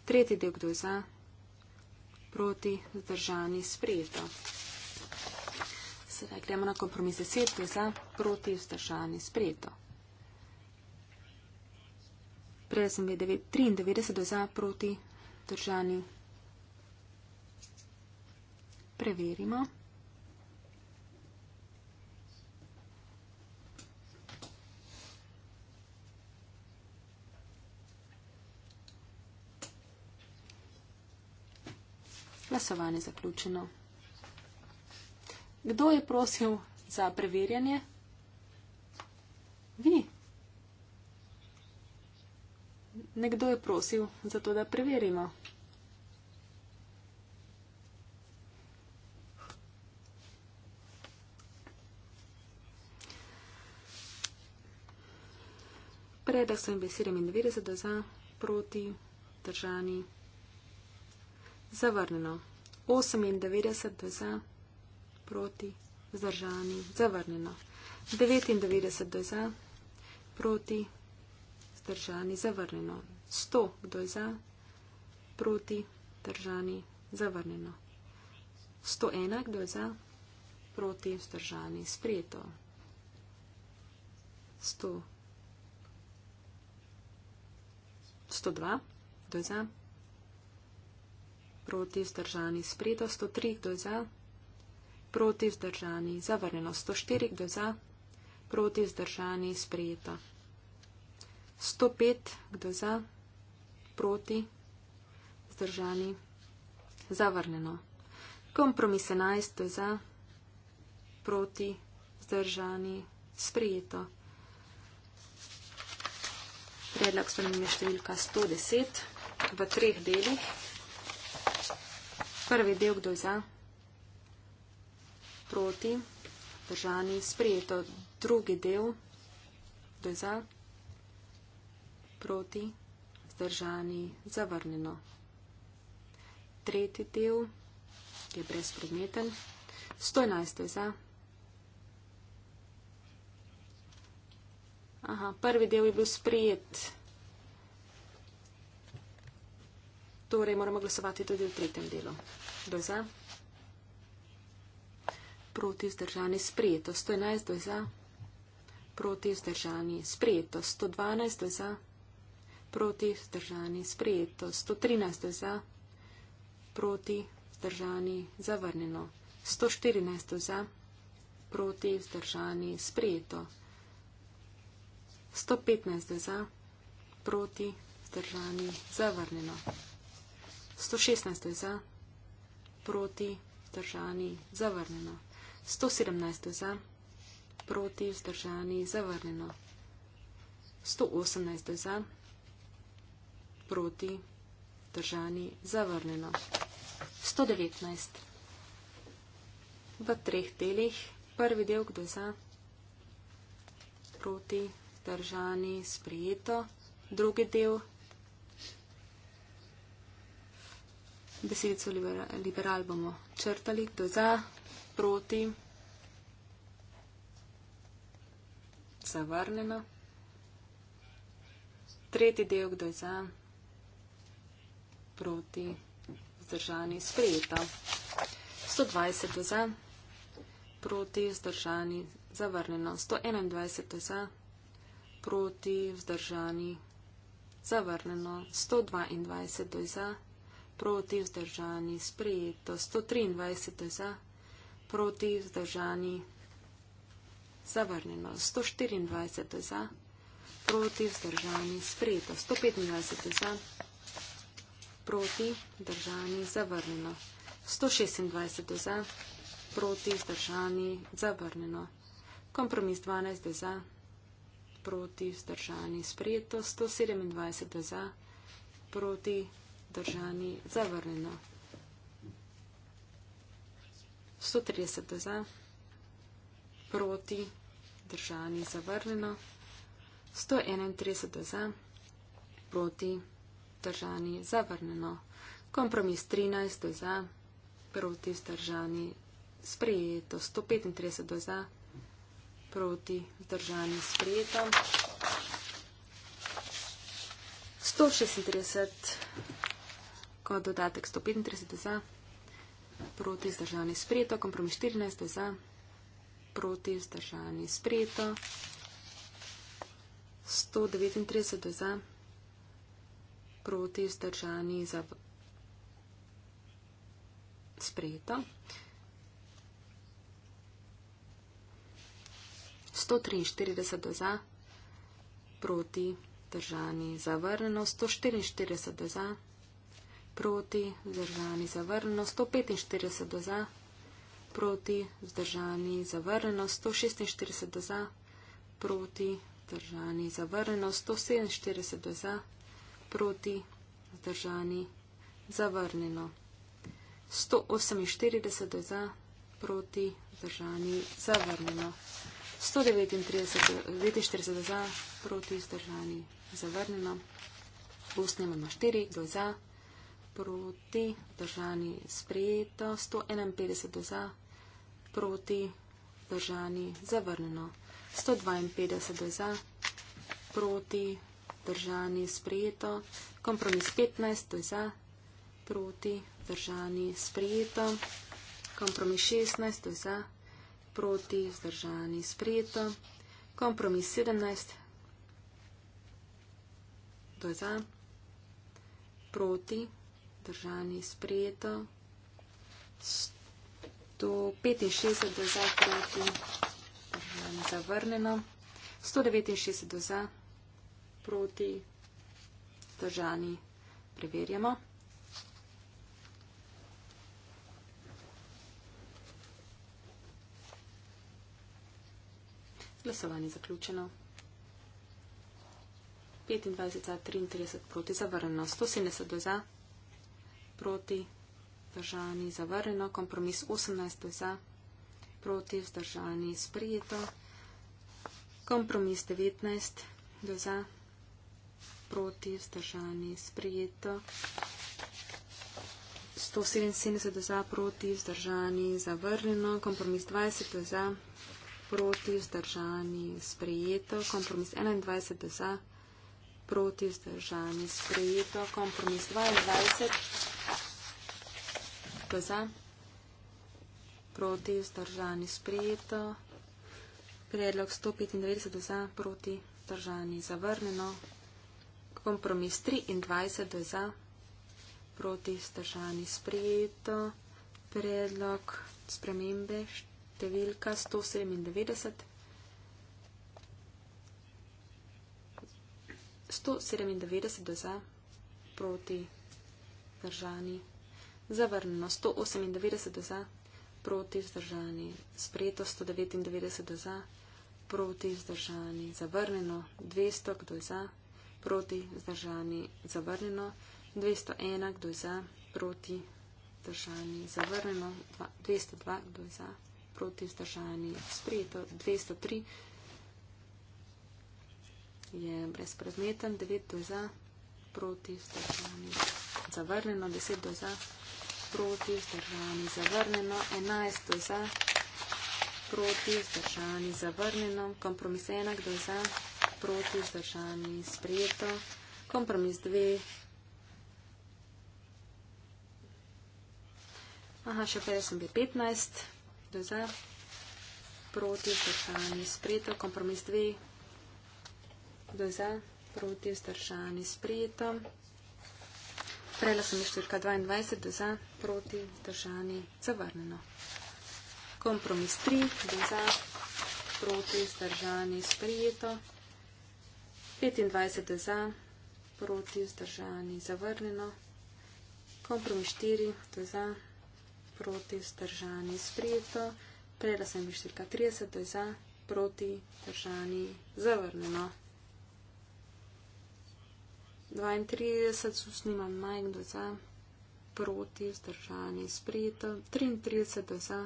tretji del kdo za, proti držani sprejeto. Sedaj gremo na kompromis 10, kdo za, proti držani sprejeto. Prej sem bil 93 do za, proti držani. Preverimo. Glasovanje je zaključeno. Kdo je prosil za preverjanje? Vi. Nekdo je prosil za to, da preverimo. Predah so imeli 97 za, proti, držani zavrnjeno. 98 do za, proti, vzdržani, zavrnjeno. 99 do za, proti, vzdržani, zavrnjeno. 100 do za, proti, vzdržani, zavrnjeno. 101 do za, proti, vzdržani, sprejeto. 100. 102 do za, proti, vzdržani, zavrnjeno proti vzdržani spredo 103, kdo je za, proti vzdržani zavrnjeno 104, kdo je za, proti vzdržani sprejeto 105, kdo je za, proti vzdržani zavrnjeno. Kompromis 11, kdo je za, proti vzdržani sprejeto. Predlog spremenja številka 110 v treh delih. Prvi del, kdo je za? Proti. Držani. Sprijeto. Drugi del, kdo je za? Proti. Zdržani. Zavrnjeno. Tretji del je brezpredmeten. 111 je za. Aha, prvi del je bil sprijet. Torej moramo glasovati tudi v tretjem delu. Kdo je za? Proti vzdržani sprejeto. 111, kdo je za? Proti vzdržani sprejeto. 112, kdo je za? Proti vzdržani sprejeto. 113, kdo je za? Proti vzdržani zavrnjeno. 114, kdo je za? Proti vzdržani sprejeto. 115, kdo je za? Proti vzdržani zavrnjeno. 116 je za, proti, vzdržani, zavrnjeno. 117 je za, proti, vzdržani, zavrnjeno. 118 je za, proti, vzdržani, zavrnjeno. 119. V treh delih. Prvi del, kdo je za, proti, vzdržani, sprijeto. Drugi del, besedico libera, liberal bomo črtali, kdo za, proti, zavrnjeno. Tretji del, kdo je za, proti, vzdržani, sprejeta. 120 je za, proti, vzdržani, zavrnjeno. 121 je za, proti, vzdržani, zavrnjeno. 122 je za proti vzdržani, sprejeto 123 za, proti vzdržani, zavrnjeno 124 za, proti vzdržani, sprejeto 125 za, proti vzdržani, zavrnjeno 126 za, proti vzdržani, zavrnjeno kompromis 12 za, proti vzdržani, sprejeto 127 za, proti vzdržani, vzdržani zavrnjeno. 130 za, proti vzdržani zavrnjeno. 131 za, proti vzdržani zavrnjeno. Kompromis 13 za, proti vzdržani sprejeto. 135 za, proti vzdržani sprejeto. 136 za kot dodatek 135 za, proti zdržani sprejeto, kompromis 14 za, proti zdržani sprejeto, 139 za, proti zdržani za sprejeto, 143 za, proti zdržani zavrnjeno, 144 za, proti, vzdržani, zavrnjeno, 145 do za, proti, vzdržani, zavrnjeno, 146 do za, proti, vzdržani, zavrnjeno, 147 do za, proti, vzdržani, zavrnjeno, 148 do za, proti, vzdržani, zavrnjeno, 149 do za, proti, vzdržani, zavrnjeno, ustnemo na 4 do za proti, držani sprejeto, 151 za, proti, držani zavrnjeno, 152 za, proti, držani sprejeto, kompromis 15 za, proti, držani sprejeto, kompromis 16 za, proti, držani sprejeto, kompromis 17 za, proti, držani sprejeto držani sprejeto. 165 do za, proti, držani zavrnjeno. 169 do za, proti, držani preverjamo. Glasovanje zaključeno. 25 za, 33 proti, zavrnjeno. 170 do za proti, vzdržani, zavrjeno, kompromis 18 za, proti, vzdržani, sprijeto, kompromis 19 za, proti, vzdržani, sprijeto, 177 za, proti, vzdržani, zavrjeno, kompromis 20 za, proti, vzdržani, sprijeto, kompromis 21 za, proti, vzdržani, sprijeto, kompromis 22 za, Petko za. Proti, vzdržani, sprejeto. Predlog 195 za, proti, vzdržani, zavrnjeno. Kompromis 23 za, proti, vzdržani, sprejeto. Predlog spremembe številka 197. 197 za, proti, vzdržani, sprejeto zavrnjeno 198 za, proti vzdržani, sprejeto 199 za, proti vzdržani, zavrnjeno 200, kdo je za, proti vzdržani, zavrnjeno 201, kdo je za, proti vzdržani, zavrnjeno 202, kdo je za, proti vzdržani, sprejeto 203. Je brezpredmeten, 9 do 1, proti vzdržani, zavrnjeno 10 do 1 proti, vzdržani, zavrnjeno, 11 za, proti, vzdržani, zavrnjeno, kompromis 1, kdo je za, proti, vzdržani, sprejeto, kompromis 2. Aha, še 15, kdo je za, proti, vzdržani, sprejeto, kompromis 2, kdo je za, proti, vzdržani, sprejeto. Prejela sem je številka 22 za, proti, vzdržani, zavrnjeno. Kompromis 3, za, proti, vzdržani, sprijeto. 25 za, proti, vzdržani, zavrnjeno. Kompromis 4, za, proti, vzdržani, sprijeto. Prejela sem je številka 30 za, proti, vzdržani, zavrnjeno. 32 snimam majk do za proti vzdržani sprejeto, 33 do za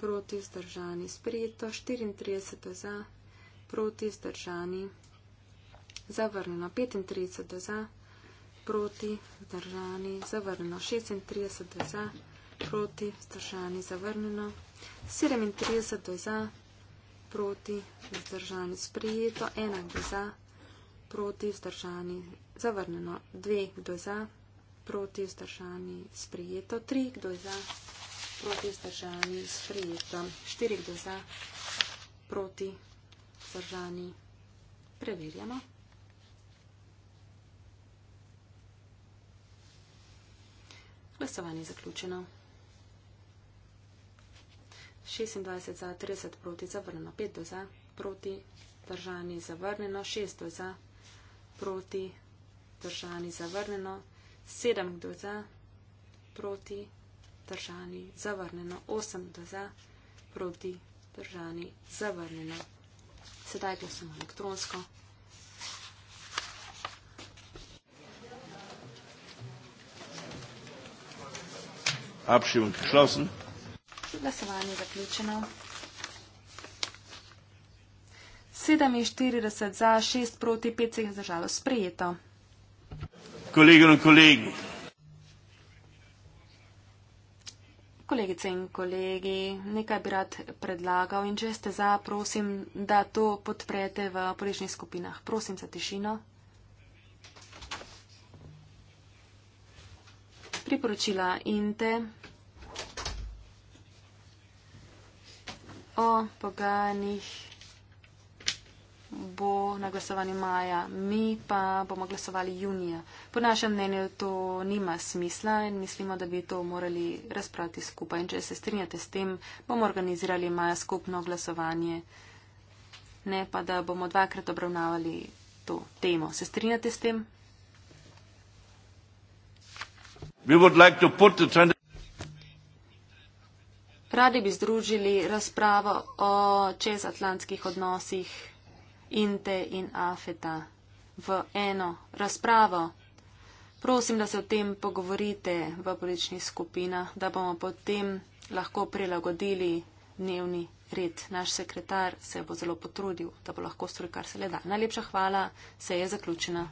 proti vzdržani sprejeto, 34 do za proti vzdržani zavrnjeno, 35 do za proti vzdržani zavrnjeno, 36 do za proti vzdržani zavrnjeno, 37 do za proti vzdržani sprejeto, 1 do za proti vzdržani zavrnjeno, proti vzdržani, zavrnjeno, dve, kdo je za, proti vzdržani, sprijeto, tri, kdo je za, proti vzdržani, sprijeto, štiri, kdo je za, proti vzdržani, preverjamo. Glasovanje je zaključeno. 26 za, 30 proti, zavrnjeno, 5 do za, proti, držani, zavrnjeno, 6 do za, proti, držani zavrnjeno, sedem kdo za, proti, držani zavrnjeno, osem kdo za, proti, držani zavrnjeno. Sedaj to samo elektronsko. Abstimmung geschlossen. Glasovanje zaključeno. 47 za, 6 proti, 5 se je zdržalo sprejeto. Kolegi in kolegi. Kolegice in kolegi, nekaj bi rad predlagal in če ste za, prosim, da to podprete v prejšnjih skupinah. Prosim za tišino. Priporočila INTE o pogajanjih bo na glasovanju maja, mi pa bomo glasovali junija. Po našem mnenju to nima smisla in mislimo, da bi to morali razprati skupaj. In če se strinjate s tem, bomo organizirali maja skupno glasovanje, ne pa da bomo dvakrat obravnavali to temo. Se strinjate s tem? Radi bi združili razpravo o čezatlantskih odnosih Inte in Afeta v eno razpravo. Prosim, da se o tem pogovorite v političnih skupinah, da bomo potem lahko prilagodili dnevni red. Naš sekretar se bo zelo potrudil, da bo lahko storil, kar se le da. Najlepša hvala, se je zaključena.